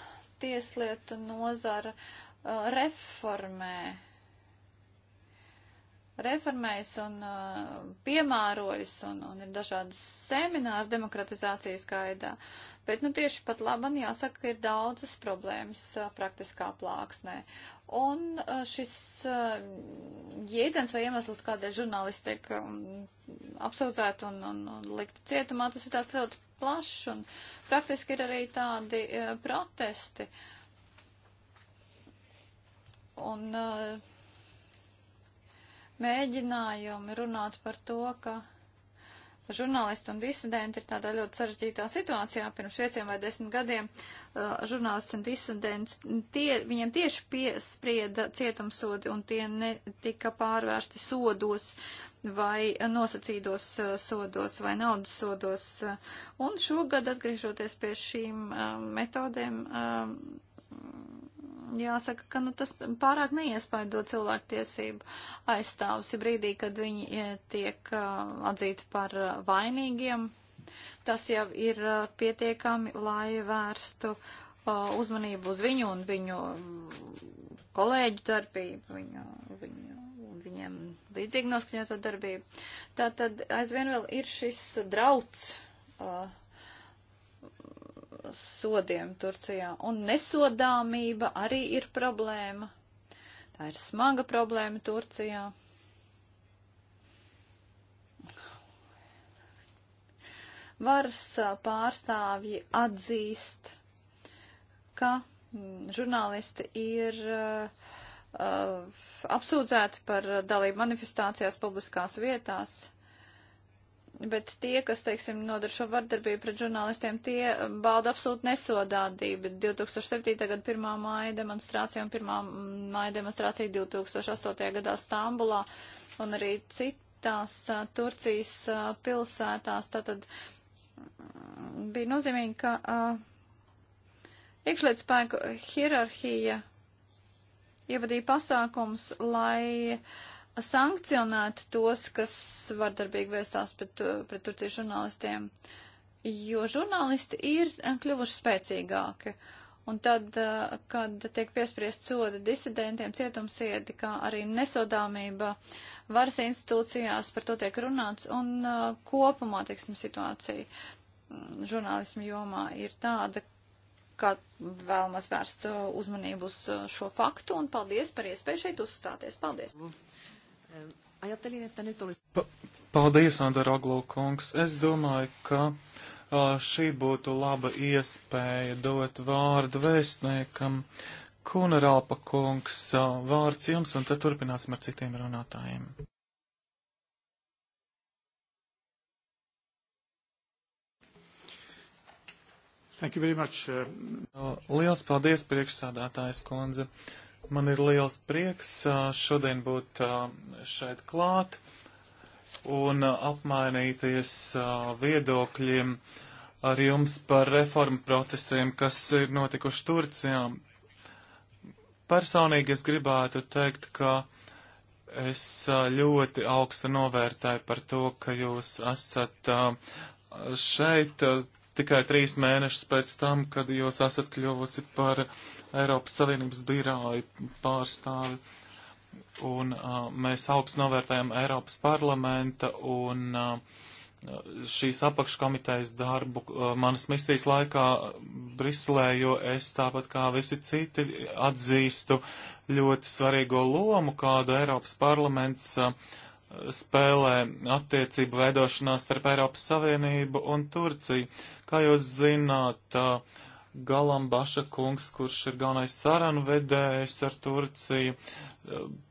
tieslietu nozara uh, reformē reformējas un uh, piemērojas un, un ir dažādas semināri demokratizācijas gaidā. Bet, nu, tieši pat laban jāsaka, ka ir daudzas problēmas uh, praktiskā plāksnē. Un uh, šis uh, jēdziens vai iemesls, kādēļ žurnālisti tiek um, apsūdzēti un, un, un likti cietumā, tas ir tāds ļoti plašs un praktiski ir arī tādi uh, protesti. Un, uh, mēģinājumi runāt par to, ka žurnālisti un disidenti ir tādā ļoti sarežģītā situācijā. Pirms pieciem vai desmit gadiem uh, žurnālisti un disidents, tie, viņiem tieši piesprieda cietumsodi un tie netika pārvērsti sodos vai nosacītos uh, sodos vai naudas sodos. Un šogad, atgriežoties pie šīm uh, metodēm, uh, jāsaka, ka nu, tas pārāk neiespaido cilvēktiesību aizstāvusi brīdī, kad viņi e, tiek uh, atzīti par uh, vainīgiem. Tas jau ir uh, pietiekami, lai vērstu uzmanību uz viņu un viņu kolēģu darbību, viņu, viņu, viņiem līdzīgi noskaņoto darbību. Tā tad aizvien vēl ir šis drauds sodiem Turcijā. Un nesodāmība arī ir problēma. Tā ir smaga problēma Turcijā. Varas pārstāvji atzīst, ka žurnālisti ir uh, apsūdzēti par dalību manifestācijās publiskās vietās. Uh, bet tie, kas, teiksim, nodara šo vardarbību pret žurnālistiem, tie um, bauda absolūti nesodādību. 2007. gada 1. māja demonstrācija un 1. māja mm, demonstrācija 2008. gadā Stambulā un arī citās uh, Turcijas uh, pilsētās. Tātad mm, bija nozīmīgi, ka uh, iekšliet spēku hierarhija ievadīja pasākums, lai uh, sankcionētu tos, kas vardarbīgi vēstās pret, pret Turcijas žurnālistiem, jo žurnālisti ir eh, kļuvuši spēcīgāki. Un tad, eh, kad tiek piespriest soda disidentiem, cietumsiedi, kā arī nesodāmība varas institūcijās, par to tiek runāts, un eh, kopumā, teiksim, situācija mm, žurnālismu jomā ir tāda, kā vēlamies vērst uzmanību uz šo faktu, un paldies par iespēju šeit uzstāties. Paldies! Ajattelin, että nyt olisi... Pa paldies, Andara Aglokungs. Es domāju, ka uh, šī būtu laba iespēja dot vārdu vēstniekam. Kunarāpa kungs, uh, vārds jums, un tad turpināsim ar citiem runātājiem. Thank you very much. Uh... Liels paldies, priekšsādātājs kundze. Uh, Man ir liels prieks šodien būt šeit klāt un apmainīties viedokļiem ar jums par reformu procesiem, kas ir notikuši Turcijā. Personīgi es gribētu teikt, ka es ļoti augstu novērtēju par to, ka jūs esat šeit tikai trīs mēnešus pēc tam, kad jūs esat kļuvusi par Eiropas Savienības birāju pārstāvi. Un uh, mēs augsts novērtējam Eiropas parlamenta un uh, šīs apakškomitejas darbu manas misijas laikā Briselē, jo es tāpat kā visi citi atzīstu ļoti svarīgo lomu, kādu Eiropas parlaments uh, spēlē attiecību veidošanā starp Eiropas Savienību un Turciju. Kā jūs zināt, Galam Baša kungs, kurš ir galvenais sarunu vedējs ar Turciju,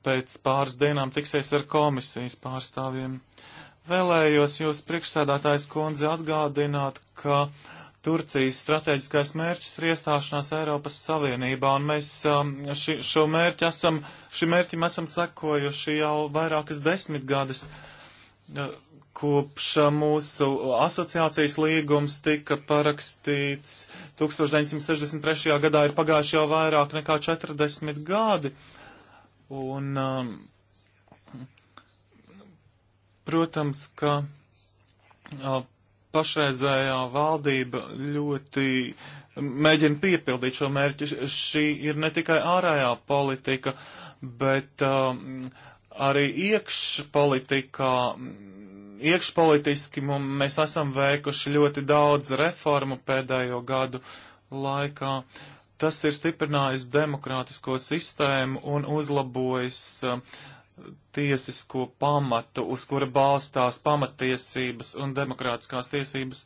pēc pāris dienām tiksies ar komisijas pārstāvjiem. Vēlējos jūs priekšsēdātājs kundze atgādināt, ka uh, Turcijas strateģiskais mērķis ir iestāšanās Eiropas Savienībā, un mēs um, ši, šo mērķi esam, šim mērķim esam sekojuši jau vairākas desmitgades, kopš uh, mūsu asociācijas līgums tika parakstīts 1963. gadā, ir pagājuši jau vairāk nekā 40 gadi. Un, um, protams, ka uh, pašreizējā valdība ļoti mēģina piepildīt šo mērķi. Šī ir ne tikai ārējā politika, bet um, arī iekšpolitikā. Iekšpolitiski mums, mēs esam veikuši ļoti daudz reformu pēdējo gadu laikā. Tas ir stiprinājis demokrātisko sistēmu un uzlabojis uh, tiesisko pamatu, uz kura balstās pamatiesības un demokrātiskās tiesības.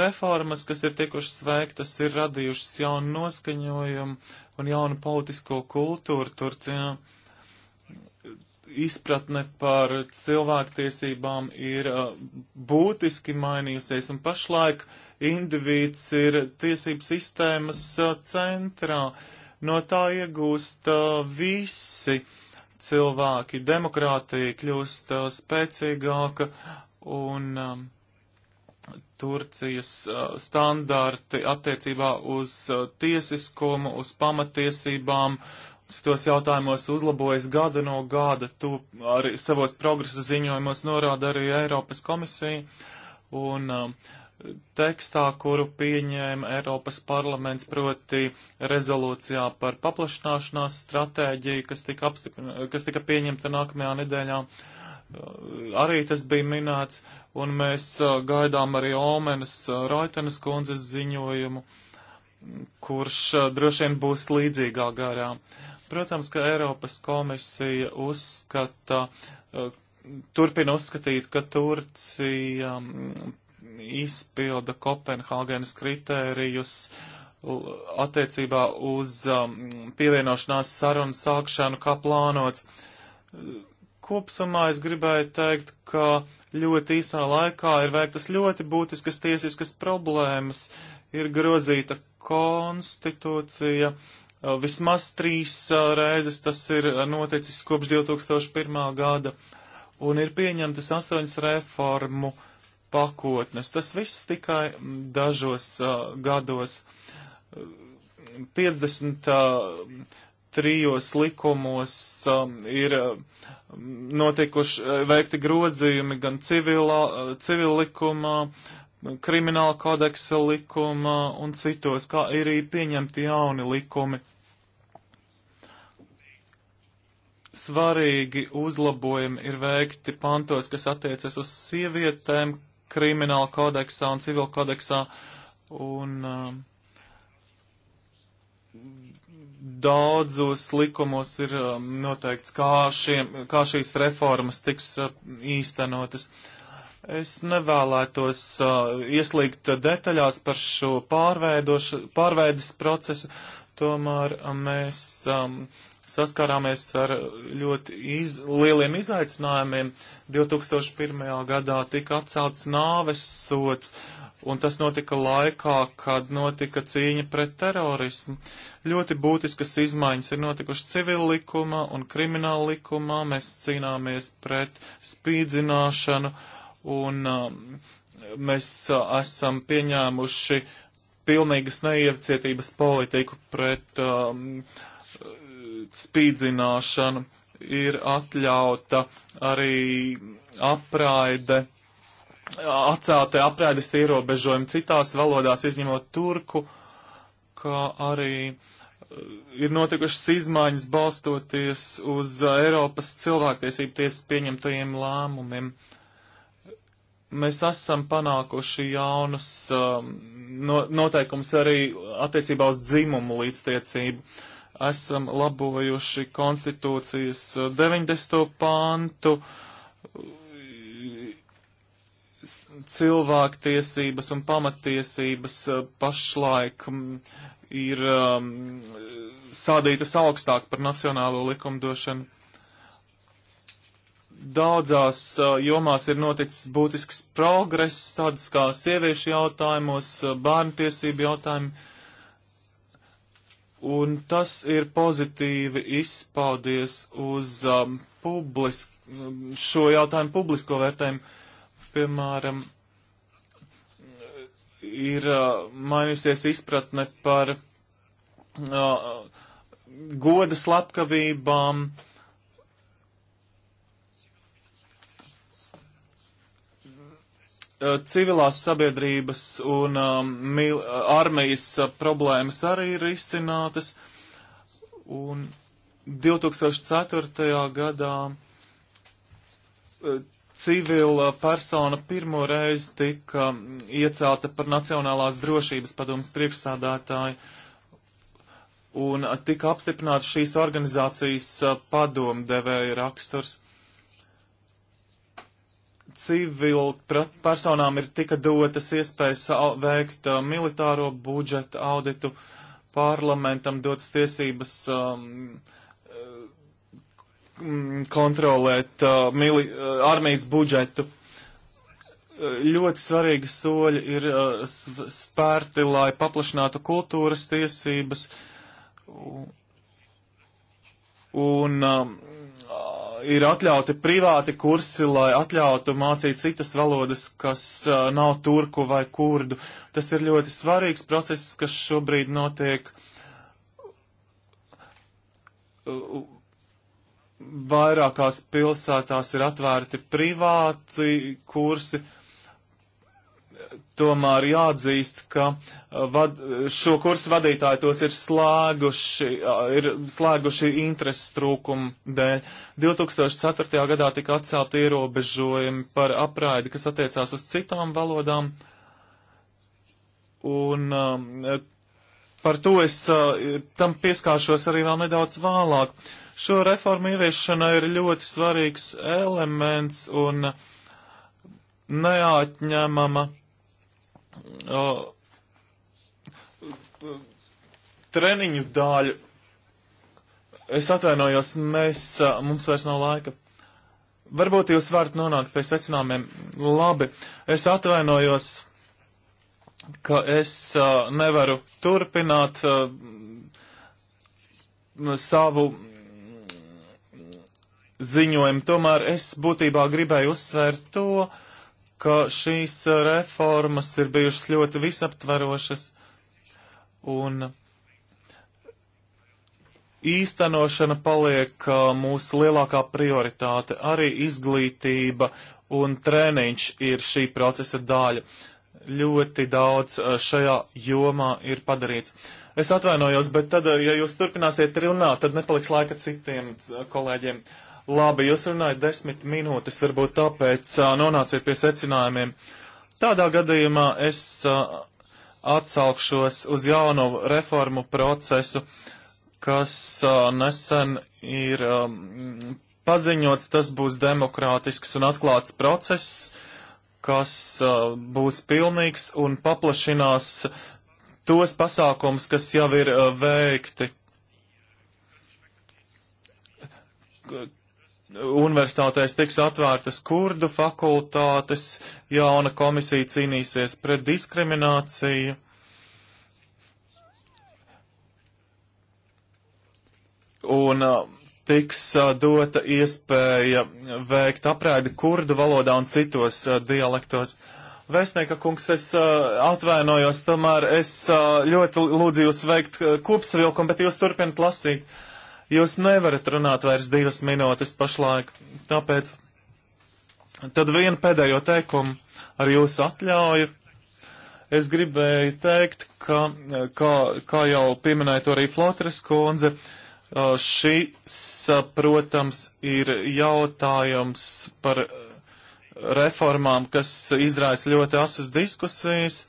Reformas, kas ir tikušas veiktas, ir radījušas jaunu noskaņojumu un jaunu politisko kultūru Turcijā. Izpratne par cilvēktiesībām ir uh, būtiski mainījusies, un pašlaik indivīds ir tiesību sistēmas uh, centrā. No tā iegūst uh, visi uh, cilvēki, demokrātija kļūst uh, spēcīgāka un um, Turcijas uh, standarti attiecībā uz uh, tiesiskumu, uz pamatiesībām, citos jautājumos uzlabojas gada no gada. To arī savos progresa ziņojumos norāda arī Eiropas komisija. Un uh, tekstā, kuru pieņēma Eiropas parlaments, proti rezolūcijā par paplašināšanās stratēģiju, kas tika, kas tika pieņemta nākamajā nedēļā. Arī tas bija minēts, un mēs gaidām arī Omenas Raitenes kundzes ziņojumu, kurš droši vien būs līdzīgā garā. Protams, ka Eiropas komisija uzskata, turpina uzskatīt, ka Turcija izpilda Kopenhāgenes kritērijus attiecībā uz um, pievienošanās sarunu sākšanu, kā plānots. Kopsumā es gribēju teikt, ka ļoti īsā laikā ir veiktas ļoti būtiskas tiesiskas problēmas, ir grozīta konstitūcija. Uh, vismaz trīs uh, reizes tas ir uh, noticis kopš 2001. gada, un ir pieņemtas astoņas reformu uh, pakotnes. Tas viss tikai dažos uh, gados. 53 uh, likumos um, ir um, notikuši uh, veikti grozījumi gan civilā, uh, civil likumā, krimināla kodeksa likumā un citos, kā ir arī pieņemti jauni likumi. svarīgi uzlabojumi ir veikti pantos, kas attiecas uz sievietēm, krimināla kodeksā un civila kodeksā. Un, um, Daudzos likumos ir um, noteikts, kā, šie, kā šīs reformas tiks uh, īstenotas. Es nevēlētos uh, ieslīgt detaļās par šo pārveides procesu, tomēr um, mēs um, saskārāmies ar ļoti iz, lieliem izaicinājumiem. 2001. gadā tika atcelts nāves sots, un tas notika laikā, kad notika cīņa pret terorismu. Ļoti būtiskas izmaiņas ir notikušas civil likumā un krimināla likumā. Mēs cīnāmies pret spīdzināšanu un um, mēs uh, esam pieņēmuši pilnīgas neiecietības politiku pret um, spīdzināšanu, ir atļauta arī apraide, atcelta apraides ierobežojumi citās valodās, izņemot turku, kā arī eh, ir notikušas izmaiņas balstoties uz eh, Eiropas cilvēktiesību tiesas pieņemtajiem lēmumiem mēs esam panākuši jaunus um, eh, no, noteikumus arī attiecībā uz dzimumu līdztiecību esam labojuši konstitūcijas 90. pantu, cilvēktiesības un pamatiesības pašlaik ir um, sādītas augstāk par nacionālo likumdošanu. Daudzās uh, jomās ir noticis būtisks progress, tādas kā sieviešu jautājumos, uh, bērnu tiesību jautājumi. Uh, un tas ir pozitīvi izpaudies uz um, publisk, um, šo jautājumu publisko vērtējumu. Piemēram, ir uh, mainījusies izpratne par uh, goda slepkavībām, uh, Eh, civilās sabiedrības un um, mil, eh, armijas eh, problēmas arī ir izcinātas. Un 2004. gadā civila persona pirmo reizi tika mm, iecelta par Nacionālās drošības padomas priekšsādātāju un tika apstiprināts šīs organizācijas padomdevēja raksturs civil personām ir tika dotas iespējas veikt uh, militāro budžeta auditu, parlamentam dotas tiesības um, kontrolēt uh, mili, uh, armijas budžetu. Ļoti svarīgi soļi ir spērti, lai paplašinātu kultūras tiesības un, un um, ir atļauti privāti kursi, lai atļautu mācīt citas valodas, kas uh, nav turku vai kurdu. Tas ir ļoti svarīgs process, kas šobrīd notiek vairākās pilsētās ir atvērti privāti kursi, tomēr jāatzīst, ka uh, vad, šo kursu vadītāji tos ir slēguši, uh, ir slēguši interesu trūkumu dēļ. 2004. gadā tika atcelti ierobežojumi par apraidi, kas attiecās uz citām valodām. Un um, par to es uh, tam pieskāršos arī vēl nedaudz vēlāk. Šo reformu ieviešana ir ļoti svarīgs elements un neatņemama uh, treniņu daļu. Es atvainojos, mēs, uh, mums vairs nav laika. Varbūt jūs varat nonākt pie secinājumiem. Labi, es atvainojos, ka es uh, nevaru turpināt uh, savu ziņojumu. Tomēr es būtībā gribēju uzsvērt to, uh, ka šīs reformas ir bijušas ļoti visaptvarošas un īstenošana paliek mūsu lielākā prioritāte. Arī izglītība un treniņš ir šī procesa daļa. Ļoti daudz eh, šajā jomā ir padarīts. Es atvainojos, bet tad, eh, ja jūs turpināsiet runāt, tad nepaliks laika citiem eh, kolēģiem. Uh, Labi, jūs runājat desmit minūtes, varbūt tāpēc uh, nonāciet pie secinājumiem. Tādā gadījumā es uh, atsaukšos uz jaunu reformu procesu, kas uh, nesen ir um, paziņots, tas būs demokrātisks un atklāts process, kas uh, būs pilnīgs un paplašinās tos pasākums, kas jau ir uh, veikti universitātēs tiks atvērtas kurdu fakultātes, jauna komisija cīnīsies pret diskrimināciju. Un uh, tiks uh, dota iespēja veikt apraidi kurdu valodā un citos uh, dialektos. Vēstnieka kungs, es atvainojos, tomēr es ļoti lūdzu jūs veikt kopsavilkumu, bet jūs turpinat lasīt. Uh, Jūs nevarat runāt vairs divas minūtes pašlaik, tāpēc tad vienu pēdējo teikumu ar jūsu atļauju. Es gribēju teikt, ka, kā, kā jau pieminēja to arī Flotras kundze, šis, protams, ir jautājums par reformām, kas izraisa ļoti asas diskusijas.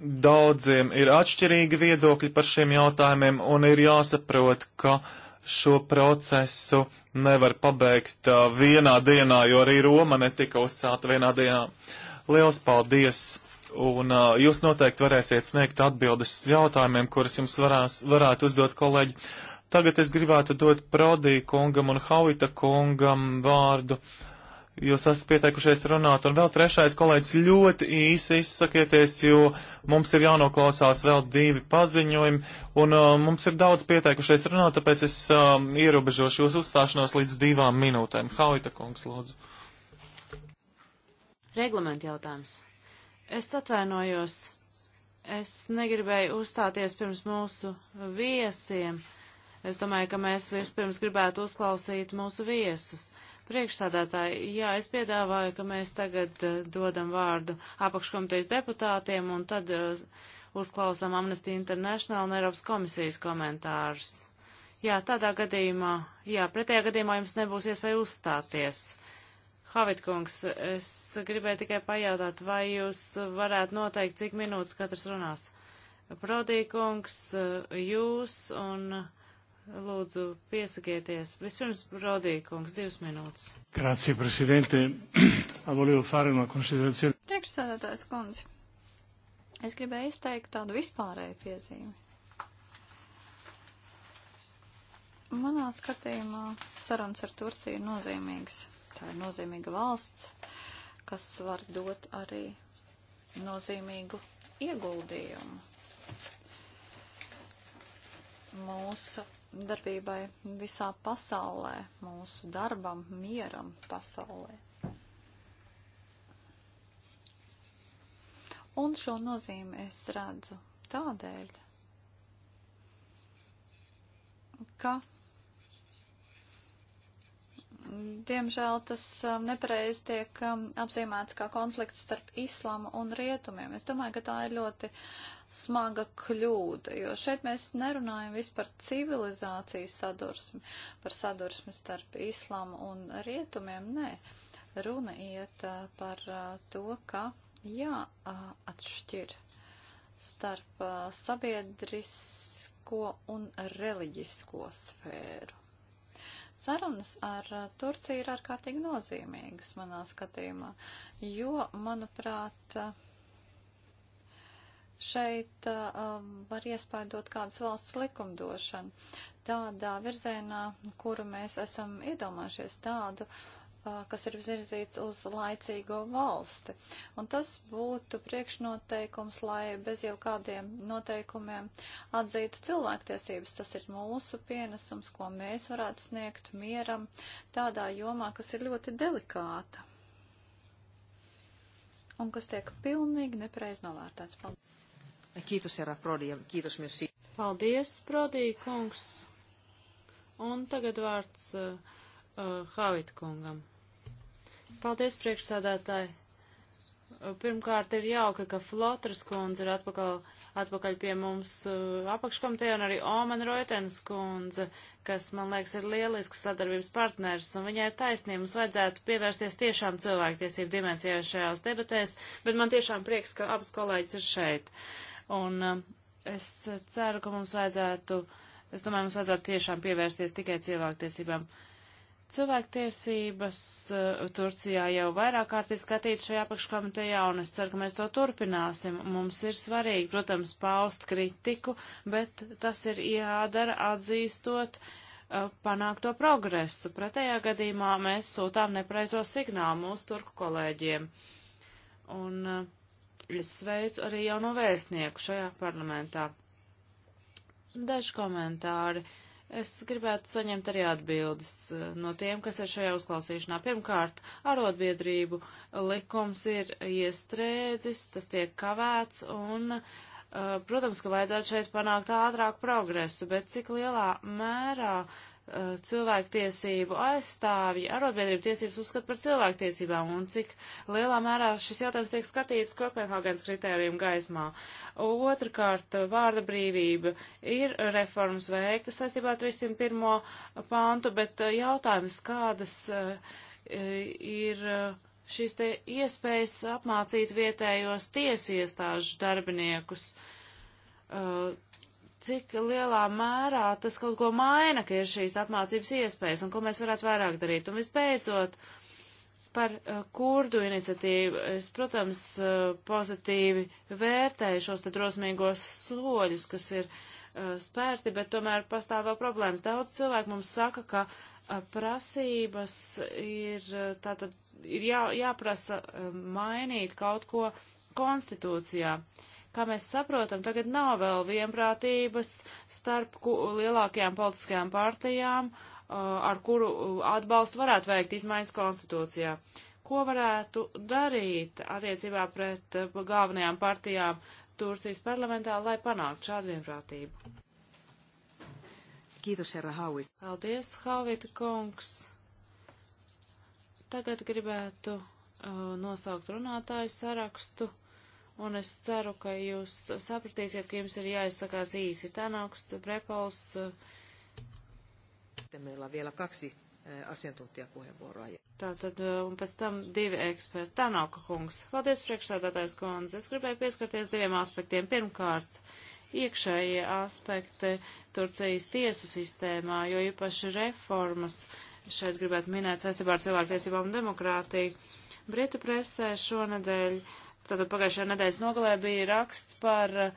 Daudziem ir atšķirīgi viedokļi par šiem jautājumiem, un ir jāsaprot, ka šo procesu nevar pabeigt uh, vienā dienā, jo arī Roma netika uzcelta vienā dienā. Liels paldies! Un uh, jūs noteikti varēsiet sniegt atbildes jautājumiem, kurus jums varās, varētu uzdot kolēģi. Tagad es gribētu dot Prodī kungam un Havita kungam vārdu. Uh, Jūs esat pieteikušies runāt, un vēl trešais kolēģis ļoti īsi izsakieties, jo mums ir jānoklausās vēl divi paziņojumi, un uh, mums ir daudz pieteikušies runāt, tāpēc es uh, ierobežošu jūsu uzstāšanos līdz divām minūtēm. Haita kungs, lūdzu. Reglamenta jautājums. Es atvainojos, es negribēju uzstāties pirms mūsu viesiem. Es domāju, ka mēs vispirms gribētu uzklausīt mūsu viesus. Uh, Priekšsādātāji, jā, es piedāvāju, ka mēs tagad uh, dodam vārdu apakškomitejas deputātiem un tad uh, uzklausām Amnesty International un Eiropas komisijas komentārus. Jā, tādā gadījumā, jā, pretējā gadījumā jums nebūs iespēja uzstāties. Havitkungs, es gribēju tikai pajautāt, vai jūs varētu noteikt, cik minūtes katrs runās. Prodīkungs, eh, jūs un. Uh, Lūdzu, piesakieties. Vispirms, Rodīkungs, divas minūtes. Grācija, prezidente. Avolīju fāri no konsiderācijas. Priekšsēdētājs kundze, es gribēju izteikt tādu vispārēju piezīmi. Manā skatījumā sarunas ar Turciju ir nozīmīgas. Tā ir nozīmīga valsts, kas var dot arī nozīmīgu ieguldījumu mūsu darbībai visā pasaulē, mūsu darbam, mieram pasaulē. Un šo nozīmi es redzu tādēļ, ka, diemžēl, tas um, nepareizi tiek um, apzīmēts kā konflikts starp islamu un rietumiem. Es domāju, ka tā ir ļoti uh, smaga kļūda, jo šeit mēs nerunājam vispār civilizāciju sadursmi, par sadursmi starp islamu un rietumiem, nē. Runa iet par to, ka jāatšķir starp sabiedrisko un reliģisko sfēru. Sarunas ar Turciju ir ārkārtīgi nozīmīgas manā skatījumā, jo, manuprāt, uh, šeit uh, um, var iespēdot kādas valsts likumdošanu tādā virzienā, kuru mēs esam iedomājušies tādu, uh, kas ir virzīts uz laicīgo valsti. Un tas būtu priekšnoteikums, lai bez jau kādiem noteikumiem atzītu cilvēktiesības. Tas ir mūsu pienesums, ko mēs varētu sniegt mieram tādā jomā, kas ir ļoti delikāta un kas tiek pilnīgi nepareiz novērtēts. Paldies! Kiitos herra Prodi ja kiitos myös siitä. Paldies, Prodi kungs. Un tagad vārds uh, uh, Havit kungam. Paldies, priekšsādātāji. Eh, pirmkārt, ir jauka, ka Flotras kundze ir atpakaļ, atpakaļ pie mums uh, apakškomiteja un arī Oman Roitens kundze, kas, man liekas, ir lielisks sadarbības partners, un viņai ir taisnība, mums vajadzētu pievērsties tiešām cilvēktiesību dimensijai šajās debatēs, bet man tiešām prieks, ka abas kolēģis ir šeit. Uh, Un um, es ceru, ka mums vajadzētu, es domāju, mums vajadzētu tiešām pievērsties tikai cilvēktiesībām. Cilvēktiesības uh, Turcijā jau vairāk kārt ir skatīt šajā apakškomitejā, un es ceru, ka mēs to turpināsim. Mums ir svarīgi, protams, paust kritiku, bet tas ir jādara atzīstot uh, panākto progresu. Pretējā gadījumā mēs sūtām nepreizo signālu mūsu turku kolēģiem. Un uh, Es sveicu arī jauno vēstnieku šajā parlamentā. Daži komentāri. Es gribētu saņemt arī atbildes eh, no tiem, kas ir šajā uzklausīšanā. Pirmkārt, arotbiedrību likums ir iestrēdzis, tas tiek kavēts un uh, protams, ka vajadzētu šeit panākt ātrāk progresu, bet cik lielā mērā Eh, cilvēktiesību aizstāvji arotbiedrību tiesības uzskata par cilvēktiesībām un cik lielā mērā šis jautājums tiek skatīts Kopenhāgenes kritērijumu gaismā. Otrakārt, vārda brīvība ir reformas veikta saistībā ar 301. pāntu, bet eh, jautājums, kādas eh, ir šīs te iespējas apmācīt vietējos tiesu iestāžu darbiniekus cik lielā mērā tas kaut ko maina, ka ir šīs apmācības iespējas un ko mēs varētu vairāk darīt. Un visbeidzot, par uh, kurdu iniciatīvu es, protams, uh, pozitīvi vērtēju šos te drosmīgos soļus, kas ir uh, spērti, bet tomēr pastāv vēl problēmas. Daudz cilvēku mums saka, ka uh, prasības ir, uh, tātad, ir jā, jāprasa uh, mainīt kaut ko konstitūcijā. Uh, Kā mēs saprotam, tagad nav vēl vienprātības starp lielākajām politiskajām partijām, uh, ar kuru uh, atbalstu varētu veikt izmaiņas konstitūcijā. Ko varētu darīt attiecībā pret uh, galvenajām partijām Turcijas parlamentā, lai panāktu šādu vienprātību? Kītus, Herra Hauvit. Paldies, Hauvita kungs. Tagad gribētu uh, nosaukt runātāju sarakstu un es ceru, ka jūs sapratīsiet, ka jums ir jāizsakās īsi. Tanaks, Brepols. Meillä on vielä kaksi eh, asiantuntijapuheenvuoroa. Tātad, eh, un pēc tam divi eksperti. Tanaka kungs. Paldies, priekšsēdētājs kundze. Es gribēju pieskarties diviem aspektiem. Pirmkārt, iekšējie aspekti Turcijas tiesu sistēmā, jo īpaši reformas šeit gribētu minēt saistībā ar cilvēktiesībām un demokrātiju. Britu presē šonadēļ uh, Tātad pagājušajā nedēļas nogalē bija raksts par uh,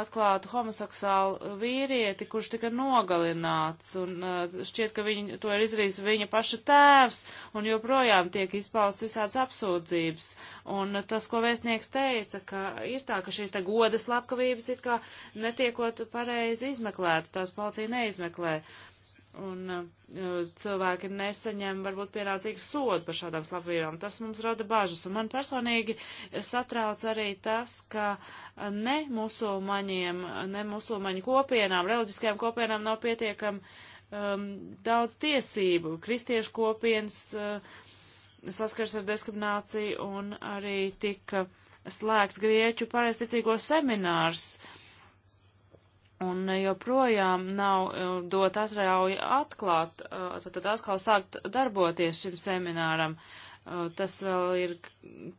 atklātu homoseksuālu vīrieti, kurš tika nogalināts, un uh, šķiet, ka viņu, to ir izdarījis viņa paša tēvs, un joprojām tiek izpausts visāds apsūdzības. Un uh, tas, ko vēstnieks teica, ka ir tā, ka šīs te godas lapkavības it kā netiekot pareizi izmeklētas, tās policija neizmeklē. Uh, un uh, cilvēki nesaņem varbūt pienācīgu sodu par šādām slavībām. Tas mums rada bažas, un man personīgi satrauc arī tas, ka ne musulmaņiem, ne musulmaņu kopienām, reliģiskajām kopienām nav pietiekam um, daudz tiesību. Kristiešu kopienas uh, saskars ar diskrimināciju un arī tika slēgts Grieķu pareizticīgo seminārs. Uh, un joprojām nav e, dot atrauja atklāt, e, tad atkal sākt darboties šim semināram. E, tas vēl ir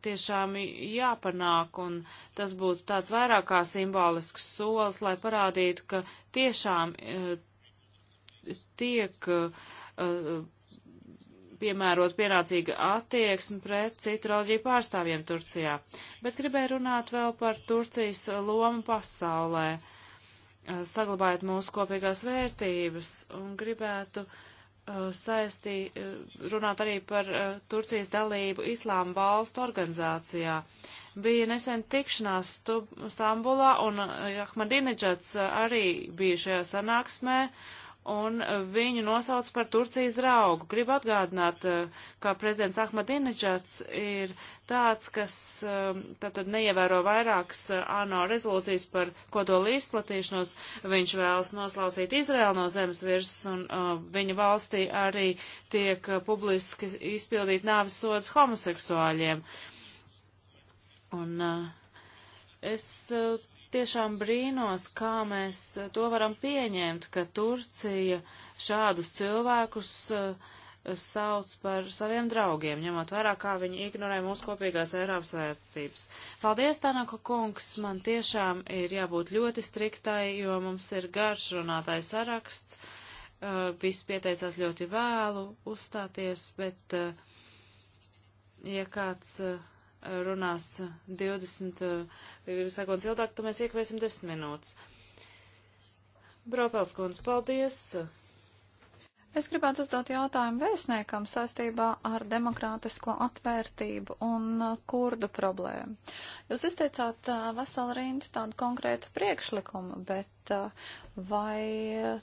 tiešām jāpanāk, un tas būtu tāds vairāk kā simbolisks solis, lai parādītu, ka tiešām tiek piemērot pienācīga attieksme pret citu reliģiju pārstāvjiem Turcijā. Bet gribēju runāt vēl par Turcijas lomu pasaulē. Uh, Eh, saglabājot mūsu kopīgās vērtības un gribētu eh, saistī, eh, runāt arī par Turcijas dalību Islāma valstu organizācijā. Bija nesen tikšanās Stambulā un Ahmadineģats arī bija šajā sanāksmē un eh, viņu nosauc par Turcijas draugu. Gribu atgādināt, eh, ka prezidents Ahmadineģats ir tāds, kas eh, tātad neievēro vairākas ANO rezolūcijas par kodoli izplatīšanos. Viņš vēlas noslaucīt Izraēlu no zemes virsmas, un uh, viņa valstī arī tiek publiski izpildīt nāvis sods homoseksuāļiem. Un, uh, es uh, tiešām brīnos, kā mēs eh, to varam pieņemt, ka Turcija šādus cilvēkus uh, sauc par saviem draugiem, ņemot vērā, kā viņi ignorē mūsu kopīgās Eiropas vērtības. Paldies, Tanaka kungs, man tiešām ir jābūt ļoti striktai, jo mums ir garš runātājs saraksts, uh, viss pieteicās ļoti vēlu uzstāties, bet, uh, ja kāds uh, runās 20 eh, sekundes ilgāk, tad mēs iekavēsim 10 minūtes. Bropels kundze, paldies! Es gribētu uzdot jautājumu vēstniekam saistībā ar demokrātisko atvērtību un eh, kurdu problēmu. Jūs izteicāt eh, veselu rindu tādu konkrētu priekšlikumu, bet vai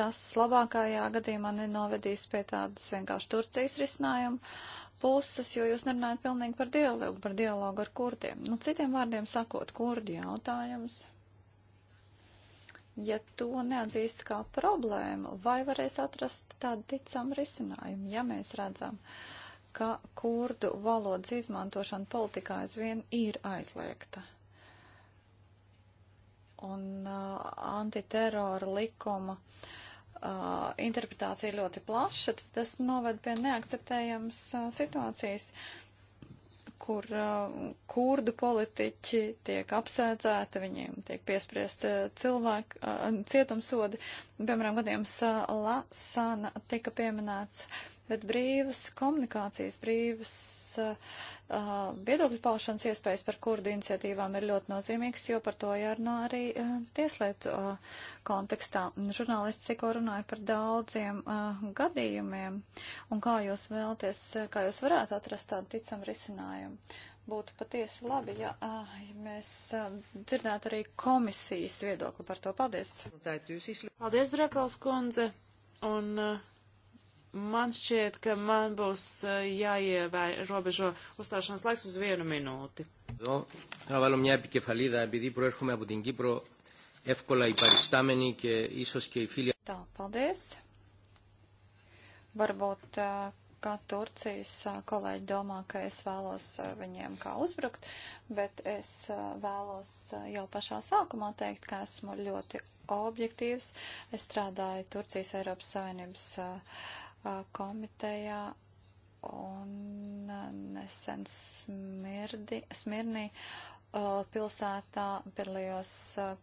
tas labākajā gadījumā nenovedīs pie tādas vienkārši Turcijas risinājuma puses, jo jūs nerunājat pilnīgi par dialogu, par dialogu ar kurdiem. Nu, citiem vārdiem sakot, kurdi jautājums. Ja to neatzīst kā problēmu, vai varēs atrast tādu ticamu risinājumu, ja mēs redzam, ka kurdu valodas izmantošana politikā aizvien ir aizliegta? Un uh, antiterora likuma uh, uh, interpretācija ir ļoti plaša, tad tas noved pie neakceptējams uh, situācijas, kur uh, kurdu politiķi tiek apsēdzēti, viņiem tiek piespriest uh, cilvēku uh, cietumsodi. Piemēram, gadījums uh, Lasana tika pieminēts, bet brīvas komunikācijas, brīvas. Uh, Uh, viedokļu uh, paušanas iespējas par kurdu iniciatīvām ir ļoti nozīmīgs, jo par to jārunā arī uh, tieslietu uh, kontekstā. Žurnālists tikko runāja par daudziem uh, gadījumiem, un kā jūs vēlties, uh, kā jūs varētu atrast tādu ticamu risinājumu. Būtu patiesi labi, ja, ja mēs dzirdētu arī komisijas viedokli par to. Paldies! Paldies, Brepels kundze! Un uh, Man šķiet, ka man būs eh, jāievērobežo uzstāšanās laiks uz vienu minūti. Εδώ θα βάλω μια επικεφαλίδα επειδή προέρχομαι από την Κύπρο εύκολα οι παριστάμενοι και ίσως και οι φίλοι. Tā, paldies. Varbūt eh, kā Turcijas eh, kolēģi domā, ka es vēlos viņiem kā uzbrukt, bet es vēlos jau pašā sākumā teikt, ka esmu ļoti objektīvs. Es strādāju Turcijas Eiropas Savienības uh, komitejā un nesen smirdi, smirnī pilsētā piedalījos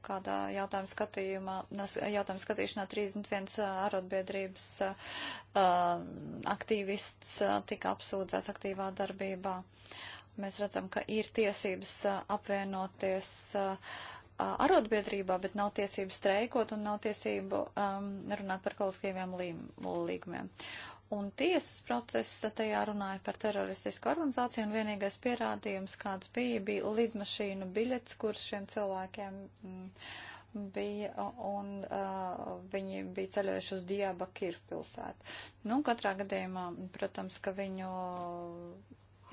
kādā jautājuma skatījumā, jautājuma skatīšanā 31 arotbiedrības aktīvists tika apsūdzēts aktīvā darbībā. Mēs redzam, ka ir tiesības apvienoties uh, arotbiedrībā, bet nav tiesību streikot un nav tiesību um, runāt par kolektīviem līgumiem. Un tiesas process tajā runāja par teroristisku organizāciju, un vienīgais pierādījums, kāds bija, bija lidmašīnu biļets, kurš šiem cilvēkiem bija, un uh, viņi bija ceļojuši uz Diabakiru pilsētu. Nu, katrā gadījumā, protams, ka viņu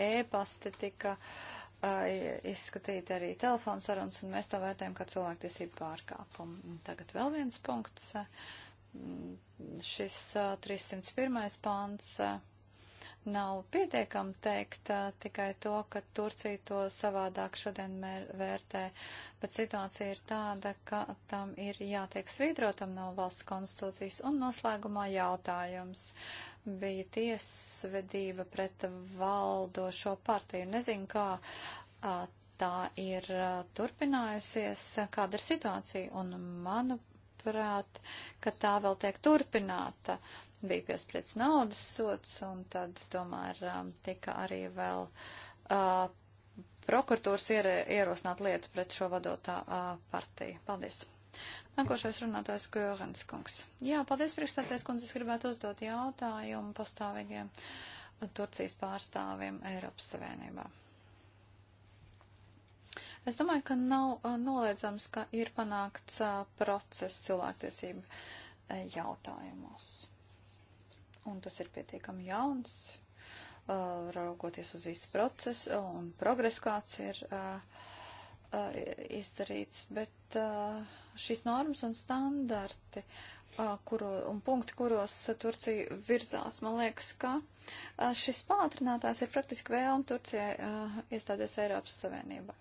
ēpasti tika. Uh, izskatīt arī telefonu sarunas, un mēs to vērtējam kā cilvēktiesību pārkāpumu. Tagad vēl viens punkts. Mm, šis 301. pāns nav pietiekami teikt tikai to, ka Turcija to savādāk šodien mēr, vērtē, bet situācija ir tāda, ka tam ir jātiek svītrotam no valsts konstitūcijas un noslēgumā jautājums. Uh, bija tiesvedība pret valdošo partiju. Nezinu, kā tā ir turpinājusies, kāda ir situācija, un manuprāt, ka tā vēl tiek turpināta. Bija piespriedz naudas sots, un tad tomēr tika arī vēl uh, prokuratūras ierosināta lieta pret šo vadotā uh, partiju. Paldies! Nākošais runātājs Gorens kungs. Jā, paldies priekšstāties, kundze, es gribētu uzdot jautājumu pastāvīgiem Turcijas pārstāvjiem Eiropas Savienībā. Es domāju, ka nav uh, noliedzams, ka ir panākts uh, process cilvēktiesību uh, jautājumos. Un tas ir pietiekami jauns, raugoties uz visu procesu un progresu, kāds ir izdarīts, bet. Uh, šīs normas un standarti kuro, un punkti, kuros Turcija virzās. Man liekas, ka šis pātrinātājs ir praktiski vēlme Turcijai iestāties Eiropas Savienībā.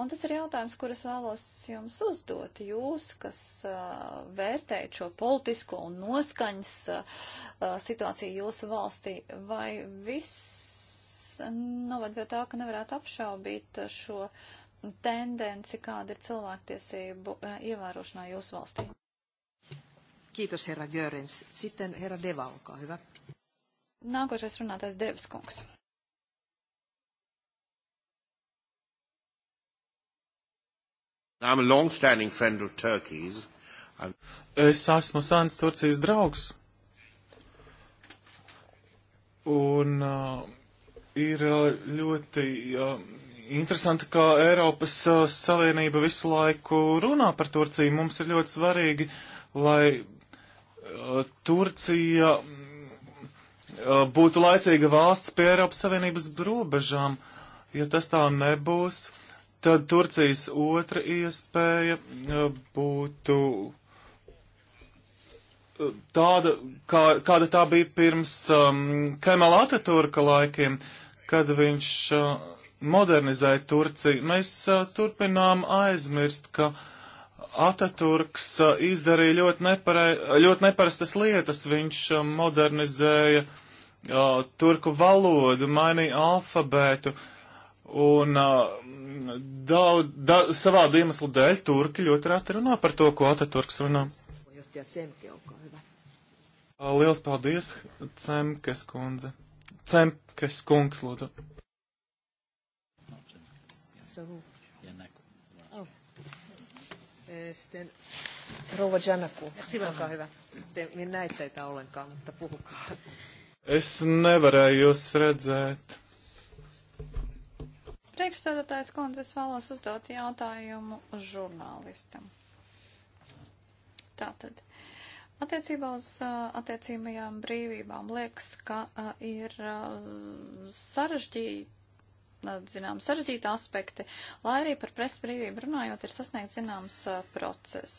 Un tas ir jautājums, kuras vēlos jums uzdot. Jūs, kas vērtējat šo politisko un noskaņas situāciju jūsu valstī, vai viss novad nu, pie tā, ka nevarētu apšaubīt šo. Uh, tendenci, kāda ir cilvēktiesību eh, ievērošanā jūsu valstī? Kiitos, herra Görens. Sitten herra Deva, olkaa hyvä. Nākošais runātais Devs kungs. I'm a long-standing friend of Turkey's. I'm... Es esmu sens Turcijas draugs. Un uh, ir uh, ļoti uh, Interesanti, ka Eiropas uh, Savienība visu laiku runā par Turciju. Mums ir ļoti svarīgi, lai uh, Turcija uh, būtu laicīga valsts pie Eiropas Savienības robežām. Ja tas tā nebūs, tad Turcijas otra iespēja būtu tāda, kā, kāda tā bija pirms um, Kemala Ataturka laikiem, kad viņš uh, modernizēt Turciju, mēs a, turpinām aizmirst, ka Ataturks a, izdarīja ļoti, nepare, ļoti neparastas lietas. Viņš a, modernizēja turku valodu, mainīja alfabētu. Un daudz, da, savādu iemeslu dēļ turki ļoti reti runā par to, ko Ataturks runā. Liels paldies, Cemkes kundze. Cemkes kungs, lūdzu. So who? Janaku. Oh. Sitten rouva Janaku, olkaa hyvä. Te en näe teitä ollenkaan, mutta puhukaa. Es nevarēju jūs redzēt. Priekšstādātājs kundze, es vēlos uzdot jautājumu žurnālistam. Tātad, attiecībā uz attiecīgajām brīvībām liekas, ka a, ir a, sarežģīti zinām, sarežģīti aspekti, lai arī par presas brīvību runājot ir sasniegts zināms process.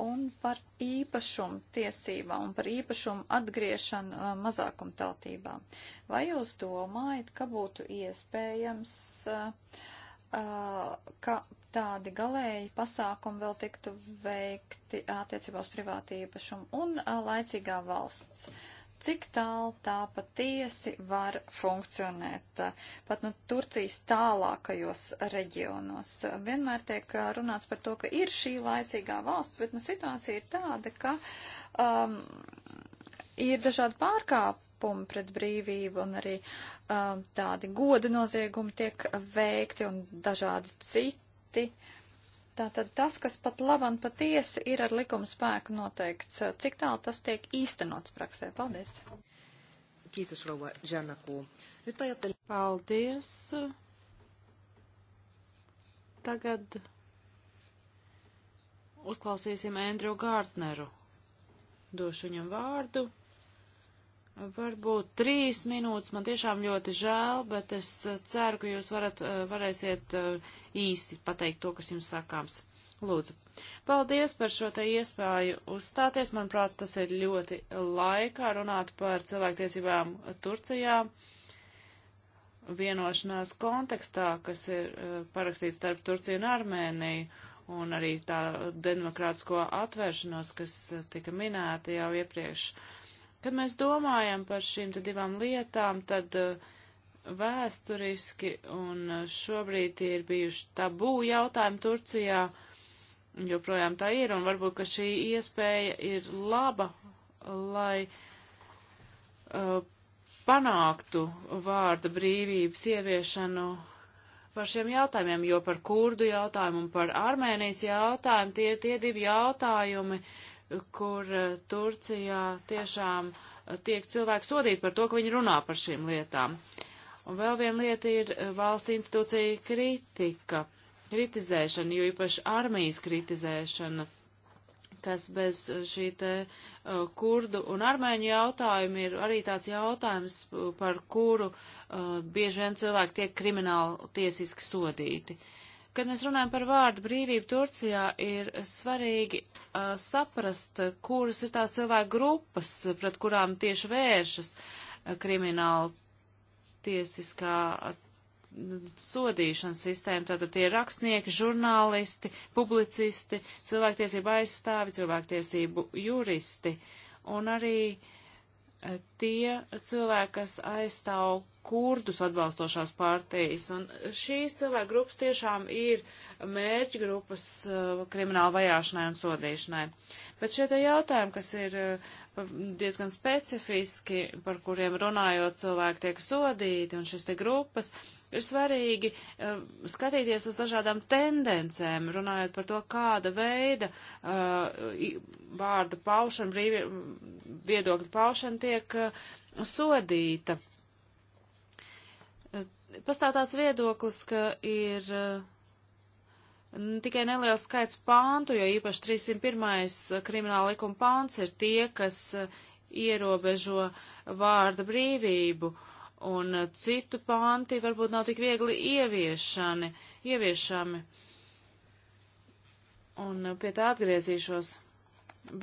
Un par īpašumu tiesībām un par īpašumu atgriešanu mazākumtautībām. Vai jūs domājat, ka būtu iespējams, ka tādi galēji pasākumi vēl tiktu veikti attiecībā uz privātu īpašumu un laicīgā valsts? cik tālu tā patiesi var funkcionēt, eh, pat nu Turcijas tālākajos reģionos. Vienmēr tiek eh, runāts par to, ka ir šī laicīgā valsts, bet nu situācija ir tāda, ka um, ir dažādi pārkāpumi pret brīvību un arī um, tādi goda noziegumi tiek veikti un dažādi citi. Uh, Tātad tas, kas pat laban patiesi ir ar likuma spēku noteikts, cik tālu tas tiek īstenots praksē. Paldies! Kiitos, rouva Janakū. Nyt ajattelin... Paldies. Tagad uzklausīsim Andrew Gārtneru. Došu viņam vārdu. Varbūt trīs minūtes, man tiešām ļoti žēl, bet es eh, ceru, ka jūs varat, eh, varēsiet eh, īsti pateikt to, kas jums sakāms. Lūdzu. Paldies par šo te iespēju uzstāties. Manuprāt, tas ir ļoti laikā runāt par cilvēktiesībām Turcijā vienošanās kontekstā, kas ir parakstīts starp Turciju un Armēniju, un arī tā demokrātisko atvēršanos, kas tika minēta jau iepriekš. Uh, Kad mēs domājam par šīm divām lietām, tad eh, vēsturiski un eh, šobrīd ir bijuši tabū jautājumi Turcijā, joprojām tā ir, un varbūt, ka šī iespēja ir laba, lai uh, panāktu vārda brīvības ieviešanu par šiem jautājumiem, jo par kurdu jautājumu un par Armēnijas jautājumu tie ir tie divi jautājumi, uh, kur eh, Turcijā tiešām eh, tiek cilvēki sodīti par to, ka viņi runā par šīm lietām. Un vēl viena lieta ir eh, valsts institūcija kritika, kritizēšana, jo īpaši armijas kritizēšana, kas bez šī te kurdu un armēņu jautājumu ir arī tāds jautājums, par kuru uh, bieži vien cilvēki tiek krimināli tiesiski sodīti. Uh, Kad mēs runājam par vārdu brīvību Turcijā, ir svarīgi uh, saprast, kuras ir tās cilvēku grupas, pret kurām tieši vēršas uh, krimināla tiesiskā sodīšanas sistēma. Tātad tie ir rakstnieki, žurnālisti, publicisti, cilvēktiesību aizstāvi, cilvēktiesību juristi un arī uh, tie cilvēki, kas aizstāv kurdus atbalstošās partijas. Un šīs cilvēku grupas tiešām ir mērķi grupas uh, krimināla vajāšanai un sodīšanai. Bet šie te jautājumi, kas ir uh, diezgan specifiski, par kuriem runājot cilvēki tiek sodīti, un šis te grupas ir svarīgi uh, skatīties uz dažādām tendencēm, runājot par to, kāda veida uh, vārda paušana, brīvi, viedokļu paušana tiek uh, sodīta. Pastāv tāds viedoklis, ka ir. Uh, tikai neliels skaits pāntu, jo īpaši 301. Eh, krimināla likuma pāns ir tie, kas eh, ierobežo vārda brīvību, un eh, citu pānti varbūt nav tik viegli ieviešani, ieviešami. Un pie tā atgriezīšos.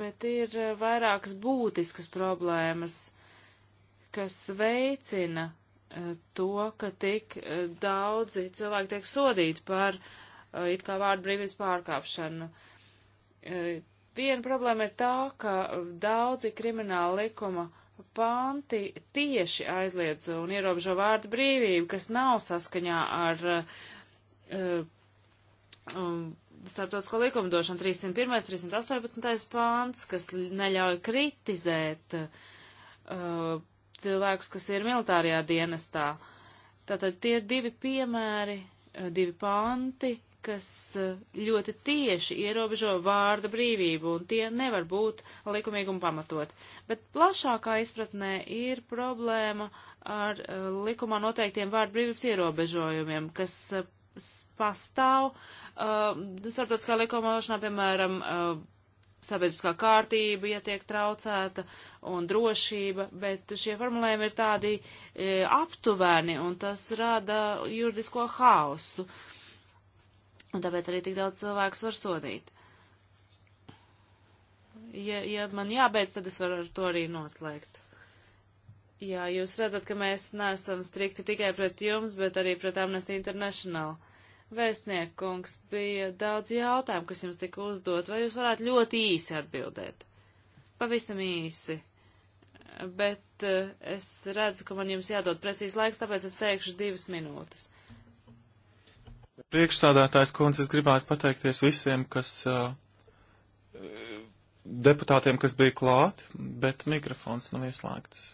Bet ir vairākas būtiskas problēmas, kas veicina to, ka tik daudzi cilvēki tiek sodīti par uh, Uh, it kā vārdu brīvības pārkāpšanu. Uh, viena problēma ir tā, ka daudzi krimināla likuma panti tieši aizliedz un ierobežo vārdu brīvību, kas nav saskaņā ar uh, um, starptautisko likumdošanu 301. 318. pāns, kas neļauj kritizēt uh, cilvēkus, kas ir militārajā dienestā. Tātad tie ir divi piemēri, uh, divi panti, kas eh, ļoti tieši ierobežo vārda brīvību, un tie nevar būt likumīgi un pamatot. Bet plašākā izpratnē ir problēma ar eh, likumā noteiktiem vārda brīvības ierobežojumiem, kas eh, pastāv uh, starptautiskā likumdošanā, piemēram, uh, sabiedriskā kārtība, ja tiek traucēta, un drošība, bet šie formulējumi ir tādi uh, aptuveni, un tas rada juridisko hausu. Uh, Un tāpēc arī tik daudz cilvēkus var sodīt. Ja, ja man jābeidz, tad es varu ar to arī noslēgt. Jā, jūs redzat, ka mēs neesam strikti tikai pret jums, bet arī pret Amnesty International. Vēstnieku kungs, bija daudz jautājumu, kas jums tika uzdot, vai jūs varētu ļoti īsi atbildēt? Pavisam īsi. Bet uh, es redzu, ka man jums jādod precīzi laiks, tāpēc es teikšu divas minūtes. Priekšsādātājs kundze, es gribētu pateikties visiem, kas eh, deputātiem, kas bija klāt, bet mikrofons nav ieslēgts.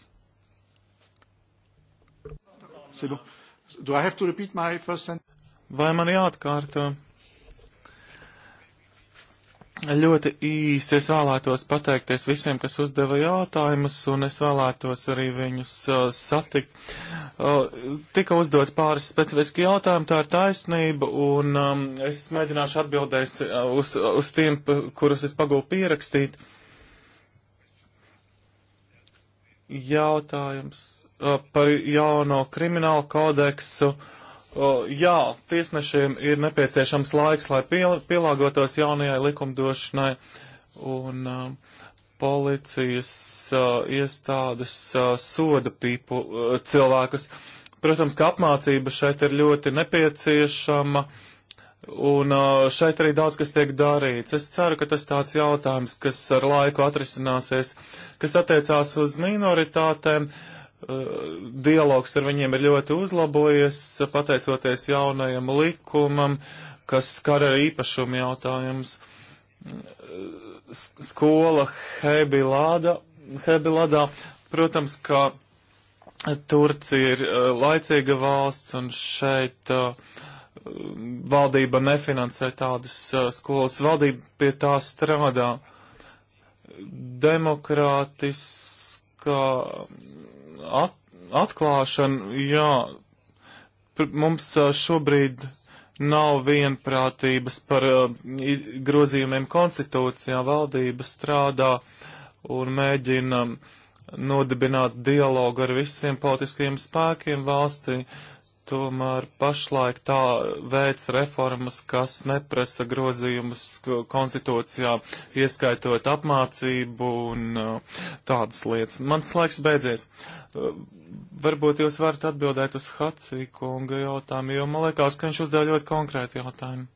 Vai man jāatkārto? Ļoti īsi es vēlētos pateikties visiem, kas uzdeva jautājumus, un es vēlētos arī viņus uh, satikt. Uh, tika uzdot pāris specifiski jautājumi, tā ir taisnība, un um, es mēģināšu atbildēs uh, uz, uz tiem, kurus es pagūlu pierakstīt. Jautājums uh, par jauno kriminālu kodeksu. Jā, tiesnešiem ir nepieciešams laiks, lai pielāgotos jaunajai likumdošanai, un um, policijas uh, iestādes uh, soda pīpu uh, cilvēkus. Protams, ka apmācība šeit ir ļoti nepieciešama, un uh, šeit arī daudz kas tiek darīts. Es ceru, ka tas tāds jautājums, kas ar laiku atrisināsies, kas attiecās uz minoritātēm. Uh, dialogs ar viņiem ir ļoti uzlabojies, pateicoties jaunajam likumam, kas skar arī īpašumu jautājumus skola Hebilāda, Hebiladā. Protams, ka Turcija ir eh, laicīga valsts un šeit uh, valdība nefinansē tādas uh, skolas. Valdība pie tā strādā. Demokrātiska mm, at atklāšana, jā, mums uh, šobrīd nav vienprātības par uh, grozījumiem konstitūcijā, valdība strādā un mēģina nodibināt dialogu ar visiem politiskajiem spēkiem valstī. Uh, tomēr pašlaik tā veids reformas, kas neprasa grozījumus konstitūcijā, ieskaitot apmācību un uh, tādas lietas. Mans laiks beidzies. Uh, varbūt jūs varat atbildēt uz Hacī kunga jautājumu, jo man liekas, ka viņš uzdeva ļoti konkrētu jautājumu.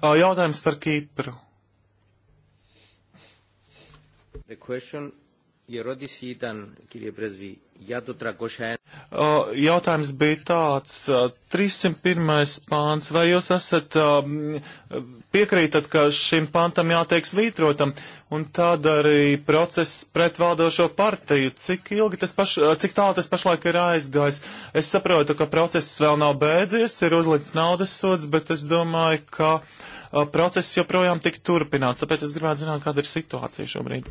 Jautājums par Kipru. The question Η ερώτηση ήταν, κύριε Πρέσβη, για το 301. Uh, jautājums bija tāds, 301. pāns, vai jūs esat uh, piekrītat, ka šim pantam jātiek svītrotam, un tāda arī process pret valdošo partiju, cik ilgi tas paš, eh, cik tālu tas pašlaik ir aizgājis. Es saprotu, ka process vēl nav beidzies, ir uzlikts naudas sods, bet es domāju, ka uh, process joprojām tik turpināts, tāpēc es gribētu zināt, kāda ir situācija šobrīd.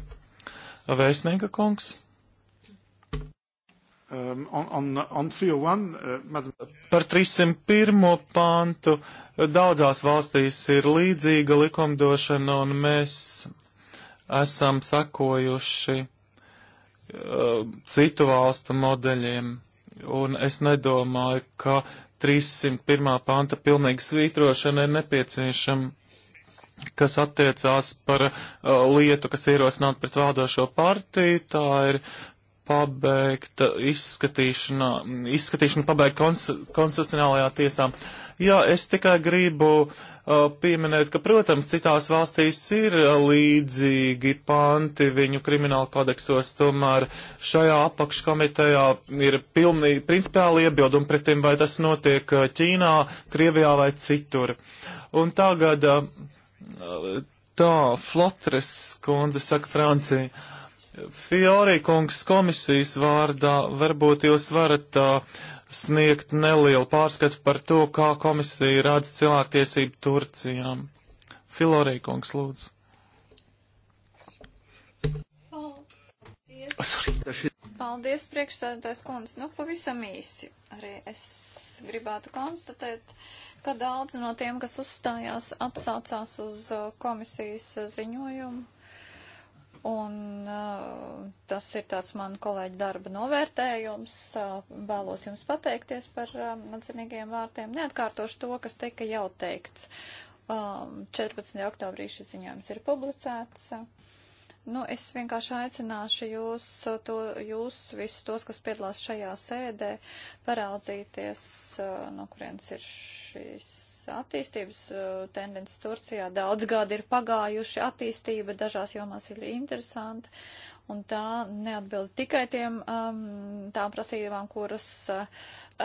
Vēstnieka kungs. Um, on, on, on 301, uh, madam... Par 301. pantu daudzās valstīs ir līdzīga likumdošana, un mēs esam sakojuši uh, citu valstu modeļiem. Un es nedomāju, ka 301. panta pilnīga svītrošana ir nepieciešama kas attiecās par uh, lietu, kas ierosināt pret valdošo partiju, tā ir pabeigta izskatīšana, izskatīšana pabeigta kons konstitucionālajā tiesā. Jā, es tikai gribu uh, pieminēt, ka, protams, citās valstīs ir uh, līdzīgi panti viņu krimināla kodeksos, tomēr šajā apakškomitejā ir pilnīgi principiāli iebildumi pret tiem, vai tas notiek uh, Ķīnā, Krievijā vai citur. Un tagad. Uh, Tā, Flotres kundze saka Francija. Fiorī kungs komisijas vārdā, varbūt jūs varat uh, sniegt nelielu pārskatu par to, kā komisija rādz cilvēktiesību Turcijām. Filorī kungs, lūdzu. Paldies, Paldies priekšsēdētājs kundze. Nu, pavisam īsi. Arī es gribētu konstatēt, uh, ka daudz no tiem, kas uzstājās, atsaucās uz uh, komisijas uh, ziņojumu. Un uh, tas ir tāds man kolēģi darba novērtējums. Uh, vēlos jums pateikties par uh, um, atzinīgiem vārtiem. Neatkārtošu to, kas tika jau teikts. Um, 14. oktobrī šis ziņojums ir publicēts. Uh, Nu, es vienkārši aicināšu jūs, to, jūs visus tos, kas piedalās šajā sēdē, paraudzīties, eh, no kurienes ir šīs attīstības eh, tendences Turcijā. Daudz gadi ir pagājuši, attīstība dažās jomās ir interesanta, un tā neatbild tikai tiem, um, tām prasībām, kuras uh,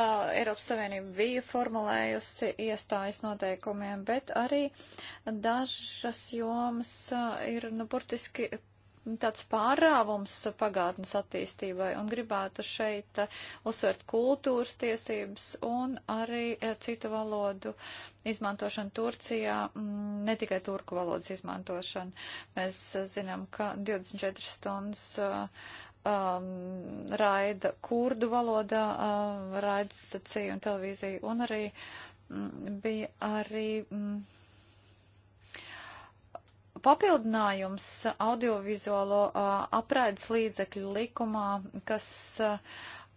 Eiropas Savienība bija formulējusi iestājas noteikumiem, bet arī dažas jomas uh, ir, nu, burtiski tāds pārāvums pagātnes attīstībai un gribētu šeit eh, uzsvert kultūras tiesības un arī eh, citu valodu izmantošanu Turcijā, mm, ne tikai turku valodas izmantošanu. Mēs eh, zinām, ka 24 stundas um, raida kurdu valodā, um, raida stacija un televīzija un arī m, mm, bija arī. M, mm, papildinājums audiovizuālo apraides līdzekļu likumā, kas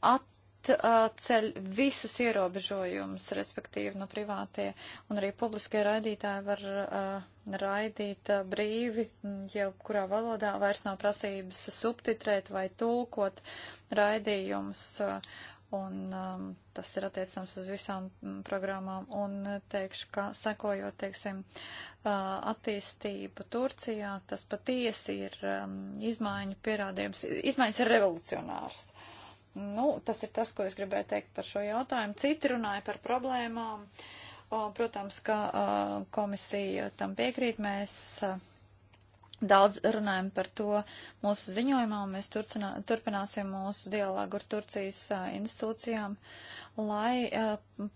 atceļ visus ierobežojumus, respektīvi no privātie un arī publiskie raidītāji var raidīt brīvi, jau kurā valodā vairs nav prasības subtitrēt vai tulkot raidījumus un um, tas ir attiecams uz visām mm, programmām. Un uh, teikšu, ka sekojot, teiksim, uh, attīstību Turcijā, tas patiesi ir um, izmaiņu pierādījums. Izmaiņas ir revolucionārs. Nu, tas ir tas, ko es gribēju teikt par šo jautājumu. Citi runāja par problēmām. Uh, protams, ka uh, komisija tam piekrīt. Mēs uh, Daudz runājam par to mūsu ziņojumā, un mēs turcinā, turpināsim mūsu dialogu ar Turcijas uh, institūcijām, lai uh,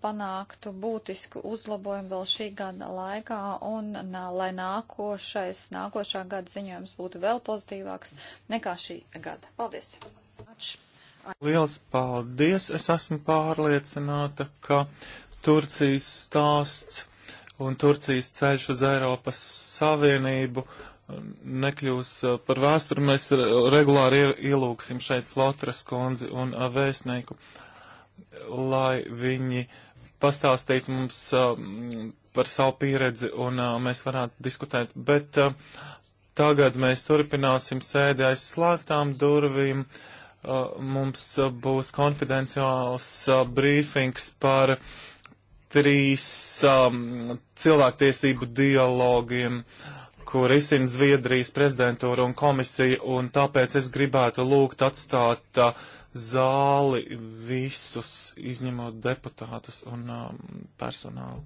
panāktu būtisku uzlabojumu vēl šī gada laikā, un nā, lai nākošais, nākošā gada ziņojums būtu vēl pozitīvāks nekā šī gada. Paldies! Liels paldies! Es esmu pārliecināta, ka Turcijas stāsts un Turcijas ceļš uz Eiropas Savienību nekļūs eh, par vēsturi. Mēs regulāri ielūksim šeit Flotras kundzi un eh, vēstnieku, lai viņi pastāstītu mums eh, par savu pieredzi un mēs varētu diskutēt. Bet tagad mēs turpināsim sēdi aiz slēgtām durvīm. Mums būs konfidenciāls brīfings par trīs cilvēktiesību dialogiem. Uh, ko risina Zviedrijas prezidentūra un komisija, un tāpēc es gribētu lūgt atstāt uh, zāli visus, izņemot deputātus un um, personālu.